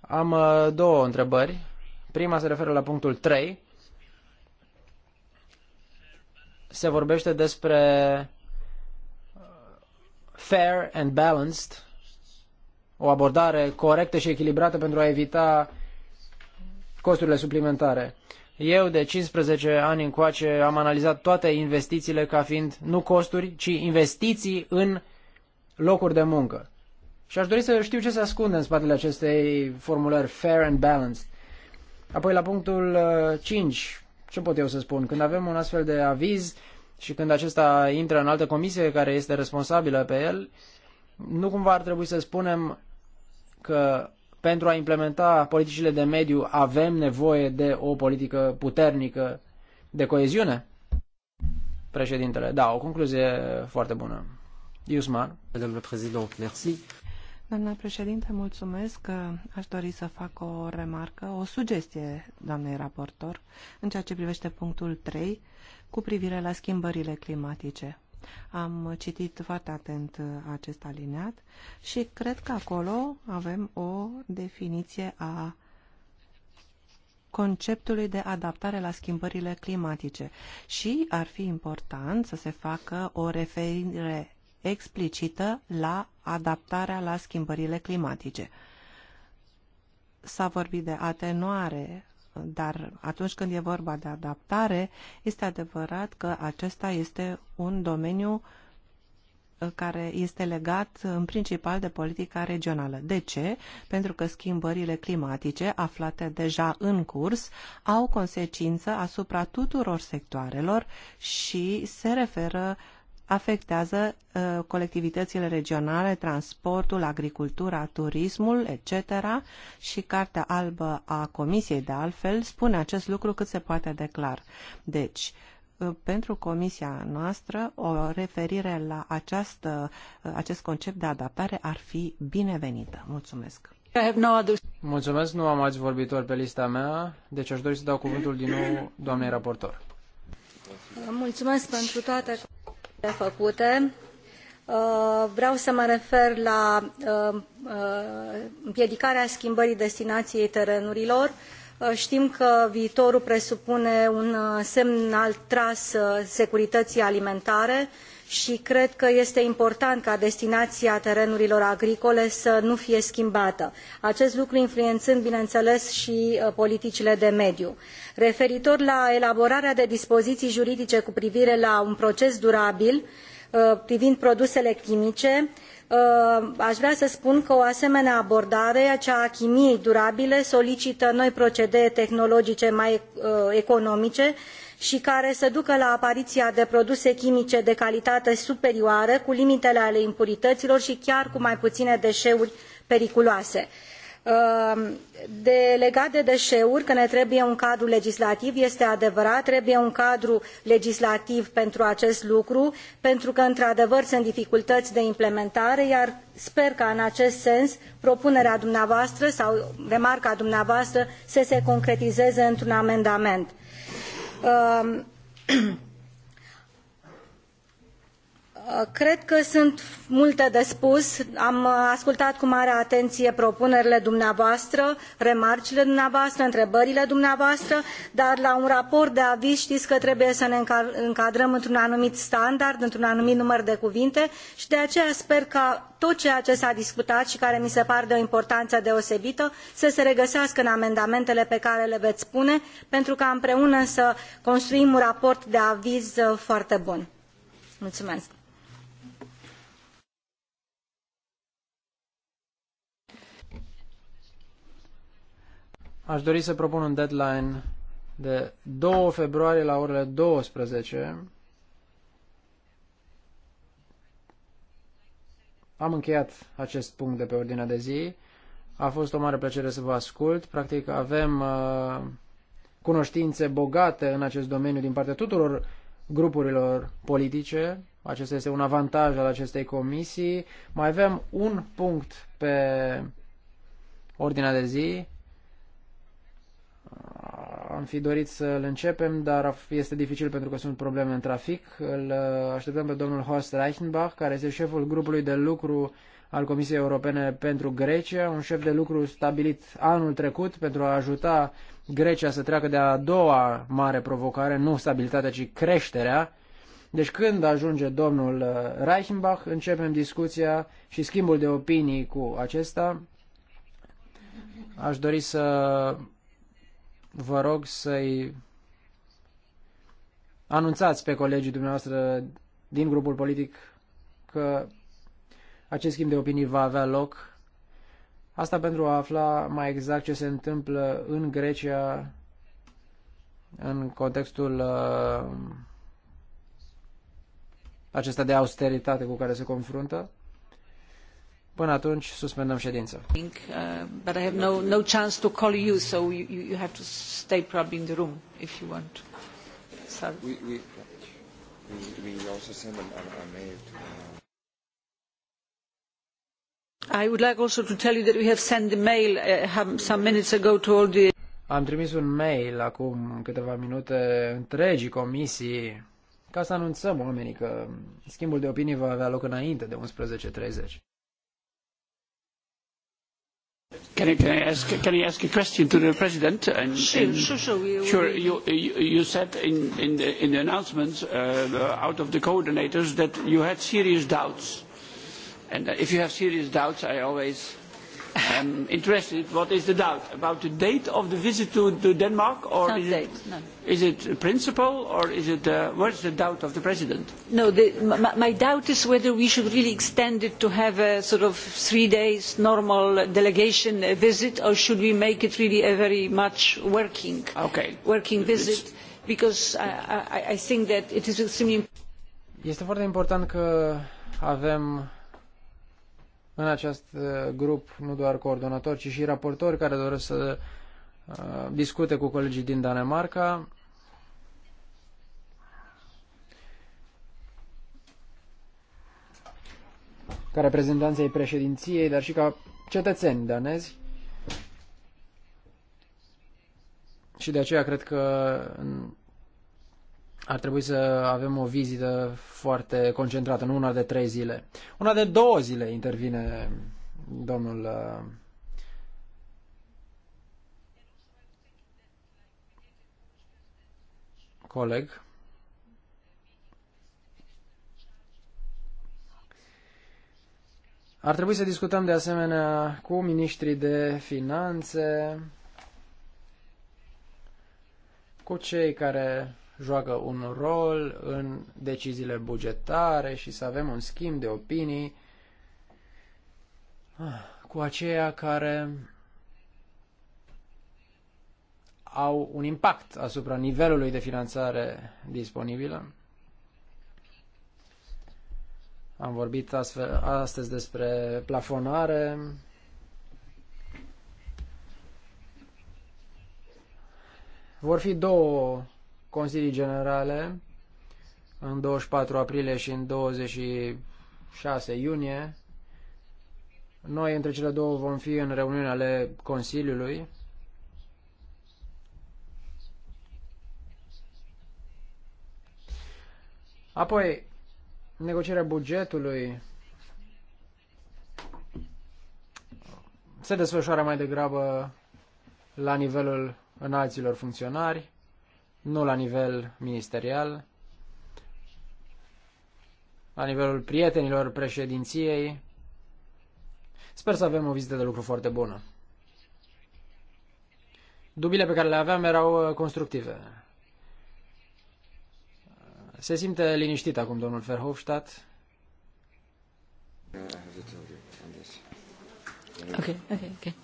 Am uh, două întrebări. Prima se referă la punctul 3. Se vorbește despre uh, fair and balanced, o abordare corectă și echilibrată pentru a evita costurile suplimentare. Eu de 15 ani încoace am analizat toate investițiile ca fiind nu costuri, ci investiții în locuri de muncă. Și aș dori să știu ce se ascunde în spatele acestei formulări fair and balanced. Apoi la punctul 5, uh, ce pot eu să spun? Când avem un astfel de aviz și când acesta intră în altă comisie care este responsabilă pe el, nu cumva ar trebui să spunem că pentru a implementa politicile de mediu avem nevoie de o politică puternică de coeziune? Președintele, da, o concluzie foarte bună. Iusmar. Domnule președinte, merci. Doamna președinte, mulțumesc. Aș dori să fac o remarcă, o sugestie, doamnei raportor, în ceea ce privește punctul 3, cu privire la schimbările climatice. Am citit foarte atent uh, acest alineat și cred că acolo avem o definiție a conceptului de adaptare la schimbările climatice și ar fi important să se facă o referire explicită la adaptarea la schimbările climatice. S-a vorbit de atenuare dar atunci când e vorba de adaptare, este adevărat că acesta este un domeniu uh, care este legat uh, în principal de politica regională. De ce? Pentru că schimbările climatice aflate deja în curs au consecință asupra tuturor sectoarelor și se referă uh, afectează uh, colectivitățile regionale, transportul, agricultura, turismul, etc. Și Cartea Albă a Comisiei, de altfel, spune acest lucru cât se poate de clar. Deci, uh, pentru comisia noastră, o referire la această, uh, acest concept de adaptare ar fi binevenită. Mulțumesc! Mulțumesc, nu am alți vorbitori pe lista mea, deci aș dori să dau cuvântul din nou doamnei raportor. Mulțumesc pentru toate făcute. Uh, vreau să mă refer la uh, uh, împiedicarea schimbării destinației terenurilor. Știm că viitorul presupune un semn al tras securității alimentare, i cred că este important ca destinaia terenurilor agricole să nu fie schimbată acest lucru influenând bineîneles i uh, politicile de mediu. referitor la elaborarea de dispoziii juridice cu privire la un proces durabil uh, privind produsele chimice uh, a vrea să spun că o asemenea abordare cea a chimiei durabile solicită noi procedee tehnologice mai economice i i care să ducă la apariia de produse chimice de calitate superioară cu limitele ale impurităilor i chiar cu mai puine deeuri periculoase. Ehm, de, legat de deeuri că ne trebuie un cadru legislativ este adevărat trebuie un cadru legislativ pentru acest lucru pentru că într adevăr sunt dificultăi de implementare iar sper ca în acest sens propunerea dumneavoastră sau remarca dumneavoastră să se concretizeze într un amendament uh, Uh, cred că sunt multe de spus. Am uh, ascultat cu mare atenție propunerile dumneavoastră, remarcile dumneavoastră, întrebările dumneavoastră, dar la un raport de aviz știți că trebuie să ne încadrăm într-un anumit standard, într-un anumit număr de cuvinte și de aceea sper ca tot ceea ce s-a discutat și care mi se pare de o importanță deosebită să se regăsească în amendamentele pe care le veți pune pentru ca împreună să construim un raport de aviz uh, foarte bun. Mulțumesc! Aș dori să propun un deadline de 2 februarie la orele 12. Am încheiat acest punct de pe ordinea de zi. A fost o mare plăcere să vă ascult. Practic avem uh, cunoștințe bogate în acest domeniu din partea tuturor grupurilor politice. Acesta este un avantaj al acestei comisii. Mai avem un punct pe ordinea de zi, am fi dorit să-l începem, dar este dificil pentru că sunt probleme în trafic. Îl uh, așteptăm pe domnul Horst Reichenbach, care este șeful grupului de lucru al Comisiei Europene pentru Grecia, un șef de lucru stabilit anul trecut pentru a ajuta Grecia să treacă de a doua mare provocare, nu stabilitatea, ci creșterea. Deci când ajunge domnul uh, Reichenbach, începem discuția și schimbul de opinii cu acesta. Aș dori să vă rog să-i anunțați pe colegii dumneavoastră din grupul politic că acest schimb de opinii va avea loc. Asta pentru a afla mai exact ce se întâmplă în Grecia în contextul uh, acesta de austeritate cu care se confruntă. Până atunci, suspendăm ședința. Uh, but I have no, no chance to call you, so you, you have to stay probably in the room if you want. Sorry. We, we, we, we also send an, an to uh, I would like also to tell you that we have sent the mail uh, some minutes ago to all the am trimis un mail acum câteva minute întregii comisii ca să anunțăm oamenii că schimbul de opinii va avea loc înainte de 11.30. Can I, can I, ask, can I ask a question to the President? And, sure, and, sure, sure. We, sure we... You, you said in, in, the, in the announcements uh, uh, out of the coordinators that you had serious doubts. And if you have serious doubts, I always am interested, what is the doubt? About the date of the visit to, to Denmark? Or is it, no. is it principle or is it, uh, where's the doubt of the President? No, the, my, my doubt is whether we should really extend it to have a sort of three days normal delegation uh, visit or should we make it really a very much working, okay. working visit? It's... Because I, I, I think that it is extremely important. Este foarte important că avem în acest uh, grup nu doar coordonatori, ci și raportori care doresc să uh, discute cu colegii din Danemarca. ca reprezentanții președinției, dar și ca cetățeni danezi. Și de aceea cred că ar trebui să avem o vizită foarte concentrată, nu una de trei zile. Una de două zile intervine domnul uh, coleg. Ar trebui să discutăm de asemenea cu ministrii de finanțe, cu cei care joacă un rol în deciziile bugetare și să avem un schimb de opinii ah, cu aceia care au un impact asupra nivelului de finanțare disponibilă. Am vorbit astfel, astăzi despre plafonare. Vor fi două Consilii Generale în 24 aprilie și în 26 iunie. Noi între cele două vom fi în reuniune ale Consiliului. Apoi, negocierea bugetului se desfășoară mai degrabă la nivelul înalților funcționari nu la nivel ministerial, la nivelul prietenilor președinției. Sper să avem o vizită de lucru foarte bună. Dubile pe care le aveam erau uh, constructive. Se simte liniștit acum domnul Verhofstadt. Okay, okay, okay.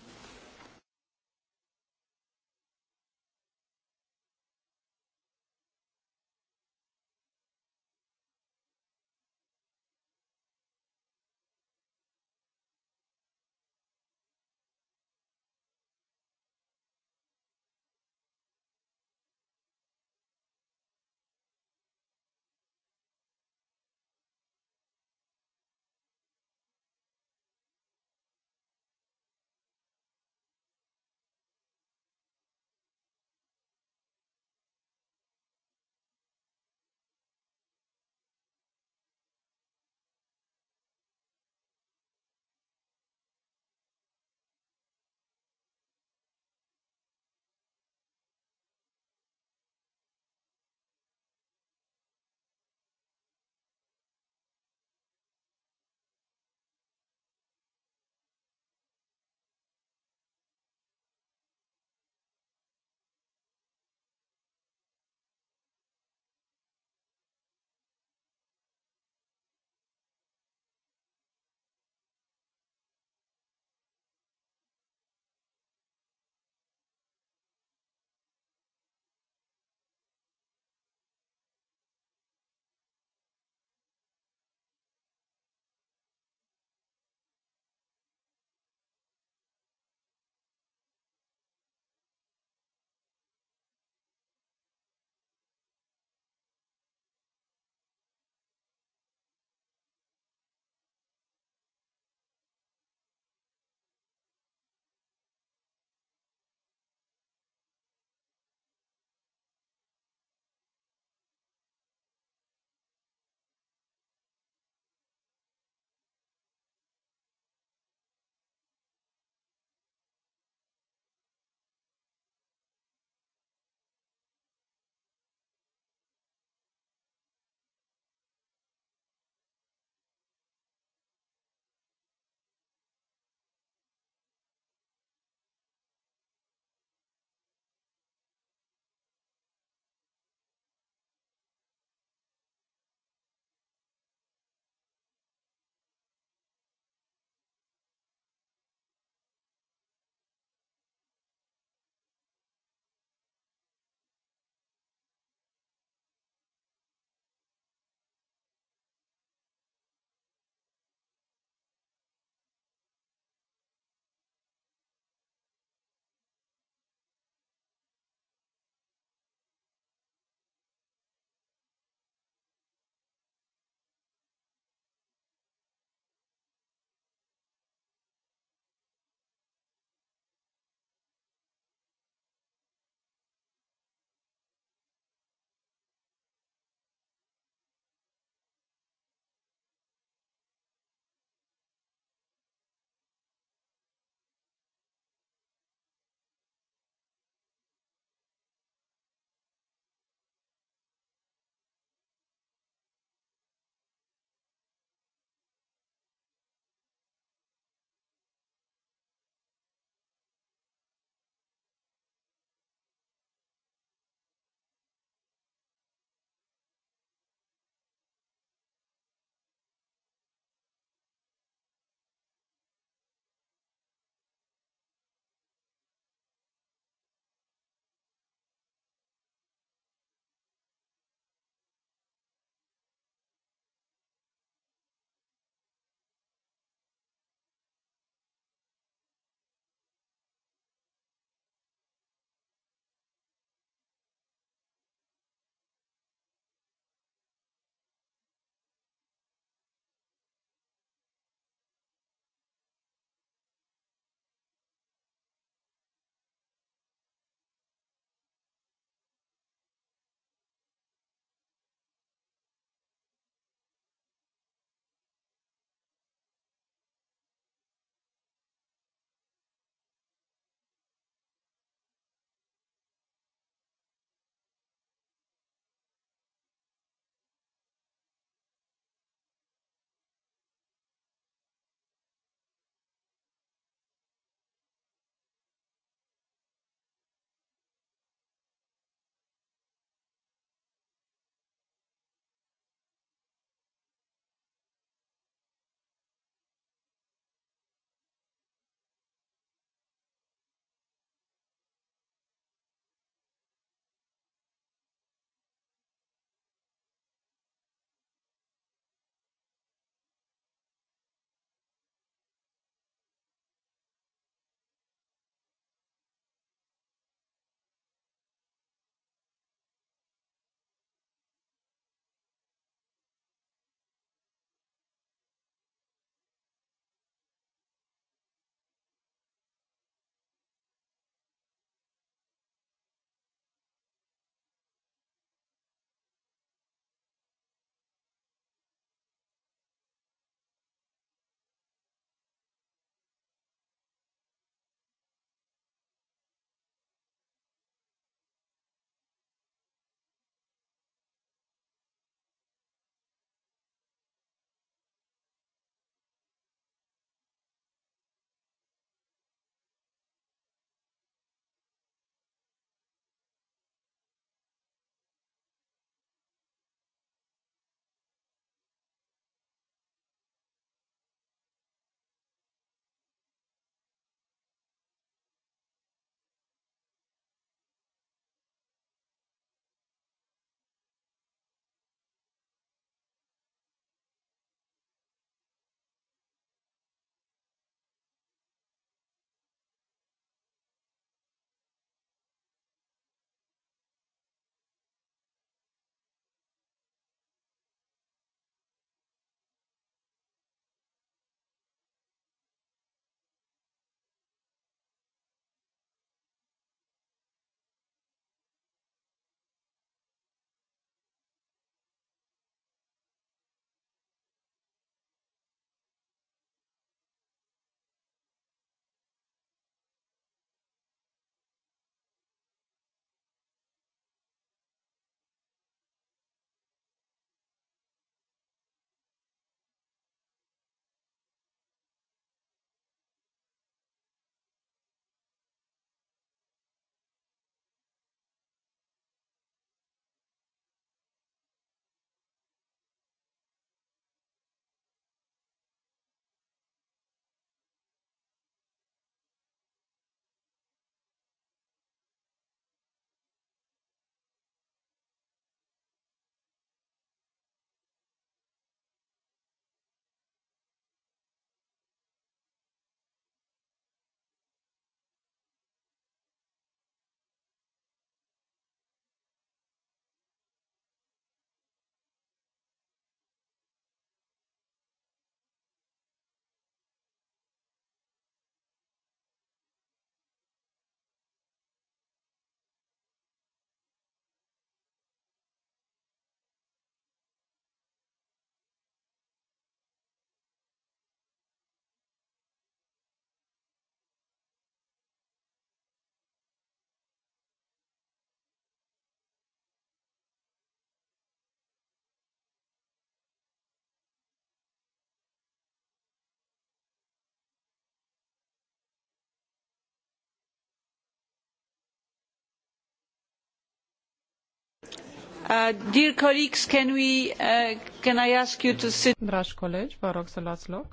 Uh, dear colleagues, uh, can, I ask you to sit? Dragi colegi, vă rog să luați loc.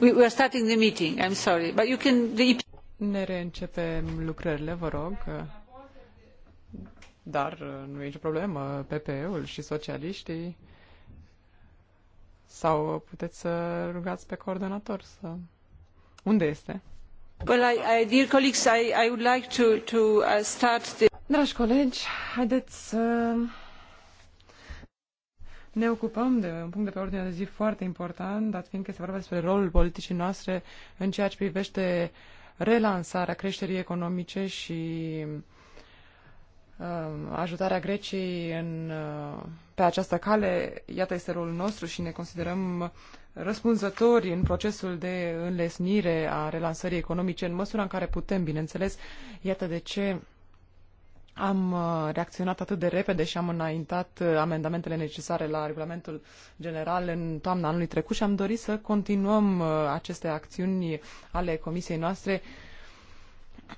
We, are starting the meeting. I'm sorry, but you can. Ne reîncepem lucrările, vă rog. Dar uh, nu e nicio problemă. PPE-ul și socialiștii. Sau uh, puteți să rugați pe coordonator să. Unde este? Dragi colegi, haideți să ne ocupăm de un punct de pe ordinea de zi foarte important, dat fiindcă este vorba despre rolul politicii noastre în ceea ce privește relansarea creșterii economice și um, ajutarea Greciei în, uh, pe această cale, iată este rolul nostru și ne considerăm răspunzători în procesul de înlesnire a relansării economice în măsura în care putem, bineînțeles. Iată de ce am uh, reacționat atât de repede și am înaintat uh, amendamentele necesare la regulamentul general în toamna anului trecut și am dorit să continuăm uh, aceste acțiuni ale comisiei noastre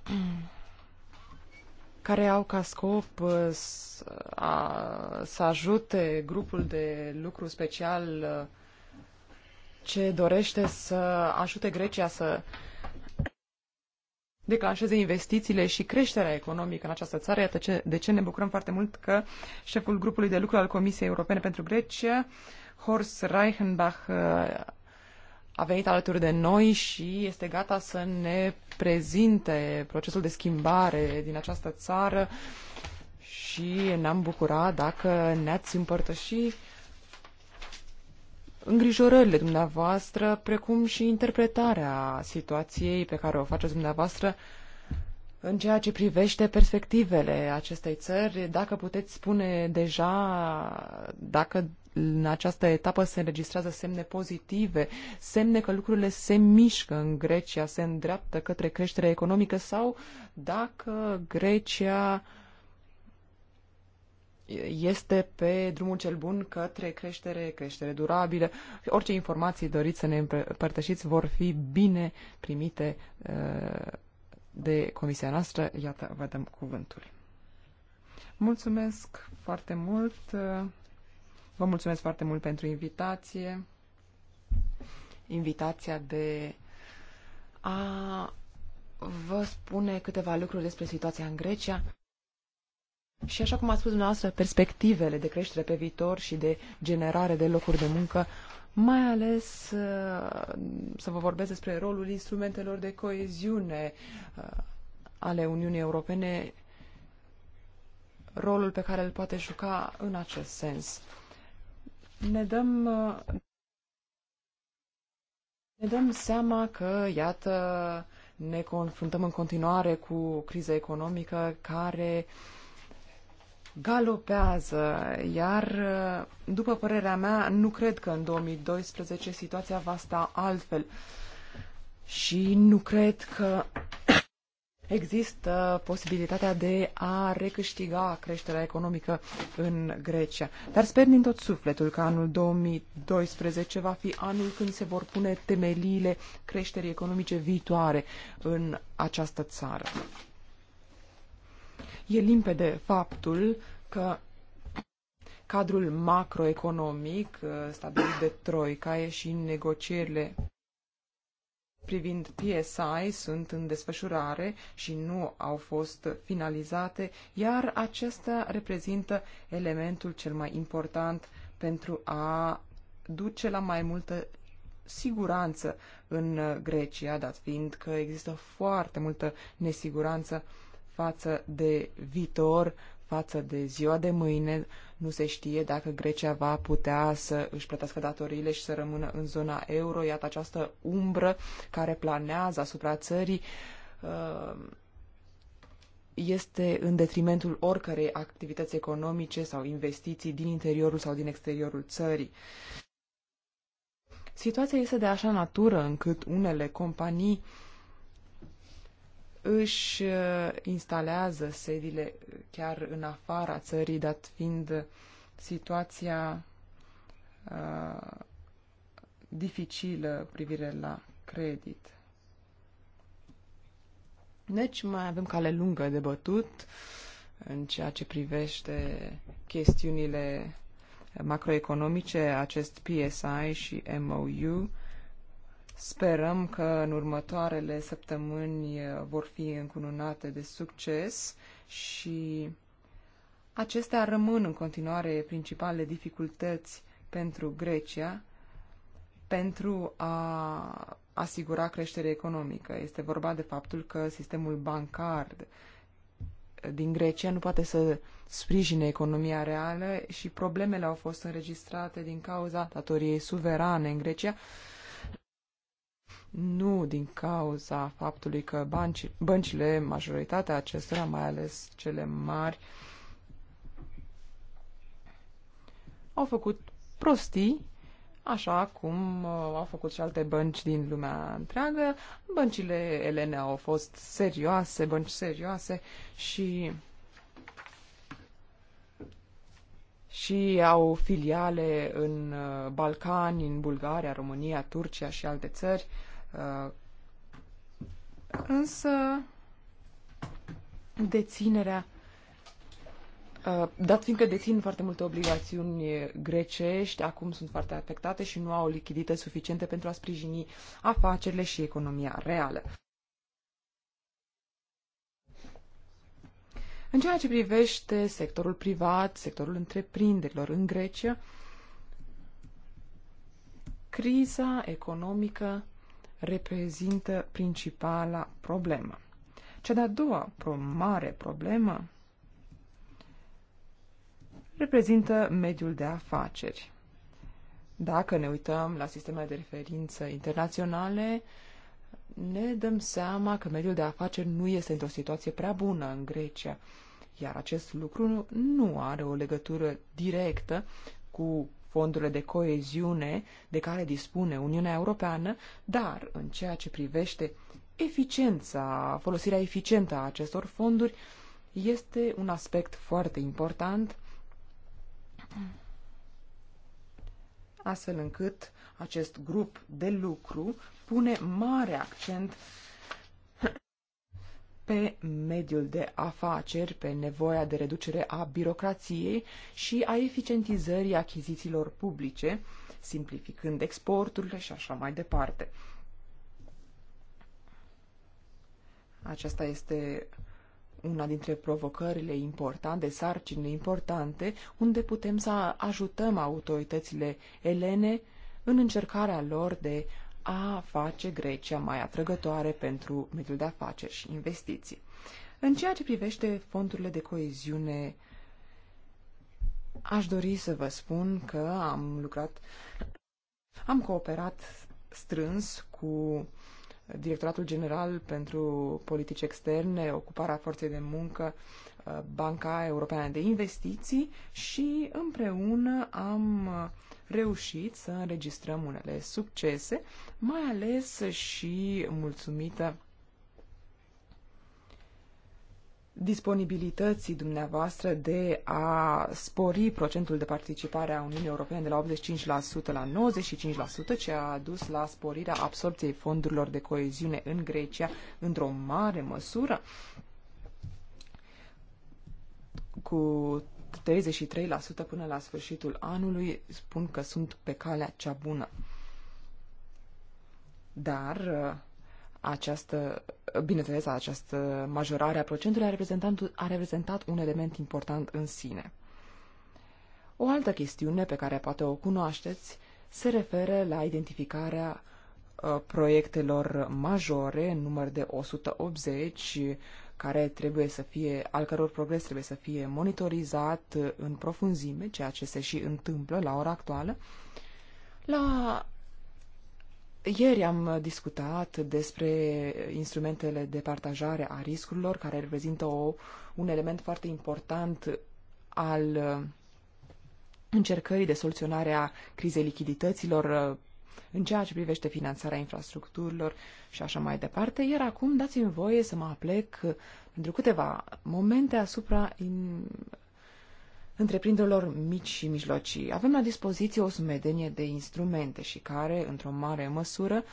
care au ca scop să, să ajute grupul de lucru special ce dorește să ajute Grecia să declanșeze investițiile și creșterea economică în această țară. Iată ce, de ce ne bucurăm foarte mult că șeful grupului de lucru al Comisiei Europene pentru Grecia, Horst Reichenbach, a venit alături de noi și este gata să ne prezinte procesul de schimbare din această țară și ne-am bucurat dacă ne-ați împărtăși îngrijorările dumneavoastră, precum și interpretarea situației pe care o faceți dumneavoastră în ceea ce privește perspectivele acestei țări, dacă puteți spune deja dacă în această etapă se înregistrează semne pozitive, semne că lucrurile se mișcă în Grecia, se îndreaptă către creștere economică sau dacă Grecia uh, este pe drumul cel bun către creștere, creștere durabilă. Orice informații doriți să ne împărtășiți vor fi bine primite uh, de comisia noastră. Iată, vă dăm cuvântul. Mulțumesc foarte mult. Uh, vă mulțumesc foarte mult pentru invitație. Invitația de a vă spune câteva lucruri despre situația în Grecia. Și așa cum a spus dumneavoastră, perspectivele de creștere pe viitor și de generare de locuri de muncă, mai ales uh, să vă vorbesc despre rolul instrumentelor de coeziune uh, ale Uniunii Europene, rolul pe care îl poate juca în acest sens. Ne dăm uh, ne dăm seama că, iată, ne confruntăm în continuare cu criza economică care uh, galopează, iar, uh, după părerea mea, nu cred că în 2012 situația va sta altfel. Și nu cred că există posibilitatea de a recâștiga creșterea economică în Grecia. Dar sper din tot sufletul că anul 2012 va fi anul când se vor pune temeliile creșterii economice viitoare în această țară. E limpede faptul că cadrul macroeconomic uh, stabilit de Troica și negocierile privind PSI sunt în desfășurare și nu au fost finalizate, iar acesta reprezintă elementul cel mai important pentru a duce la mai multă siguranță în Grecia, dat fiind că există foarte multă nesiguranță uh, față de viitor, față de ziua de mâine. Nu se știe dacă Grecia va putea să își plătească datoriile și să rămână în zona euro. Iată această umbră care planează asupra țării uh, este în detrimentul oricărei activități economice sau investiții din interiorul sau din exteriorul țării. Situația este de așa natură încât unele companii uh, își uh, instalează sediile chiar în afara țării, dat fiind situația uh, dificilă cu privire la credit. Deci mai avem cale lungă de bătut în ceea ce privește chestiunile macroeconomice, acest PSI și MOU Sperăm că în următoarele săptămâni eh, vor fi încununate de succes și acestea rămân în continuare principale dificultăți pentru Grecia pentru a asigura creștere economică. Este vorba de faptul că sistemul bancar din Grecia nu poate să sprijine economia reală și problemele au fost înregistrate din cauza datoriei suverane în Grecia, nu din cauza faptului că banci, băncile, majoritatea acestora, mai ales cele mari, au făcut prostii, așa cum uh, au făcut și alte bănci din lumea întreagă. Băncile elene au fost serioase, bănci serioase și și au filiale în uh, Balcani, în Bulgaria, România, Turcia și alte țări. Uh, Uh, însă deținerea uh, Dat fiindcă dețin foarte multe obligațiuni grecești, acum sunt foarte afectate și nu au lichidități suficiente pentru a sprijini afacerile și economia reală. În ceea ce privește sectorul privat, sectorul întreprinderilor în Grecia, criza economică reprezintă principala problemă. Cea de-a doua pro mare problemă reprezintă mediul de afaceri. Dacă ne uităm la sistemele de referință internaționale, ne dăm seama că mediul de afaceri nu este într-o situație prea bună în Grecia, iar acest lucru nu are o legătură directă cu fondurile de coeziune de care dispune Uniunea Europeană, dar în ceea ce privește eficiența, folosirea eficientă a acestor fonduri, este un aspect foarte important, astfel încât acest grup de lucru pune mare accent pe mediul de afaceri, pe nevoia de reducere a birocrației și a eficientizării achizițiilor publice, simplificând exporturile și așa mai departe. Aceasta este una dintre provocările importante, sarcinile importante, unde putem să ajutăm autoritățile elene în încercarea lor de a face Grecia mai atrăgătoare pentru mediul de afaceri și investiții. În ceea ce privește fondurile de coeziune, aș dori să vă spun că am lucrat, am cooperat strâns cu Directoratul General pentru Politici Externe, Ocuparea Forței de Muncă, Banca Europeană de Investiții și împreună am reușit să înregistrăm unele succese, mai ales și mulțumită disponibilității dumneavoastră de a spori procentul de participare a Uniunii Europene de la 85% la 95%, ce a dus la sporirea absorbției fondurilor de coeziune în Grecia într-o mare măsură. Cu 33% până la sfârșitul anului spun că sunt pe calea cea bună. Dar uh, această, bineînțeles, această majorare a procentului a reprezentat, a reprezentat un element important în sine. O altă chestiune pe care poate o cunoașteți se referă la identificarea uh, proiectelor majore, în număr de 180, care trebuie să fie, al căror progres trebuie să fie monitorizat în profunzime, ceea ce se și întâmplă la ora actuală. La ieri am discutat despre instrumentele de partajare a riscurilor, care reprezintă o, un element foarte important al încercării de soluționare a crizei lichidităților în ceea ce privește finanțarea infrastructurilor și așa mai departe. Iar acum dați-mi voie să mă aplec pentru câteva momente asupra in... întreprinderilor mici și mijlocii. Avem la dispoziție o sumedenie de instrumente și care, într-o mare măsură,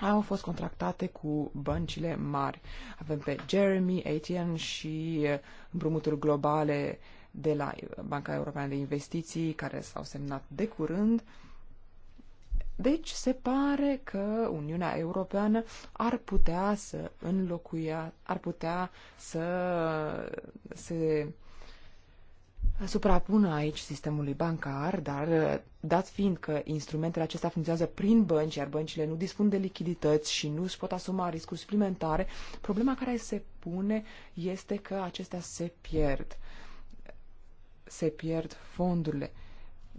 au fost contractate cu băncile mari. Avem pe Jeremy, Etienne și împrumuturi globale uh, de la Banca Europeană de Investiții, care s-au semnat de curând. Deci se pare că Uniunea Europeană ar putea să înlocuia, ar putea să se suprapună aici sistemului bancar, dar dat fiind că instrumentele acestea funcționează prin bănci, iar băncile nu dispun de lichidități și nu își pot asuma riscuri suplimentare, problema care se pune este că acestea se pierd. Uh, se pierd fondurile.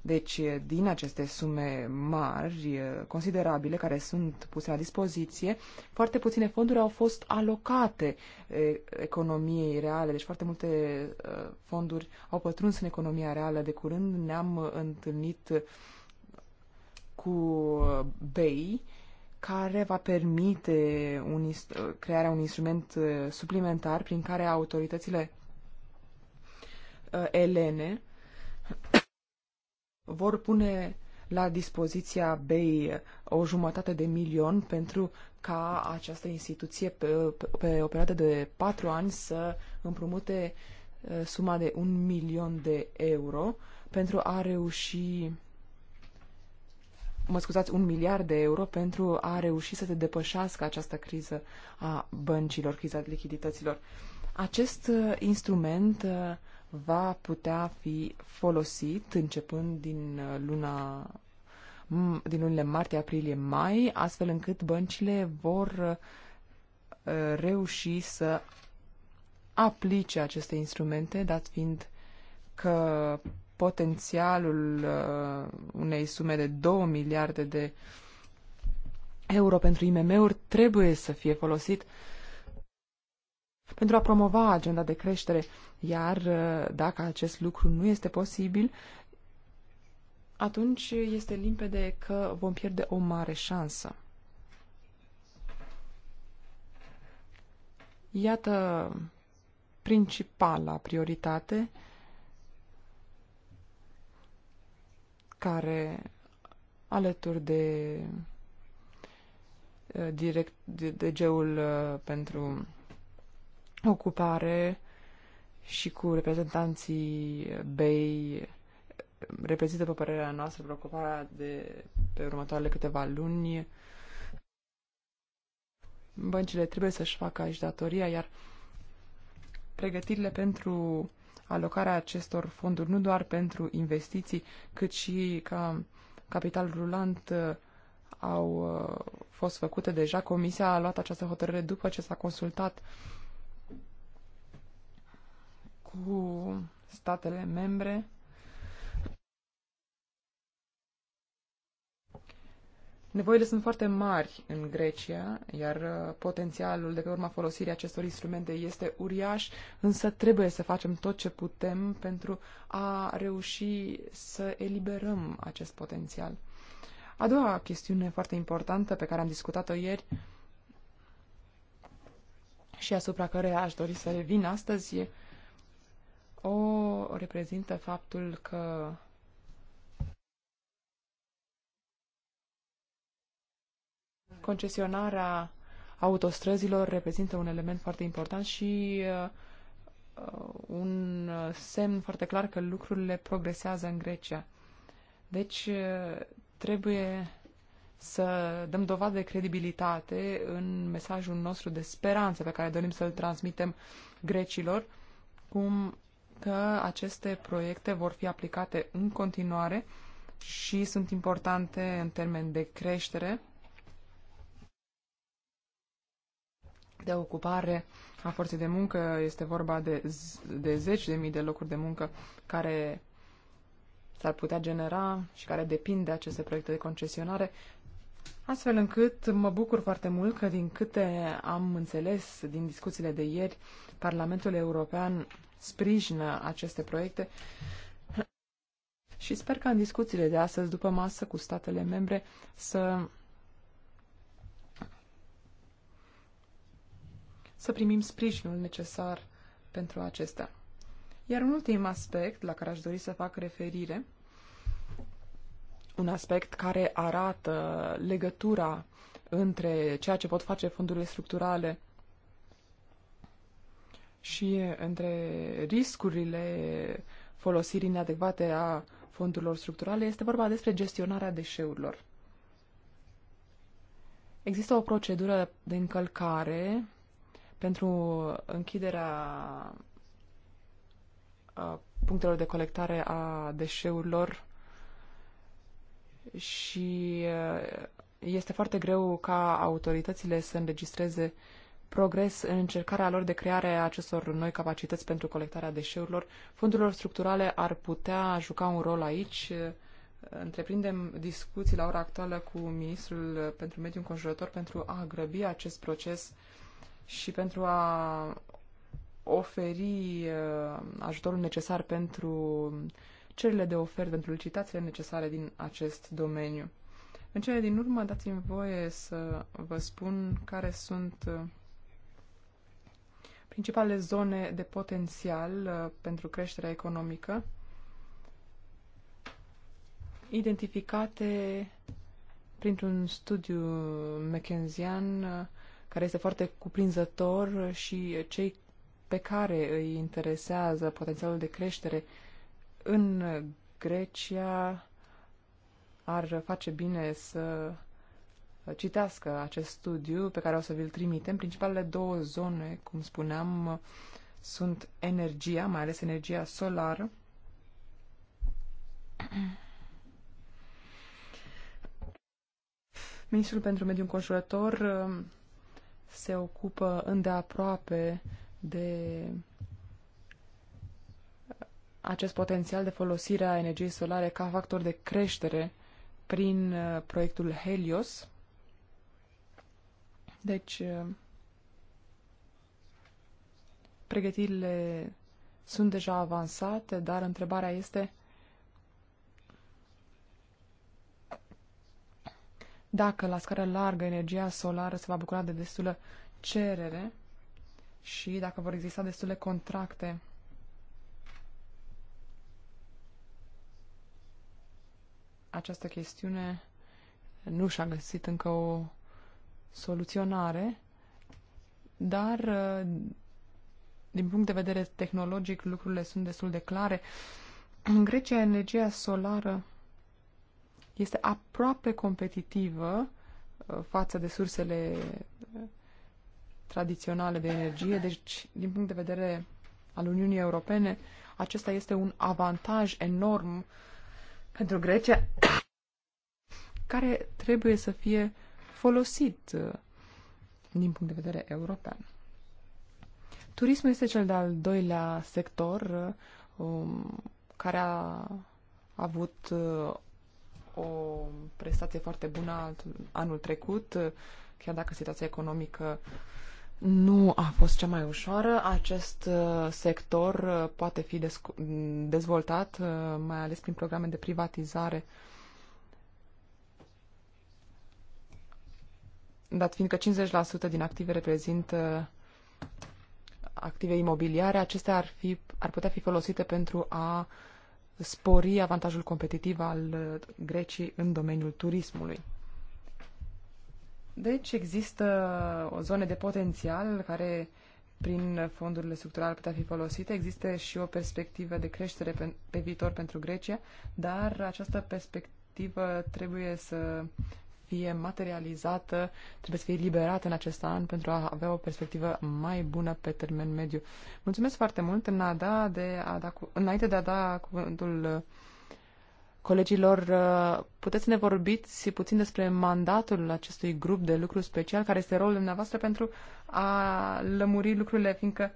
Deci, din aceste sume mari, considerabile, care sunt puse la dispoziție, foarte puține fonduri au fost alocate economiei reale. Deci, foarte multe fonduri au pătruns în economia reală. De curând ne-am întâlnit cu BEI, care va permite un, crearea unui instrument suplimentar prin care autoritățile Uh, elene vor pune la dispoziția BEI uh, o jumătate de milion pentru ca această instituție pe, pe o perioadă de patru ani să împrumute uh, suma de un milion de euro pentru a reuși mă scuzați, un miliard de euro pentru a reuși să se depășească această criză a băncilor, criza lichidităților. Acest instrument va putea fi folosit începând din uh, luna din lunile martie, aprilie, mai, astfel încât băncile vor uh, reuși să aplice aceste instrumente, dat fiind că potențialul uh, unei sume de 2 miliarde de euro pentru IMM-uri trebuie să fie folosit pentru a promova agenda de creștere iar uh, dacă acest lucru nu este posibil, atunci este limpede că vom pierde o mare șansă. Iată principala prioritate care, alături de uh, direct DG-ul uh, pentru ocupare, și cu reprezentanții BEI reprezintă, pe părerea noastră, preocuparea de pe următoarele câteva luni. Băncile trebuie să-și facă aici datoria, iar pregătirile pentru alocarea acestor fonduri, nu doar pentru investiții, cât și ca capital rulant uh, au uh, fost făcute deja. Comisia a luat această hotărâre după ce s-a consultat uh, cu statele membre. Nevoile sunt foarte mari în Grecia, iar uh, potențialul de pe urma folosirii acestor instrumente este uriaș, însă trebuie să facem tot ce putem pentru a reuși să eliberăm acest potențial. A doua chestiune foarte importantă pe care am discutat-o ieri și asupra căreia aș dori să revin astăzi o reprezintă faptul că concesionarea autostrăzilor reprezintă un element foarte important și uh, un semn foarte clar că lucrurile progresează în Grecia. Deci uh, trebuie să dăm dovadă de credibilitate în mesajul nostru de speranță pe care dorim să-l transmitem grecilor, cum că aceste proiecte vor fi aplicate în continuare și sunt importante în termen de creștere, de ocupare a forței de muncă. Este vorba de, de zeci de mii de locuri de muncă care s-ar putea genera și care depind de aceste proiecte de concesionare. Astfel încât mă bucur foarte mult că, din câte am înțeles din discuțiile de ieri, Parlamentul European sprijină aceste proiecte și sper că în discuțiile de astăzi, după masă, cu statele membre, să să primim sprijinul necesar pentru acestea. Iar un ultim aspect la care aș dori să fac referire, un aspect care arată legătura între ceea ce pot face fondurile structurale și între riscurile folosirii neadecvate a fondurilor structurale este vorba despre gestionarea deșeurilor. Există o procedură de încălcare pentru închiderea punctelor de colectare a deșeurilor și este foarte greu ca autoritățile să înregistreze uh, progres în încercarea lor de creare a acestor noi capacități pentru colectarea deșeurilor. Fondurilor structurale ar putea juca un rol aici. Întreprindem discuții la ora actuală cu Ministrul pentru Mediul Conjurător pentru a grăbi acest proces și pentru a oferi uh, ajutorul necesar pentru cererile de ofert, pentru licitațiile necesare din acest domeniu. În cele din urmă, dați-mi voie să vă spun care sunt uh, principale zone de potențial uh, pentru creșterea economică identificate printr-un studiu mckenzian uh, care este foarte cuprinzător și cei pe care îi interesează potențialul de creștere în Grecia ar face bine să citească acest studiu pe care o să vi-l trimitem. Principalele două zone, cum spuneam, sunt energia, mai ales energia solară. Ministrul pentru Mediul Conjurător um, se ocupă îndeaproape de acest potențial de folosire a energiei solare ca factor de creștere prin uh, proiectul Helios, deci, uh, pregătirile sunt deja avansate, dar întrebarea este dacă la scară largă energia solară se va bucura de destulă cerere și dacă vor exista destule contracte această chestiune nu și-a găsit încă o soluționare, dar uh, din punct de vedere tehnologic lucrurile sunt destul de clare. În Grecia energia solară este aproape competitivă uh, față de sursele uh, tradiționale de energie, deci din punct de vedere al Uniunii Europene, acesta este un avantaj enorm pentru Grecia care trebuie să fie uh, folosit uh, din punct de vedere european. Turismul este cel de-al doilea sector uh, um, care a avut uh, o prestație foarte bună anul trecut, uh, chiar dacă situația economică nu a fost cea mai ușoară. Acest sector poate fi dezvoltat, mai ales prin programe de privatizare uh, dat fiindcă 50% din active reprezintă uh, active imobiliare, acestea ar, fi, ar putea fi folosite pentru a spori avantajul competitiv al uh, Greciei în domeniul turismului. Deci există o zonă de potențial care prin fondurile structurale putea fi folosite. Există și o perspectivă de creștere pe, pe viitor pentru Grecia, dar această perspectivă trebuie să fie materializată, trebuie să fie liberată în acest an pentru a avea o perspectivă mai bună pe termen mediu. Mulțumesc foarte mult în a da de a da cu, înainte de a da cuvântul uh, colegilor, uh, puteți să ne vorbiți puțin despre mandatul acestui grup de lucru special, care este rolul dumneavoastră pentru a lămuri lucrurile, fiindcă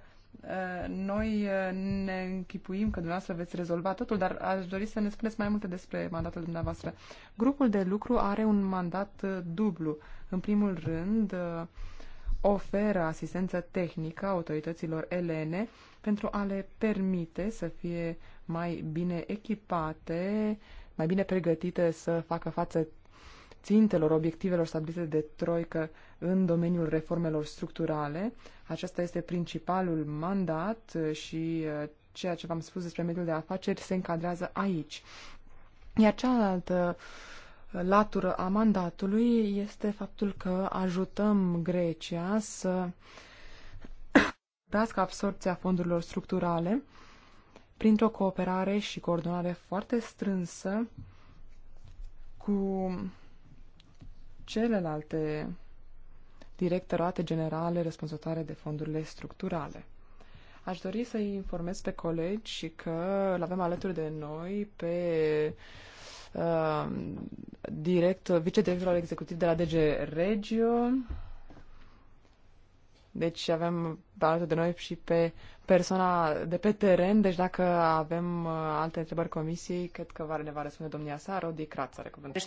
noi uh, ne închipuim că dumneavoastră veți rezolva totul, dar aș dori să ne spuneți mai multe despre mandatul dumneavoastră. Grupul de lucru are un mandat uh, dublu. În primul rând, uh, oferă asistență tehnică autorităților elene pentru a le permite să fie mai bine echipate, mai bine pregătite să facă față țintelor, obiectivelor stabilite de Troică în domeniul reformelor structurale. Acesta este principalul mandat și uh, ceea ce v-am spus despre mediul de afaceri se încadrează aici. Iar cealaltă uh, latură a mandatului este faptul că ajutăm Grecia să crească absorpția fondurilor structurale printr-o cooperare și coordonare foarte strânsă cu celelalte directorate generale răspunzătoare de fondurile structurale. Aș dori să-i informez pe colegi și că îl avem alături de noi pe uh, direct, vicedirectorul executiv de la DG Regio. Deci avem alături de noi și pe persoana de pe teren, deci dacă avem uh, alte întrebări comisiei, cred că ne va răspunde domnia sa, Rodi Crață, recomandă.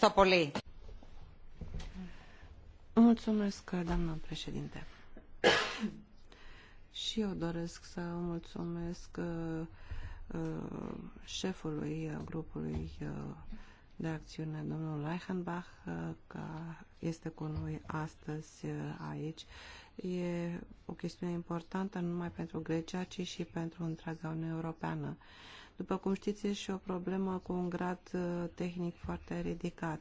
Mulțumesc, doamnă președinte. Și eu doresc să mulțumesc uh, uh, șefului grupului uh, de acțiune, domnul Leichenbach, uh, că este cu noi astăzi uh, aici. E o chestiune importantă nu numai pentru Grecia, ci și pentru întreaga Uniune Europeană. După cum știți, e și o problemă cu un grad uh, tehnic foarte ridicat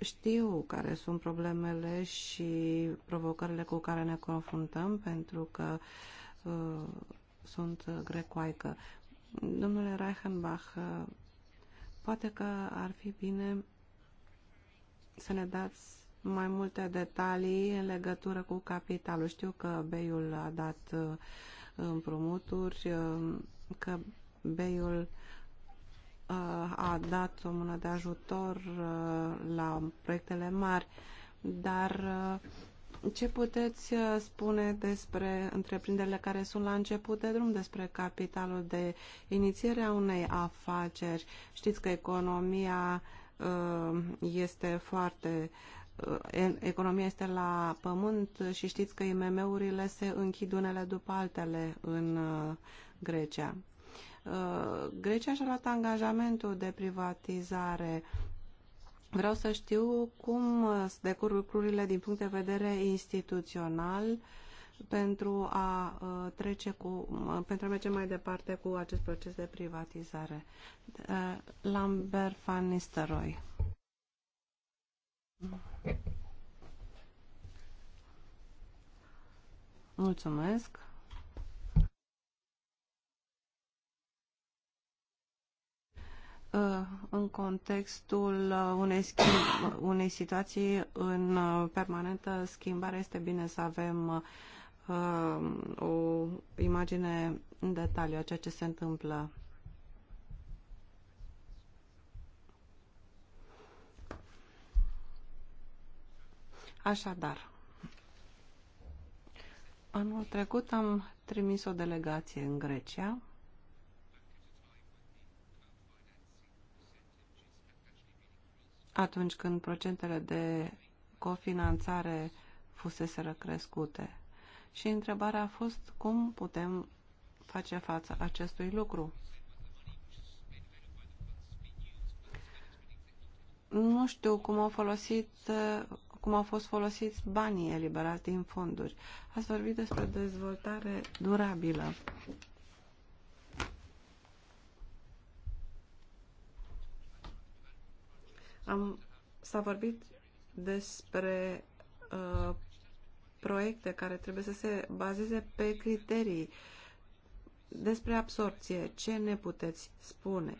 știu care sunt problemele și provocările cu care ne confruntăm, pentru că uh, sunt grecoaică. Domnule Reichenbach, uh, poate că ar fi bine să ne dați mai multe detalii în legătură cu capitalul. Știu că Beiul a dat uh, împrumuturi, uh, că Beiul Uh, a dat o mână de ajutor uh, la proiectele mari, dar uh, ce puteți spune despre întreprinderile care sunt la început de drum, despre capitalul de inițiere a unei afaceri? Știți că economia este foarte economia este la pământ și știți că IMM-urile se închid unele după altele în Grecia. Uh, Grecia și-a luat angajamentul de privatizare. Vreau să știu cum decur lucrurile din punct de vedere instituțional pentru a uh, trece cu, uh, pentru a merge mai departe cu acest proces de privatizare. Lambert van Nistelrooy. Mulțumesc. Uh, în contextul uh, unei, schimb, unei situații în uh, permanentă schimbare este bine să avem o imagine în detaliu a ceea ce se întâmplă. Așadar, anul trecut am trimis o delegație în Grecia atunci când procentele de cofinanțare fuseseră crescute. Și întrebarea a fost cum putem face față acestui lucru. Nu știu cum au folosit cum au fost folosiți banii eliberați din fonduri. Ați vorbit despre dezvoltare durabilă. Am, s-a vorbit despre uh, proiecte care trebuie să se bazeze pe criterii despre absorpție. Ce ne puteți spune?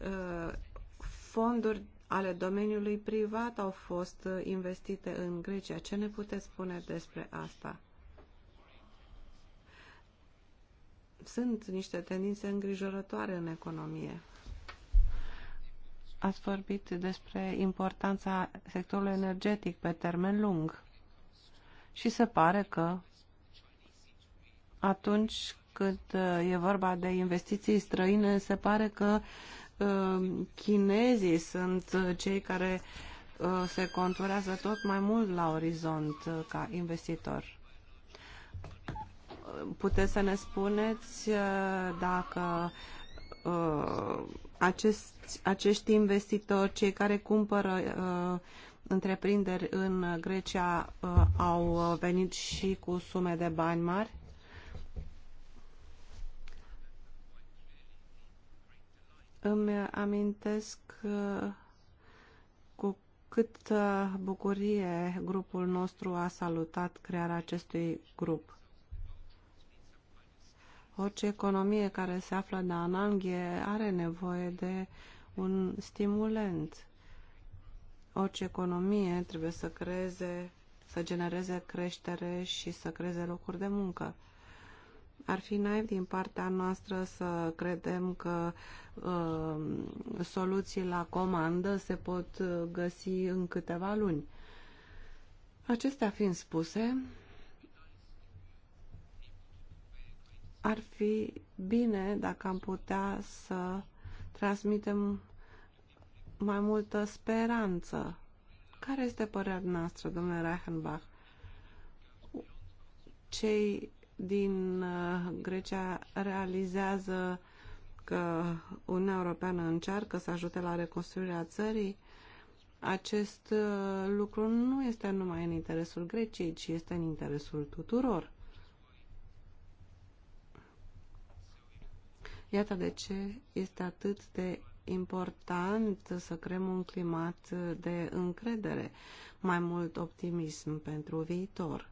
Uh, fonduri ale domeniului privat au fost uh, investite în Grecia. Ce ne puteți spune despre asta? Sunt niște tendințe îngrijorătoare în economie ați vorbit despre importanța sectorului energetic pe termen lung și se pare că atunci când uh, e vorba de investiții străine, se pare că uh, chinezii sunt uh, cei care se conturează tot mai mult la orizont ca investitor. Puteți să ne spuneți dacă uh, acești, acești investitori, cei care cumpără uh, întreprinderi în Grecia, uh, au venit și cu sume de bani mari? Îmi amintesc uh, cu cât bucurie grupul nostru a salutat crearea acestui grup. Orice economie care se află de ananghie are nevoie de un stimulent. Orice economie trebuie să creeze, să genereze creștere și să creeze locuri de muncă. Ar fi naiv din partea noastră să credem că uh, soluții la comandă se pot uh, găsi în câteva luni. Acestea fiind spuse, ar fi bine dacă am putea să transmitem mai multă speranță. Care este părerea noastră, domnule Reichenbach? Cei din uh, Grecia realizează că Uniunea Europeană încearcă să ajute la reconstruirea țării, acest uh, lucru nu este numai în interesul Greciei, ci este în interesul tuturor. Iată de ce este atât de important să creăm un climat de încredere, mai mult optimism pentru viitor.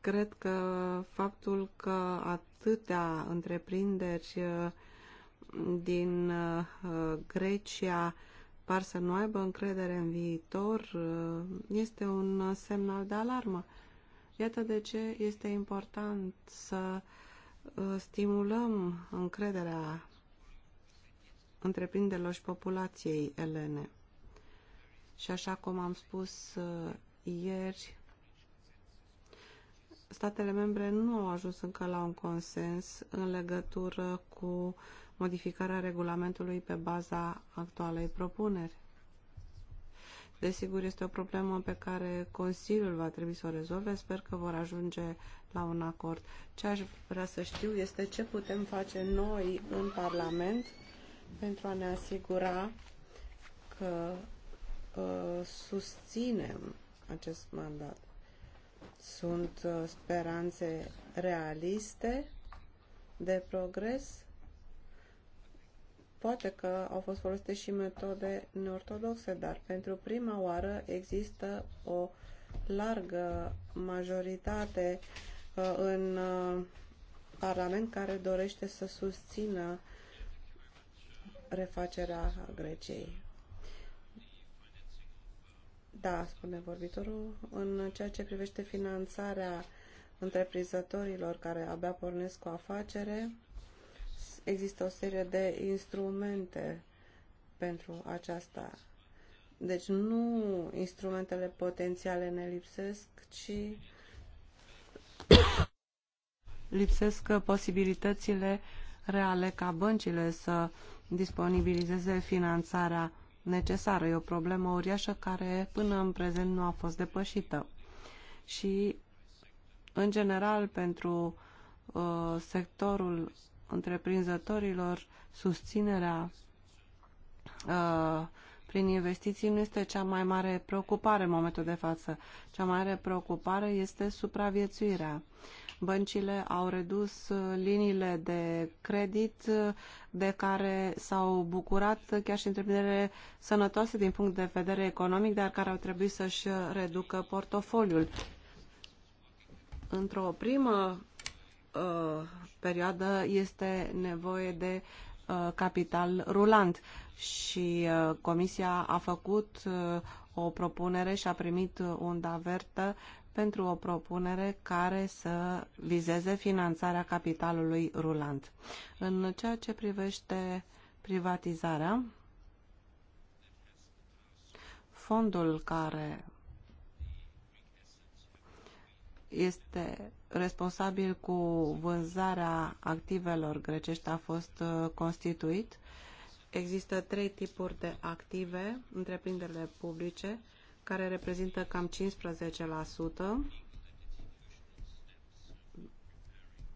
Cred că faptul că atâtea întreprinderi uh, din uh, Grecia par să nu aibă încredere în viitor, uh, este un semnal de alarmă. Iată de ce este important să uh, stimulăm încrederea întreprinderilor și populației elene. Și așa cum am spus uh, ieri, statele membre nu au ajuns încă la un consens în legătură cu uh, modificarea regulamentului pe baza actualei propuneri. Desigur, este o problemă pe care Consiliul va trebui să o rezolve. Sper că vor ajunge la un acord. Ce aș vrea să știu este ce putem face noi în Parlament pentru a ne asigura că uh, susținem acest mandat. Sunt uh, speranțe realiste de progres Poate că au fost folosite și metode neortodoxe, dar pentru prima oară există o largă majoritate uh, în uh, Parlament care dorește să susțină refacerea Greciei. Da, spune vorbitorul, în ceea ce privește finanțarea întreprinzătorilor care abia pornesc cu afacere, există o serie de instrumente pentru aceasta. Deci nu instrumentele potențiale ne lipsesc, ci lipsesc posibilitățile reale ca băncile să disponibilizeze finanțarea necesară. E o problemă uriașă care până în prezent nu a fost depășită. Și, în general, pentru uh, sectorul întreprinzătorilor susținerea uh, prin investiții nu este cea mai mare preocupare în momentul de față. Cea mai mare preocupare este supraviețuirea. Băncile au redus uh, liniile de credit uh, de care s-au bucurat chiar și întreprinderile sănătoase din punct de vedere economic, dar care au trebuit să-și reducă portofoliul. Într-o primă uh, perioadă este nevoie de uh, capital rulant și uh, Comisia a făcut uh, o propunere și a primit un avertă da pentru o propunere care să vizeze finanțarea capitalului rulant. În ceea ce privește privatizarea, fondul care este responsabil cu vânzarea activelor grecești a fost uh, constituit. Există trei tipuri de active, întreprinderile publice, care reprezintă cam 15%.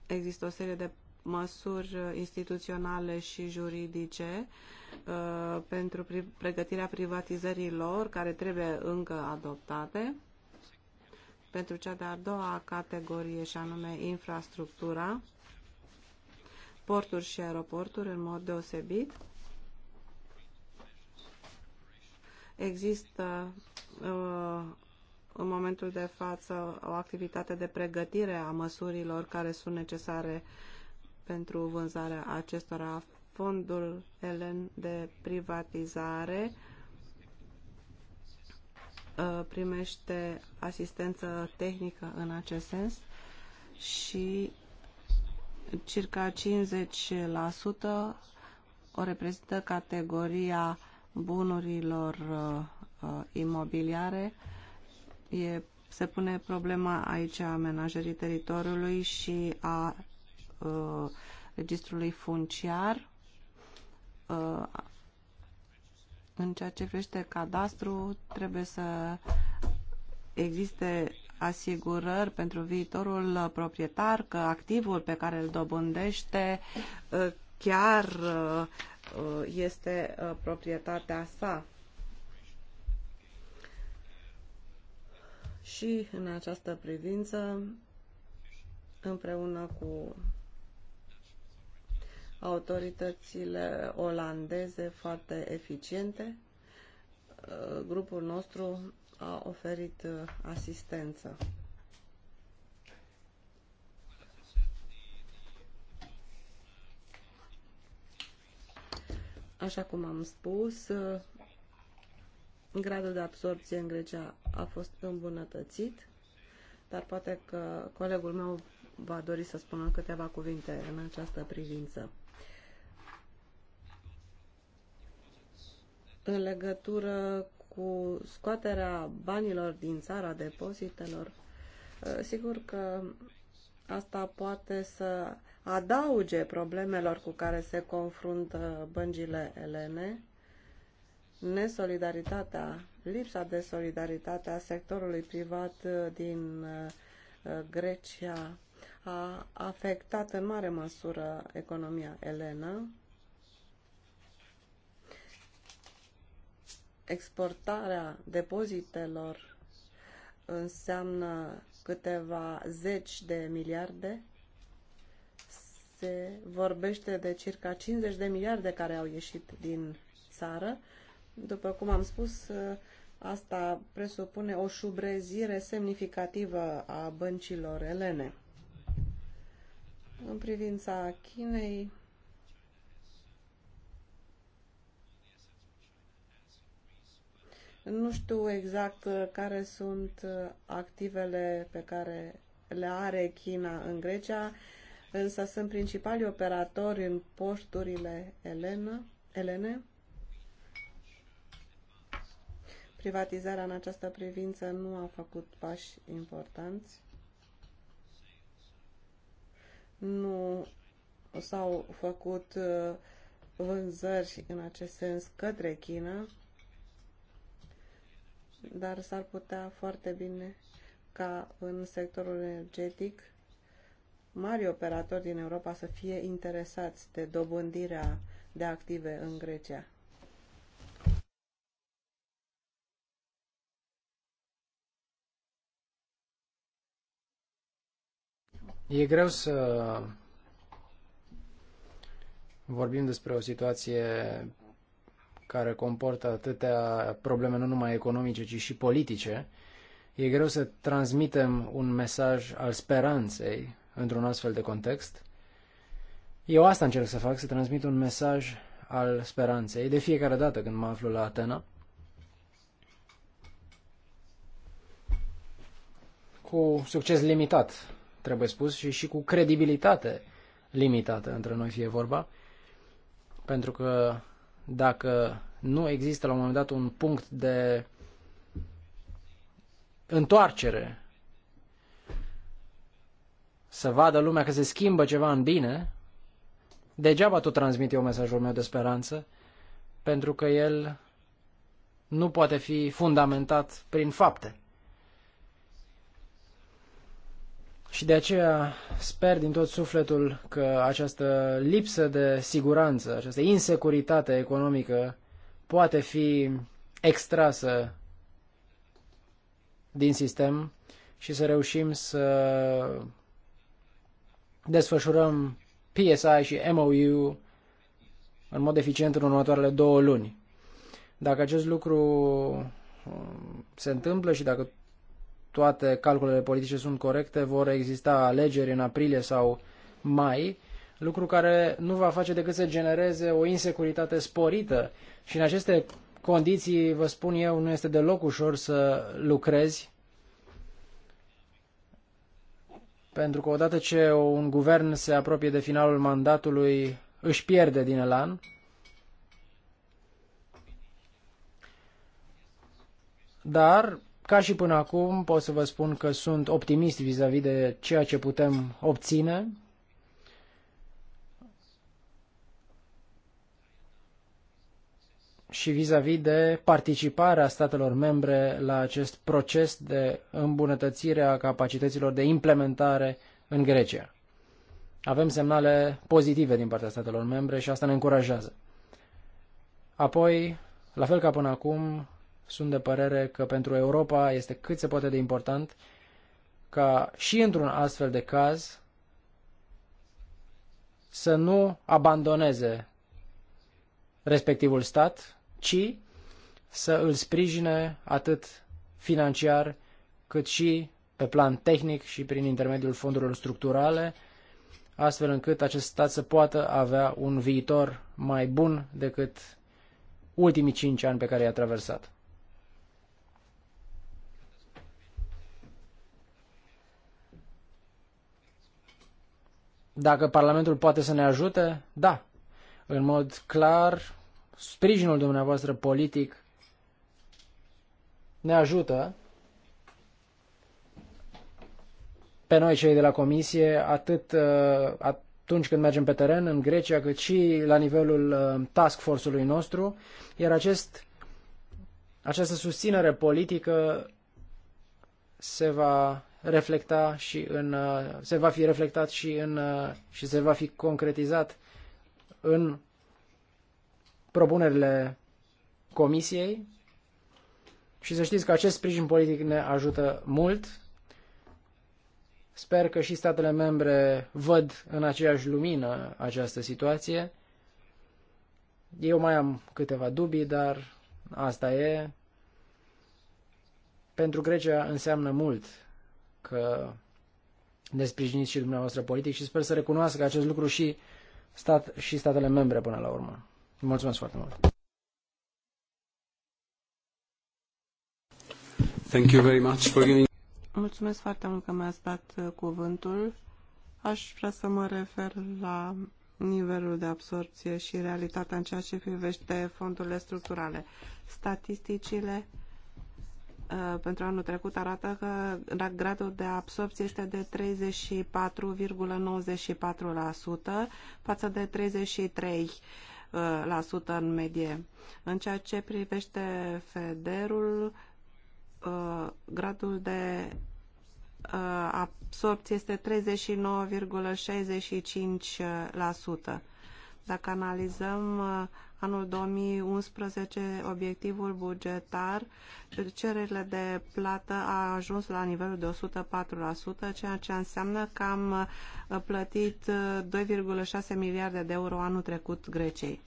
Există o serie de măsuri uh, instituționale și juridice uh, pentru pregătirea privatizării lor, care trebuie încă adoptate pentru cea de-a doua categorie și anume infrastructura, porturi și aeroporturi în mod deosebit. Există uh, în momentul de față o activitate de pregătire a măsurilor care sunt necesare pentru vânzarea acestora. Fondul Elen de privatizare Uh, primește asistență tehnică în acest sens și circa 50% o reprezintă categoria bunurilor uh, uh, imobiliare. E, se pune problema aici a menajerii teritoriului și a registrului funciar în ceea ce privește cadastru, trebuie să existe asigurări pentru viitorul proprietar că activul pe care îl dobândește ă, chiar ă, ă, este proprietatea sa. Și în această privință, împreună cu autoritățile olandeze foarte eficiente. Uh, grupul nostru a oferit uh, asistență. Așa cum am spus, uh, gradul de absorpție în Grecia a fost îmbunătățit, dar poate că colegul meu va dori să spună câteva cuvinte în această privință. în legătură cu scoaterea banilor din țara depozitelor, eh, sigur că asta poate să adauge problemelor cu care se confruntă băncile elene, nesolidaritatea, lipsa de solidaritate a sectorului privat eh, din eh, Grecia a afectat în mare măsură economia elenă, exportarea depozitelor înseamnă câteva zeci de miliarde, se vorbește de circa 50 de miliarde care au ieșit din țară. După cum am spus, asta presupune o șubrezire semnificativă a băncilor elene. În privința Chinei, Nu știu exact uh, care sunt uh, activele pe care le are China în Grecia, însă sunt principalii operatori în poșturile Elena, Elene. Privatizarea în această privință nu a făcut pași importanți. Nu s-au făcut uh, vânzări în acest sens către China dar s-ar putea foarte bine ca în sectorul energetic mari operatori din Europa să fie interesați de dobândirea de active în Grecia. E greu să vorbim despre o situație care comportă atâtea probleme nu numai economice, ci și politice, e greu să transmitem un mesaj al speranței într-un astfel de context. Eu asta încerc să fac, să transmit un mesaj al speranței de fiecare dată când mă aflu la Atena. Cu succes limitat, trebuie spus, și, și cu credibilitate limitată, între noi fie vorba, pentru că dacă nu există la un moment dat un punct de întoarcere, să vadă lumea că se schimbă ceva în bine, degeaba tot transmit eu mesajul meu de speranță, pentru că el nu poate fi fundamentat prin fapte. Și de aceea sper din tot sufletul că această lipsă de siguranță, această insecuritate economică poate fi extrasă din sistem și să reușim să desfășurăm PSI și MOU în mod eficient în următoarele două luni. Dacă acest lucru uh, se întâmplă și dacă toate calculele politice sunt corecte, vor exista alegeri în aprilie sau mai, lucru care nu va face decât să genereze o insecuritate sporită. Și în aceste condiții, vă spun eu, nu este deloc ușor să lucrezi, pentru că odată ce un guvern se apropie de finalul mandatului, își pierde din elan. Dar ca și până acum, pot să vă spun că sunt optimist vis-a-vis de ceea ce putem obține. și vis a -vis de participarea statelor membre la acest proces de îmbunătățire a capacităților de implementare în Grecia. Avem semnale pozitive din partea statelor membre și asta ne încurajează. Apoi, la fel ca până acum, sunt de părere că pentru Europa este cât se poate de important ca și într-un astfel de caz să nu abandoneze respectivul stat, ci să îl sprijine atât financiar cât și pe plan tehnic și prin intermediul fondurilor structurale, astfel încât acest stat să poată avea un viitor mai bun decât ultimii cinci ani pe care i-a traversat. Dacă Parlamentul poate să ne ajute, da. În mod clar, sprijinul dumneavoastră politic ne ajută pe noi cei de la Comisie, atât uh, atunci când mergem pe teren în Grecia, cât și la nivelul uh, task force-ului nostru, iar acest, această susținere politică se va reflecta și în, uh, se va fi reflectat și în, uh, și se va fi concretizat în propunerile comisiei și să știți că acest sprijin politic ne ajută mult. Sper că și statele membre văd în aceeași lumină această situație. Eu mai am câteva dubii, dar asta e. Pentru Grecia înseamnă mult că ne sprijiniți și dumneavoastră politic și sper să recunoască acest lucru și, stat, și statele membre până la urmă. Mulțumesc foarte mult! Thank you very much for giving... Mulțumesc foarte mult că mi-ați dat uh, cuvântul. Aș vrea să mă refer la nivelul de absorție și realitatea în ceea ce privește fondurile structurale. Statisticile Uh, pentru anul trecut arată că gradul de absorpție este de 34,94% față de 33% uh, la sută în medie. În ceea ce privește federul, uh, gradul de absorpție este 39,65%. Dacă analizăm anul 2011 obiectivul bugetar, cererile de plată a ajuns la nivelul de 104%, ceea ce înseamnă că am uh, plătit 2,6 uh, miliarde de euro anul trecut Greciei.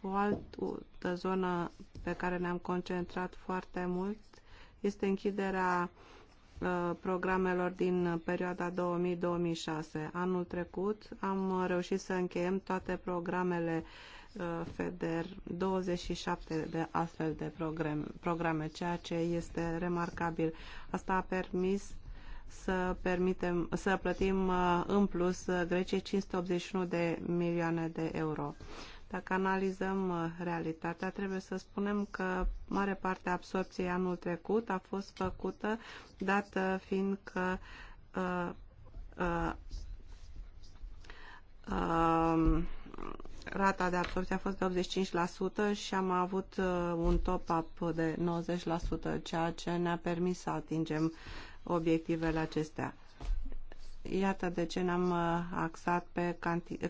O altă zonă pe care ne-am concentrat foarte mult este închiderea uh, programelor din perioada 2000-2006. Anul trecut am reușit să încheiem toate programele FEDER 27 de astfel de programe, ceea ce este remarcabil. Asta a permis să, permitem, să plătim uh, în plus uh, Grecie 581 de milioane de euro. Dacă analizăm uh, realitatea, trebuie să spunem că mare parte a absorpției anul trecut a fost făcută, dată fiind că uh, uh, uh, rata de absorpție a fost de 85% și am avut uh, un top-up de 90%, ceea ce ne-a permis să atingem obiectivele acestea. Iată de ce ne-am uh, axat pe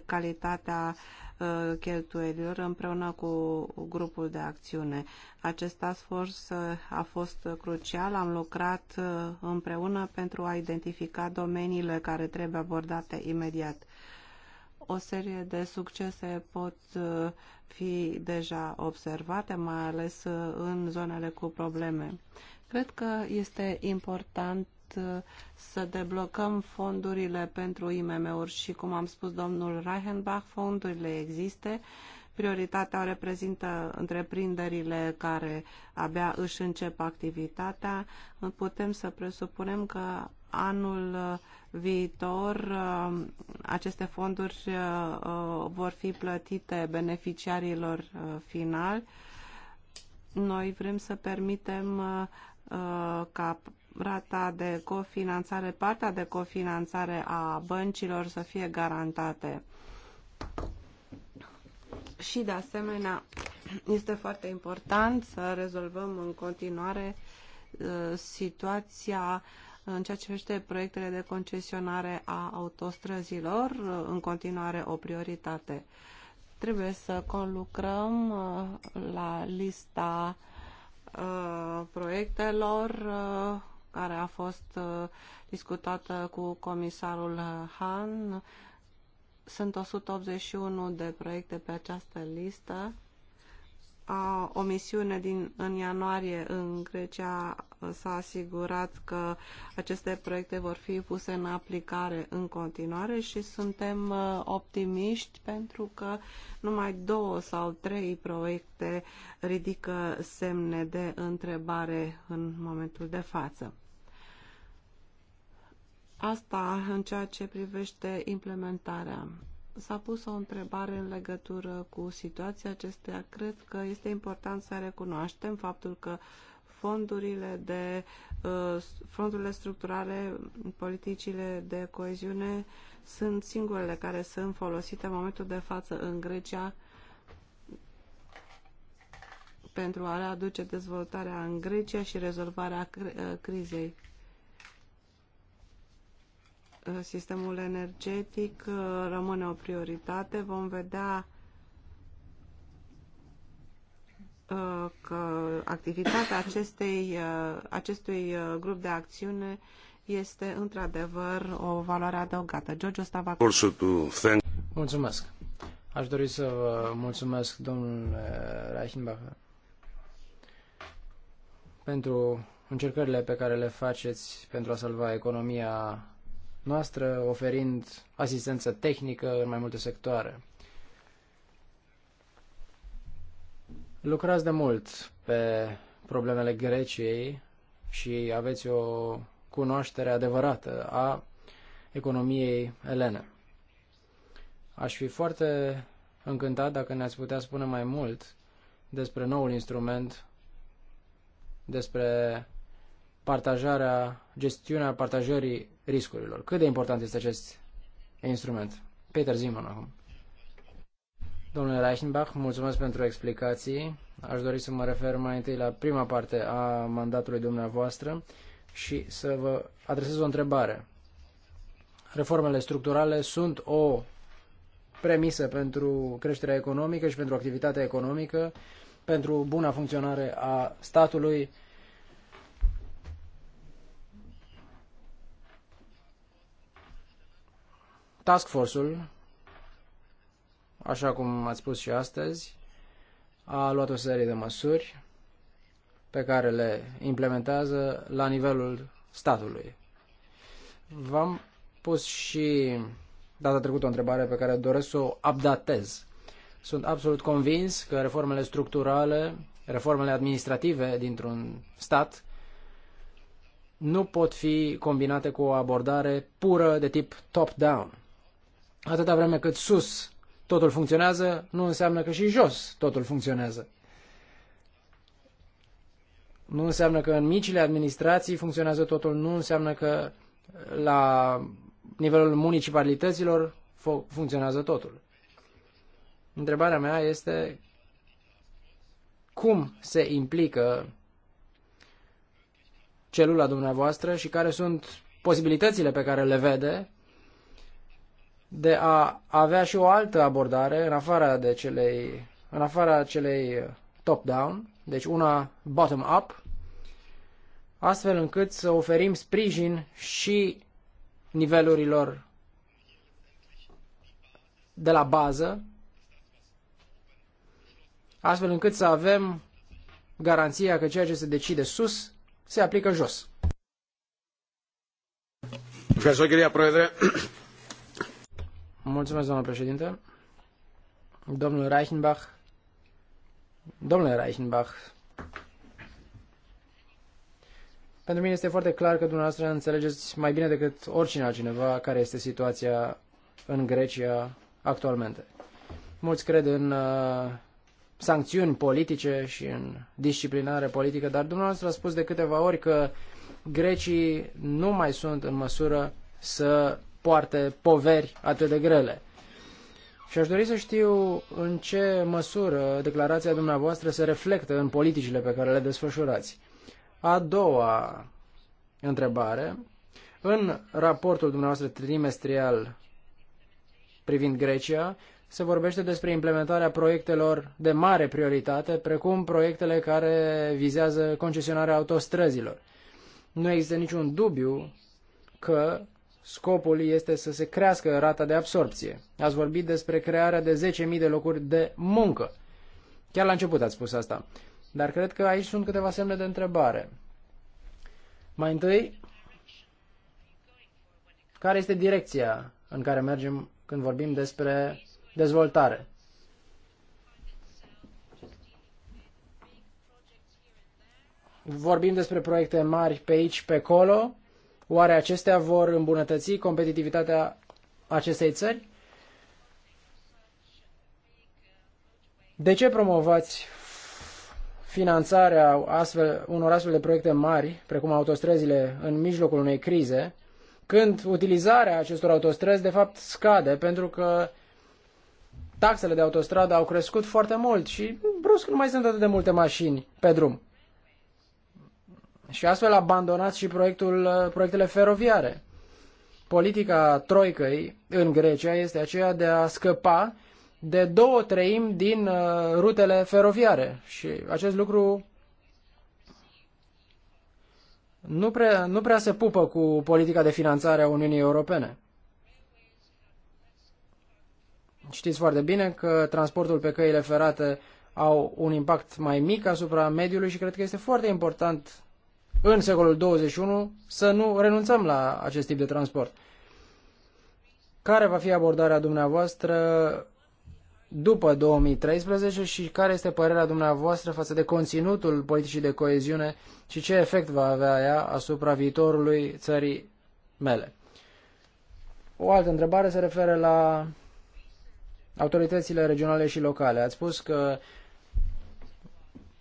calitatea uh, cheltuielilor împreună cu grupul de acțiune. Acest task force a fost crucial, am lucrat împreună pentru a identifica domeniile care trebuie abordate imediat. O serie de succese pot uh, fi deja observate, mai ales uh, în zonele cu probleme. Cred că este important uh, să deblocăm fondurile pentru IMM-uri și, cum am spus domnul Reichenbach, fondurile există Prioritatea o reprezintă întreprinderile care abia își încep activitatea. Putem să presupunem că anul viitor uh, aceste fonduri uh, uh, vor fi plătite beneficiarilor final. Noi vrem să permitem ca rata de cofinanțare, partea de cofinanțare a băncilor să fie garantate și, de asemenea, este foarte important să rezolvăm în continuare uh, situația în ceea ce privește proiectele de concesionare a autostrăzilor, uh, în continuare o prioritate. Trebuie să conlucrăm uh, la lista proiectelor care a fost discutată cu comisarul Han sunt 181 de proiecte pe această listă. A, o misiune din, în ianuarie în Grecia uh, s-a asigurat că aceste proiecte vor fi puse în aplicare în continuare și suntem uh, optimiști pentru că numai două sau trei proiecte ridică semne de întrebare în momentul de față. Asta în ceea ce privește implementarea. S-a pus o întrebare în legătură cu situația acesteia. Cred că este important să recunoaștem faptul că fondurile de uh, fondurile structurale, politicile de coeziune sunt singurele care sunt folosite în momentul de față în Grecia pentru a readuce dezvoltarea în Grecia și rezolvarea uh, crizei. Uh, sistemul energetic uh, rămâne o prioritate. Vom vedea uh, că activitatea acestei, acestui grup de acțiune este într-adevăr o valoare adăugată. George Ostava. Mulțumesc. Aș dori să vă mulțumesc, domnule Reichenbacher, pentru încercările pe care le faceți pentru a salva economia noastră, oferind asistență tehnică în mai multe sectoare. Lucrați de mult pe problemele Greciei și aveți o cunoaștere adevărată a economiei elene. Aș fi foarte încântat dacă ne-ați putea spune mai mult despre noul instrument, despre partajarea gestiunea partajării riscurilor. Cât de important este acest instrument? Peter Zimon acum. Domnule Reichenbach, mulțumesc pentru explicații. Aș dori să mă refer mai întâi la prima parte a mandatului dumneavoastră și să vă adresez o întrebare. Reformele structurale sunt o premisă pentru creșterea economică și pentru activitatea economică, pentru buna funcționare a statului, Task Force-ul, așa cum ați spus și astăzi, a luat o serie de măsuri pe care le implementează la nivelul statului. V-am pus și data trecută o întrebare pe care doresc să o updatez. Sunt absolut convins că reformele structurale, reformele administrative dintr-un stat nu pot fi combinate cu o abordare pură de tip top-down. Atâta vreme cât sus totul funcționează, nu înseamnă că și jos totul funcționează. Nu înseamnă că în micile administrații funcționează totul, nu înseamnă că la nivelul municipalităților funcționează totul. Întrebarea mea este cum se implică celula dumneavoastră și care sunt posibilitățile pe care le vede de a avea și o altă abordare în afara de celei, în afara celei top-down, deci una bottom-up, astfel încât să oferim sprijin și nivelurilor de la bază, astfel încât să avem garanția că ceea ce se decide sus se aplică jos. Mulțumesc, Mulțumesc, doamnă președinte. Domnul Reichenbach. Domnule Reichenbach. Pentru mine este foarte clar că dumneavoastră înțelegeți mai bine decât oricine altcineva care este situația în Grecia actualmente. Mulți cred în uh, sancțiuni politice și în disciplinare politică, dar dumneavoastră a spus de câteva ori că grecii nu mai sunt în măsură să poarte poveri atât de grele. Și aș dori să știu în ce măsură declarația dumneavoastră se reflectă în politicile pe care le desfășurați. A doua întrebare. În raportul dumneavoastră trimestrial privind Grecia, se vorbește despre implementarea proiectelor de mare prioritate, precum proiectele care vizează concesionarea autostrăzilor. Nu există niciun dubiu că Scopul este să se crească rata de absorpție. Ați vorbit despre crearea de 10.000 de locuri de muncă. Chiar la început ați spus asta. Dar cred că aici sunt câteva semne de întrebare. Mai întâi, care este direcția în care mergem când vorbim despre dezvoltare? Vorbim despre proiecte mari pe aici, pe acolo, Oare acestea vor îmbunătăți competitivitatea acestei țări? De ce promovați finanțarea astfel, unor astfel de proiecte mari, precum autostrăzile, în mijlocul unei crize, când utilizarea acestor autostrăzi, de fapt, scade, pentru că taxele de autostradă au crescut foarte mult și brusc nu mai sunt atât de multe mașini pe drum și astfel abandonați și proiectul, uh, proiectele feroviare. Politica troicăi în Grecia este aceea de a scăpa de două treimi din uh, rutele feroviare și acest lucru nu prea, nu prea se pupă cu politica de finanțare a Uniunii Europene. Știți foarte bine că transportul pe căile ferate au un impact mai mic asupra mediului și cred că este foarte important în secolul 21 să nu renunțăm la acest tip de transport. Care va fi abordarea dumneavoastră după 2013 și care este părerea dumneavoastră față de conținutul politicii de coeziune și ce efect va avea ea asupra viitorului țării mele? O altă întrebare se referă la autoritățile regionale și locale. Ați spus că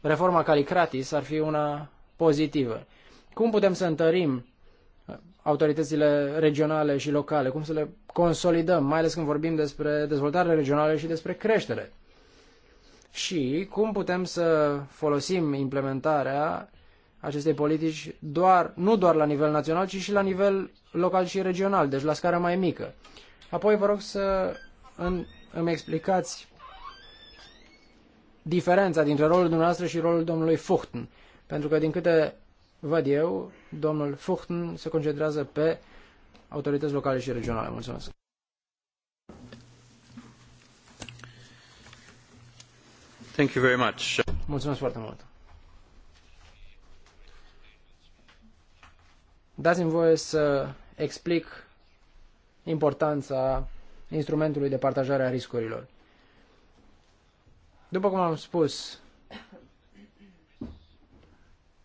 reforma Calicratis ar fi una pozitivă. Cum putem să întărim autoritățile regionale și locale, cum să le consolidăm, mai ales când vorbim despre dezvoltare regională și despre creștere. Și cum putem să folosim implementarea acestei politici doar, nu doar la nivel național, ci și la nivel local și regional, deci la scară mai mică. Apoi vă rog să în, îmi explicați diferența dintre rolul dumneavoastră și rolul domnului Fuchten pentru că, din câte văd eu, domnul Fuchten se concentrează pe autorități locale și regionale. Mulțumesc! Thank you very much. Mulțumesc foarte mult! Dați-mi voie să explic importanța instrumentului de partajare a riscurilor. După cum am spus,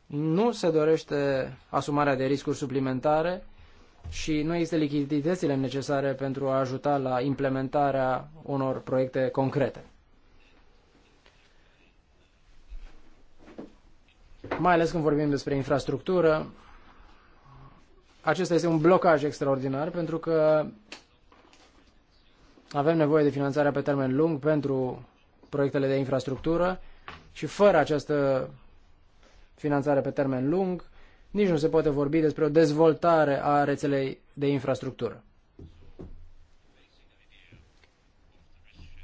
nu se dorește asumarea de riscuri suplimentare și nu există lichiditățile necesare pentru a ajuta la implementarea unor proiecte concrete. Mai ales când vorbim despre infrastructură, acesta este un blocaj extraordinar pentru că avem nevoie de finanțarea pe termen lung pentru proiectele de infrastructură și fără această finanțare pe termen lung, nici nu se poate vorbi despre o dezvoltare a rețelei de infrastructură.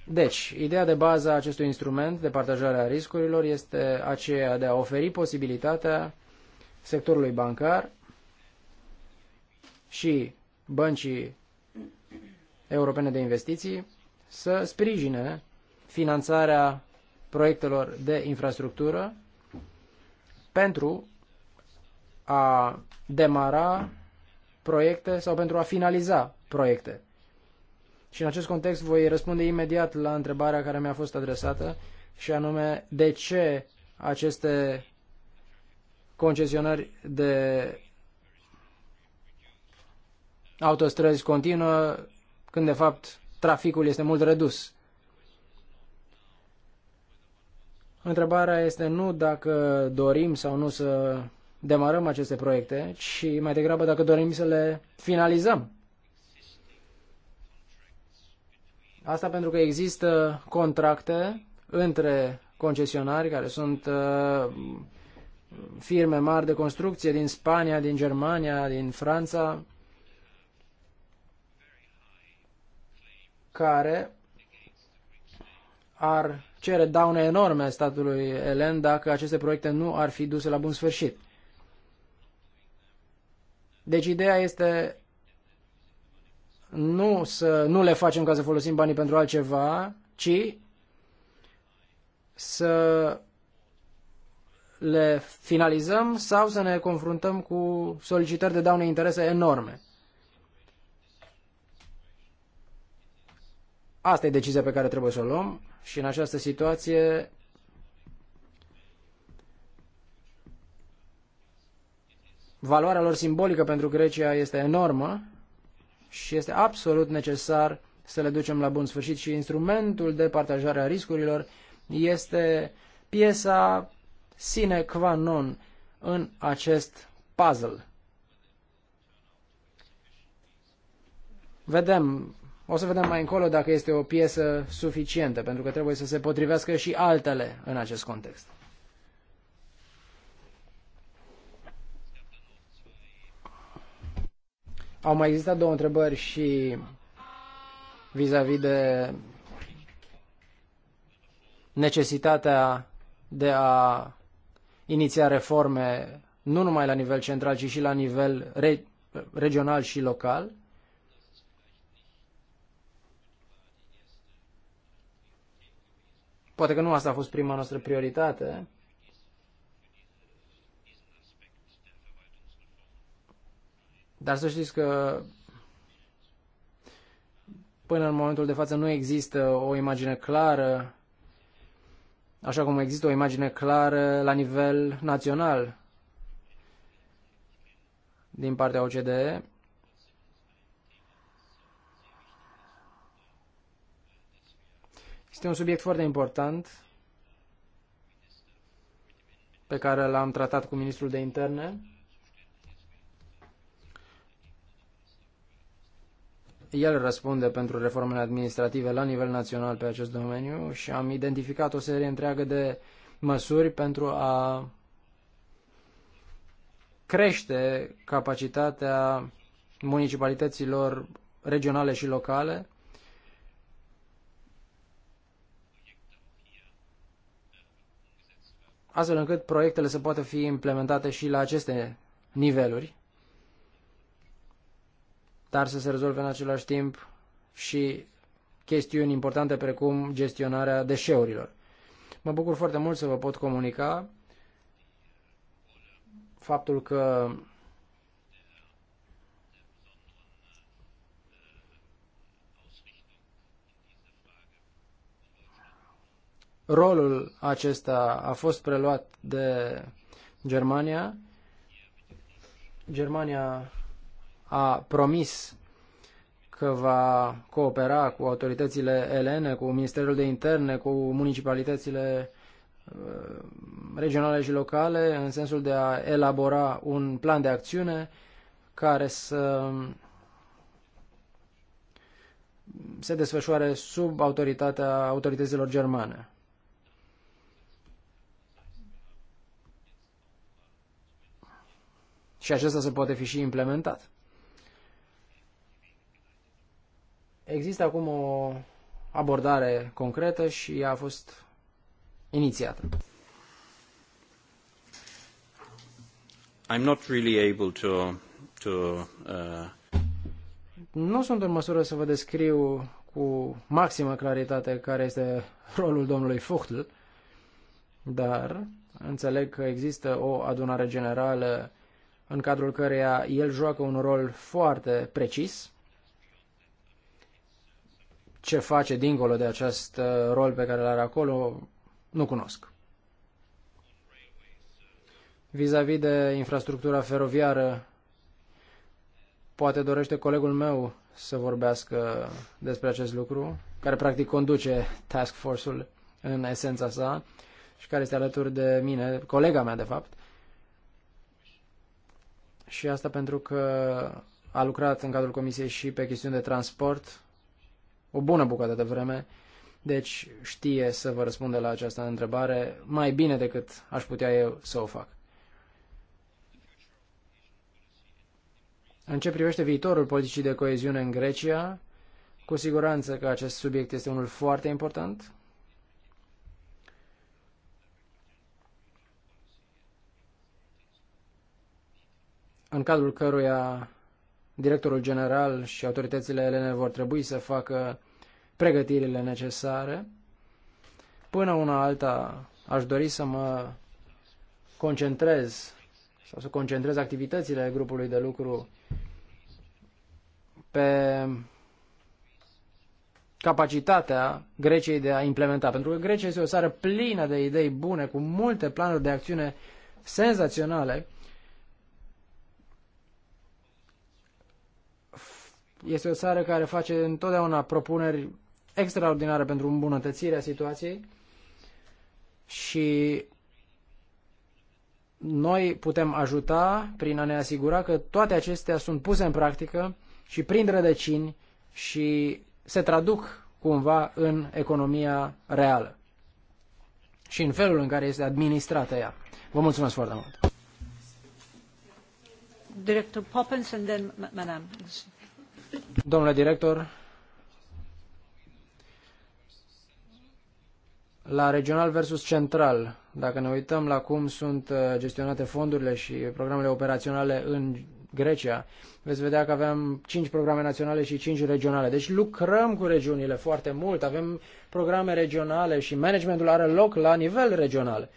Deci, ideea de bază a acestui instrument de partajare a riscurilor este aceea de a oferi posibilitatea sectorului bancar și băncii europene de investiții să sprijine finanțarea proiectelor de infrastructură pentru a demara proiecte sau pentru a finaliza proiecte. Și în acest context voi răspunde imediat la întrebarea care mi-a fost adresată și anume de ce aceste concesionări de autostrăzi continuă când de fapt traficul este mult redus. Întrebarea este nu dacă dorim sau nu să demarăm aceste proiecte, ci mai degrabă dacă dorim să le finalizăm. Asta pentru că există contracte între concesionari care sunt uh, firme mari de construcție din Spania, din Germania, din Franța, care ar cere daune enorme statului elen dacă aceste proiecte nu ar fi duse la bun sfârșit. Deci ideea este nu să nu le facem ca să folosim banii pentru altceva, ci să le finalizăm sau să ne confruntăm cu solicitări de daune interese enorme. Asta e decizia pe care trebuie să o luăm. Și în această situație valoarea lor simbolică pentru Grecia este enormă și este absolut necesar să le ducem la bun sfârșit și instrumentul de partajare a riscurilor este piesa sine qua non în acest puzzle. Vedem o să vedem mai încolo dacă este o piesă suficientă, pentru că trebuie să se potrivească și altele în acest context. Au mai existat două întrebări și vis-a-vis -vis de necesitatea de a iniția reforme nu numai la nivel central, ci și la nivel re- regional și local. Poate că nu asta a fost prima noastră prioritate. Dar să știți că până în momentul de față nu există o imagine clară, așa cum există o imagine clară la nivel național din partea OCDE. Este un subiect foarte important pe care l-am tratat cu ministrul de interne. El răspunde pentru reformele administrative la nivel național pe acest domeniu și am identificat o serie întreagă de măsuri pentru a crește capacitatea municipalităților regionale și locale astfel încât proiectele să poată fi implementate și la aceste niveluri, dar să se rezolve în același timp și chestiuni importante precum gestionarea deșeurilor. Mă bucur foarte mult să vă pot comunica faptul că rolul acesta a fost preluat de Germania. Germania a promis că va coopera cu autoritățile elene, cu Ministerul de Interne, cu municipalitățile uh, regionale și locale, în sensul de a elabora un plan de acțiune care să se desfășoare sub autoritatea autorităților germane. și acesta se poate fi și implementat. Există acum o abordare concretă și a fost inițiată. I'm not really able to, to, uh... Nu sunt în măsură să vă descriu cu maximă claritate care este rolul domnului Fuchtl, dar înțeleg că există o adunare generală în cadrul căreia el joacă un rol foarte precis. Ce face dincolo de acest uh, rol pe care îl are acolo, nu cunosc. Vis-a-vis -vis de infrastructura feroviară, poate dorește colegul meu să vorbească despre acest lucru, care practic conduce task force-ul în esența sa și care este alături de mine, colega mea de fapt și asta pentru că a lucrat în cadrul comisiei și pe chestiuni de transport o bună bucată de vreme, deci știe să vă răspunde la această întrebare mai bine decât aș putea eu să o fac. În ce privește viitorul politicii de coeziune în Grecia, cu siguranță că acest subiect este unul foarte important. în cadrul căruia directorul general și autoritățile elene vor trebui să facă pregătirile necesare. Până una alta aș dori să mă concentrez sau să concentrez activitățile grupului de lucru pe capacitatea Greciei de a implementa. Pentru că Grecia este o țară plină de idei bune, cu multe planuri de acțiune senzaționale Este o țară care face întotdeauna propuneri extraordinare pentru îmbunătățirea situației și noi putem ajuta prin a ne asigura că toate acestea sunt puse în practică și prin rădăcini și se traduc cumva în economia reală și în felul în care este administrată ea. Vă mulțumesc foarte mult. Director Poppins and then Madame. Domnule director, la regional versus central, dacă ne uităm la cum sunt uh, gestionate fondurile și programele operaționale în Grecia, veți vedea că avem 5 programe naționale și 5 regionale. Deci lucrăm cu regiunile foarte mult, avem programe regionale și managementul are loc la nivel regional.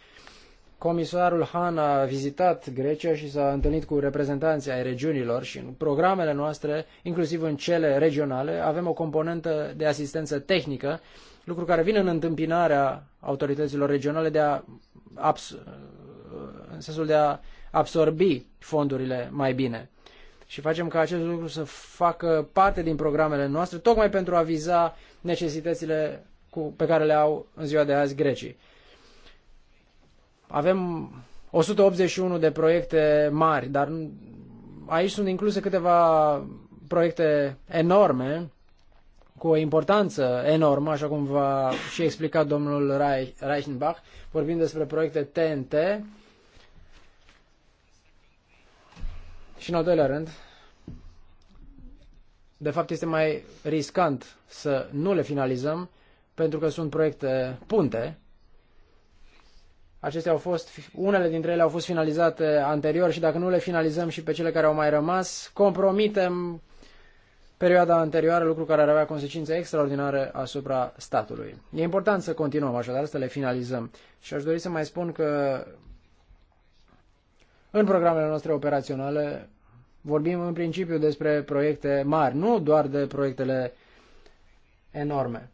Comisarul Han a vizitat Grecia și s-a întâlnit cu reprezentanții ai regiunilor și în programele noastre, inclusiv în cele regionale, avem o componentă de asistență tehnică, lucru care vine în întâmpinarea autorităților regionale de a în sensul de a absorbi fondurile mai bine. Și facem ca acest lucru să facă parte din programele noastre, tocmai pentru a viza necesitățile cu, pe care le au în ziua de azi grecii. Avem 181 de proiecte mari, dar aici sunt incluse câteva proiecte enorme, cu o importanță enormă, așa cum va și explicat domnul Reichenbach, vorbind despre proiecte TNT. Și în al doilea rând, de fapt este mai riscant să nu le finalizăm, pentru că sunt proiecte punte Acestea au fost, unele dintre ele au fost finalizate anterior și dacă nu le finalizăm și pe cele care au mai rămas, compromitem perioada anterioară, lucru care ar avea consecințe extraordinare asupra statului. E important să continuăm așadar, să le finalizăm. Și aș dori să mai spun că în programele noastre operaționale vorbim în principiu despre proiecte mari, nu doar de proiectele enorme.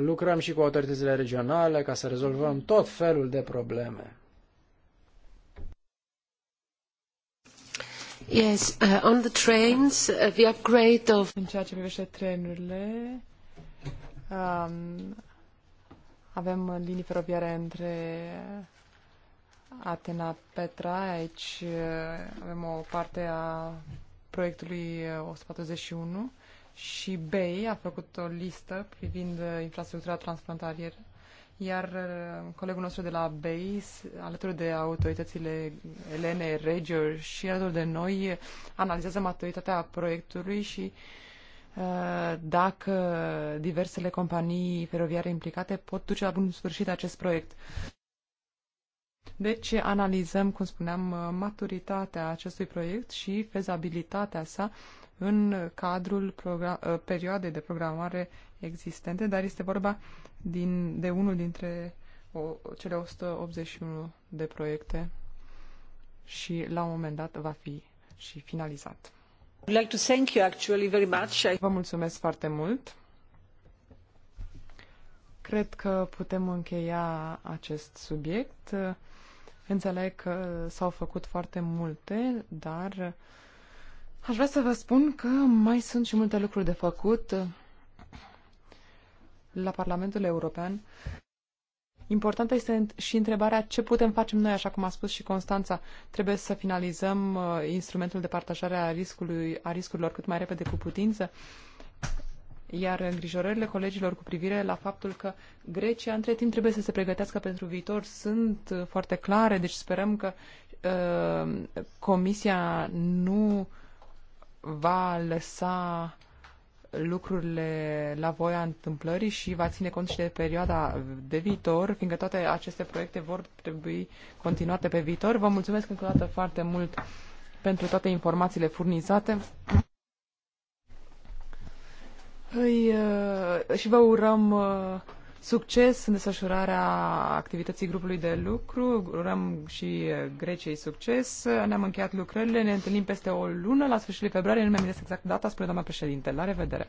Lucrăm și cu autoritățile regionale ca să rezolvăm tot felul de probleme. Yes, uh, on the trains, uh, the upgrade of... În ceea ce privește trenurile, um, avem linii feroviare între Atena Petra, aici uh, avem o parte a proiectului 141 uh, și BEI a făcut o listă privind uh, infrastructura transfrontalieră, iar uh, colegul nostru de la BEI, alături de autoritățile elene, regio și alături de noi, analizează maturitatea proiectului și uh, dacă diversele companii feroviare implicate pot duce la bun sfârșit acest proiect. Deci analizăm, cum spuneam, maturitatea acestui proiect și fezabilitatea sa în cadrul ă, perioadei de programare existente, dar este vorba din, de unul dintre o, cele 181 de proiecte și la un moment dat va fi și finalizat. Vă mulțumesc foarte mult. Cred că putem încheia acest subiect. Înțeleg că s-au făcut foarte multe, dar Aș vrea să vă spun că mai sunt și multe lucruri de făcut la Parlamentul European. Importantă este și întrebarea ce putem face noi, așa cum a spus și Constanța. Trebuie să finalizăm uh, instrumentul de partajare a, riscului, a riscurilor cât mai repede cu putință. Iar îngrijorările colegilor cu privire la faptul că Grecia între timp trebuie să se pregătească pentru viitor sunt uh, foarte clare, deci sperăm că uh, Comisia nu va lăsa lucrurile la voia întâmplării și va ține cont și de perioada de viitor, fiindcă toate aceste proiecte vor trebui continuate pe viitor. Vă mulțumesc încă o dată foarte mult pentru toate informațiile furnizate. Îi, uh, și vă urăm uh, succes în desfășurarea activității grupului de lucru. Urăm și eh, Greciei succes. Ne-am încheiat lucrările, ne întâlnim peste o lună, la sfârșitul februarie, nu mi-am exact data, spune doamna președinte. La revedere!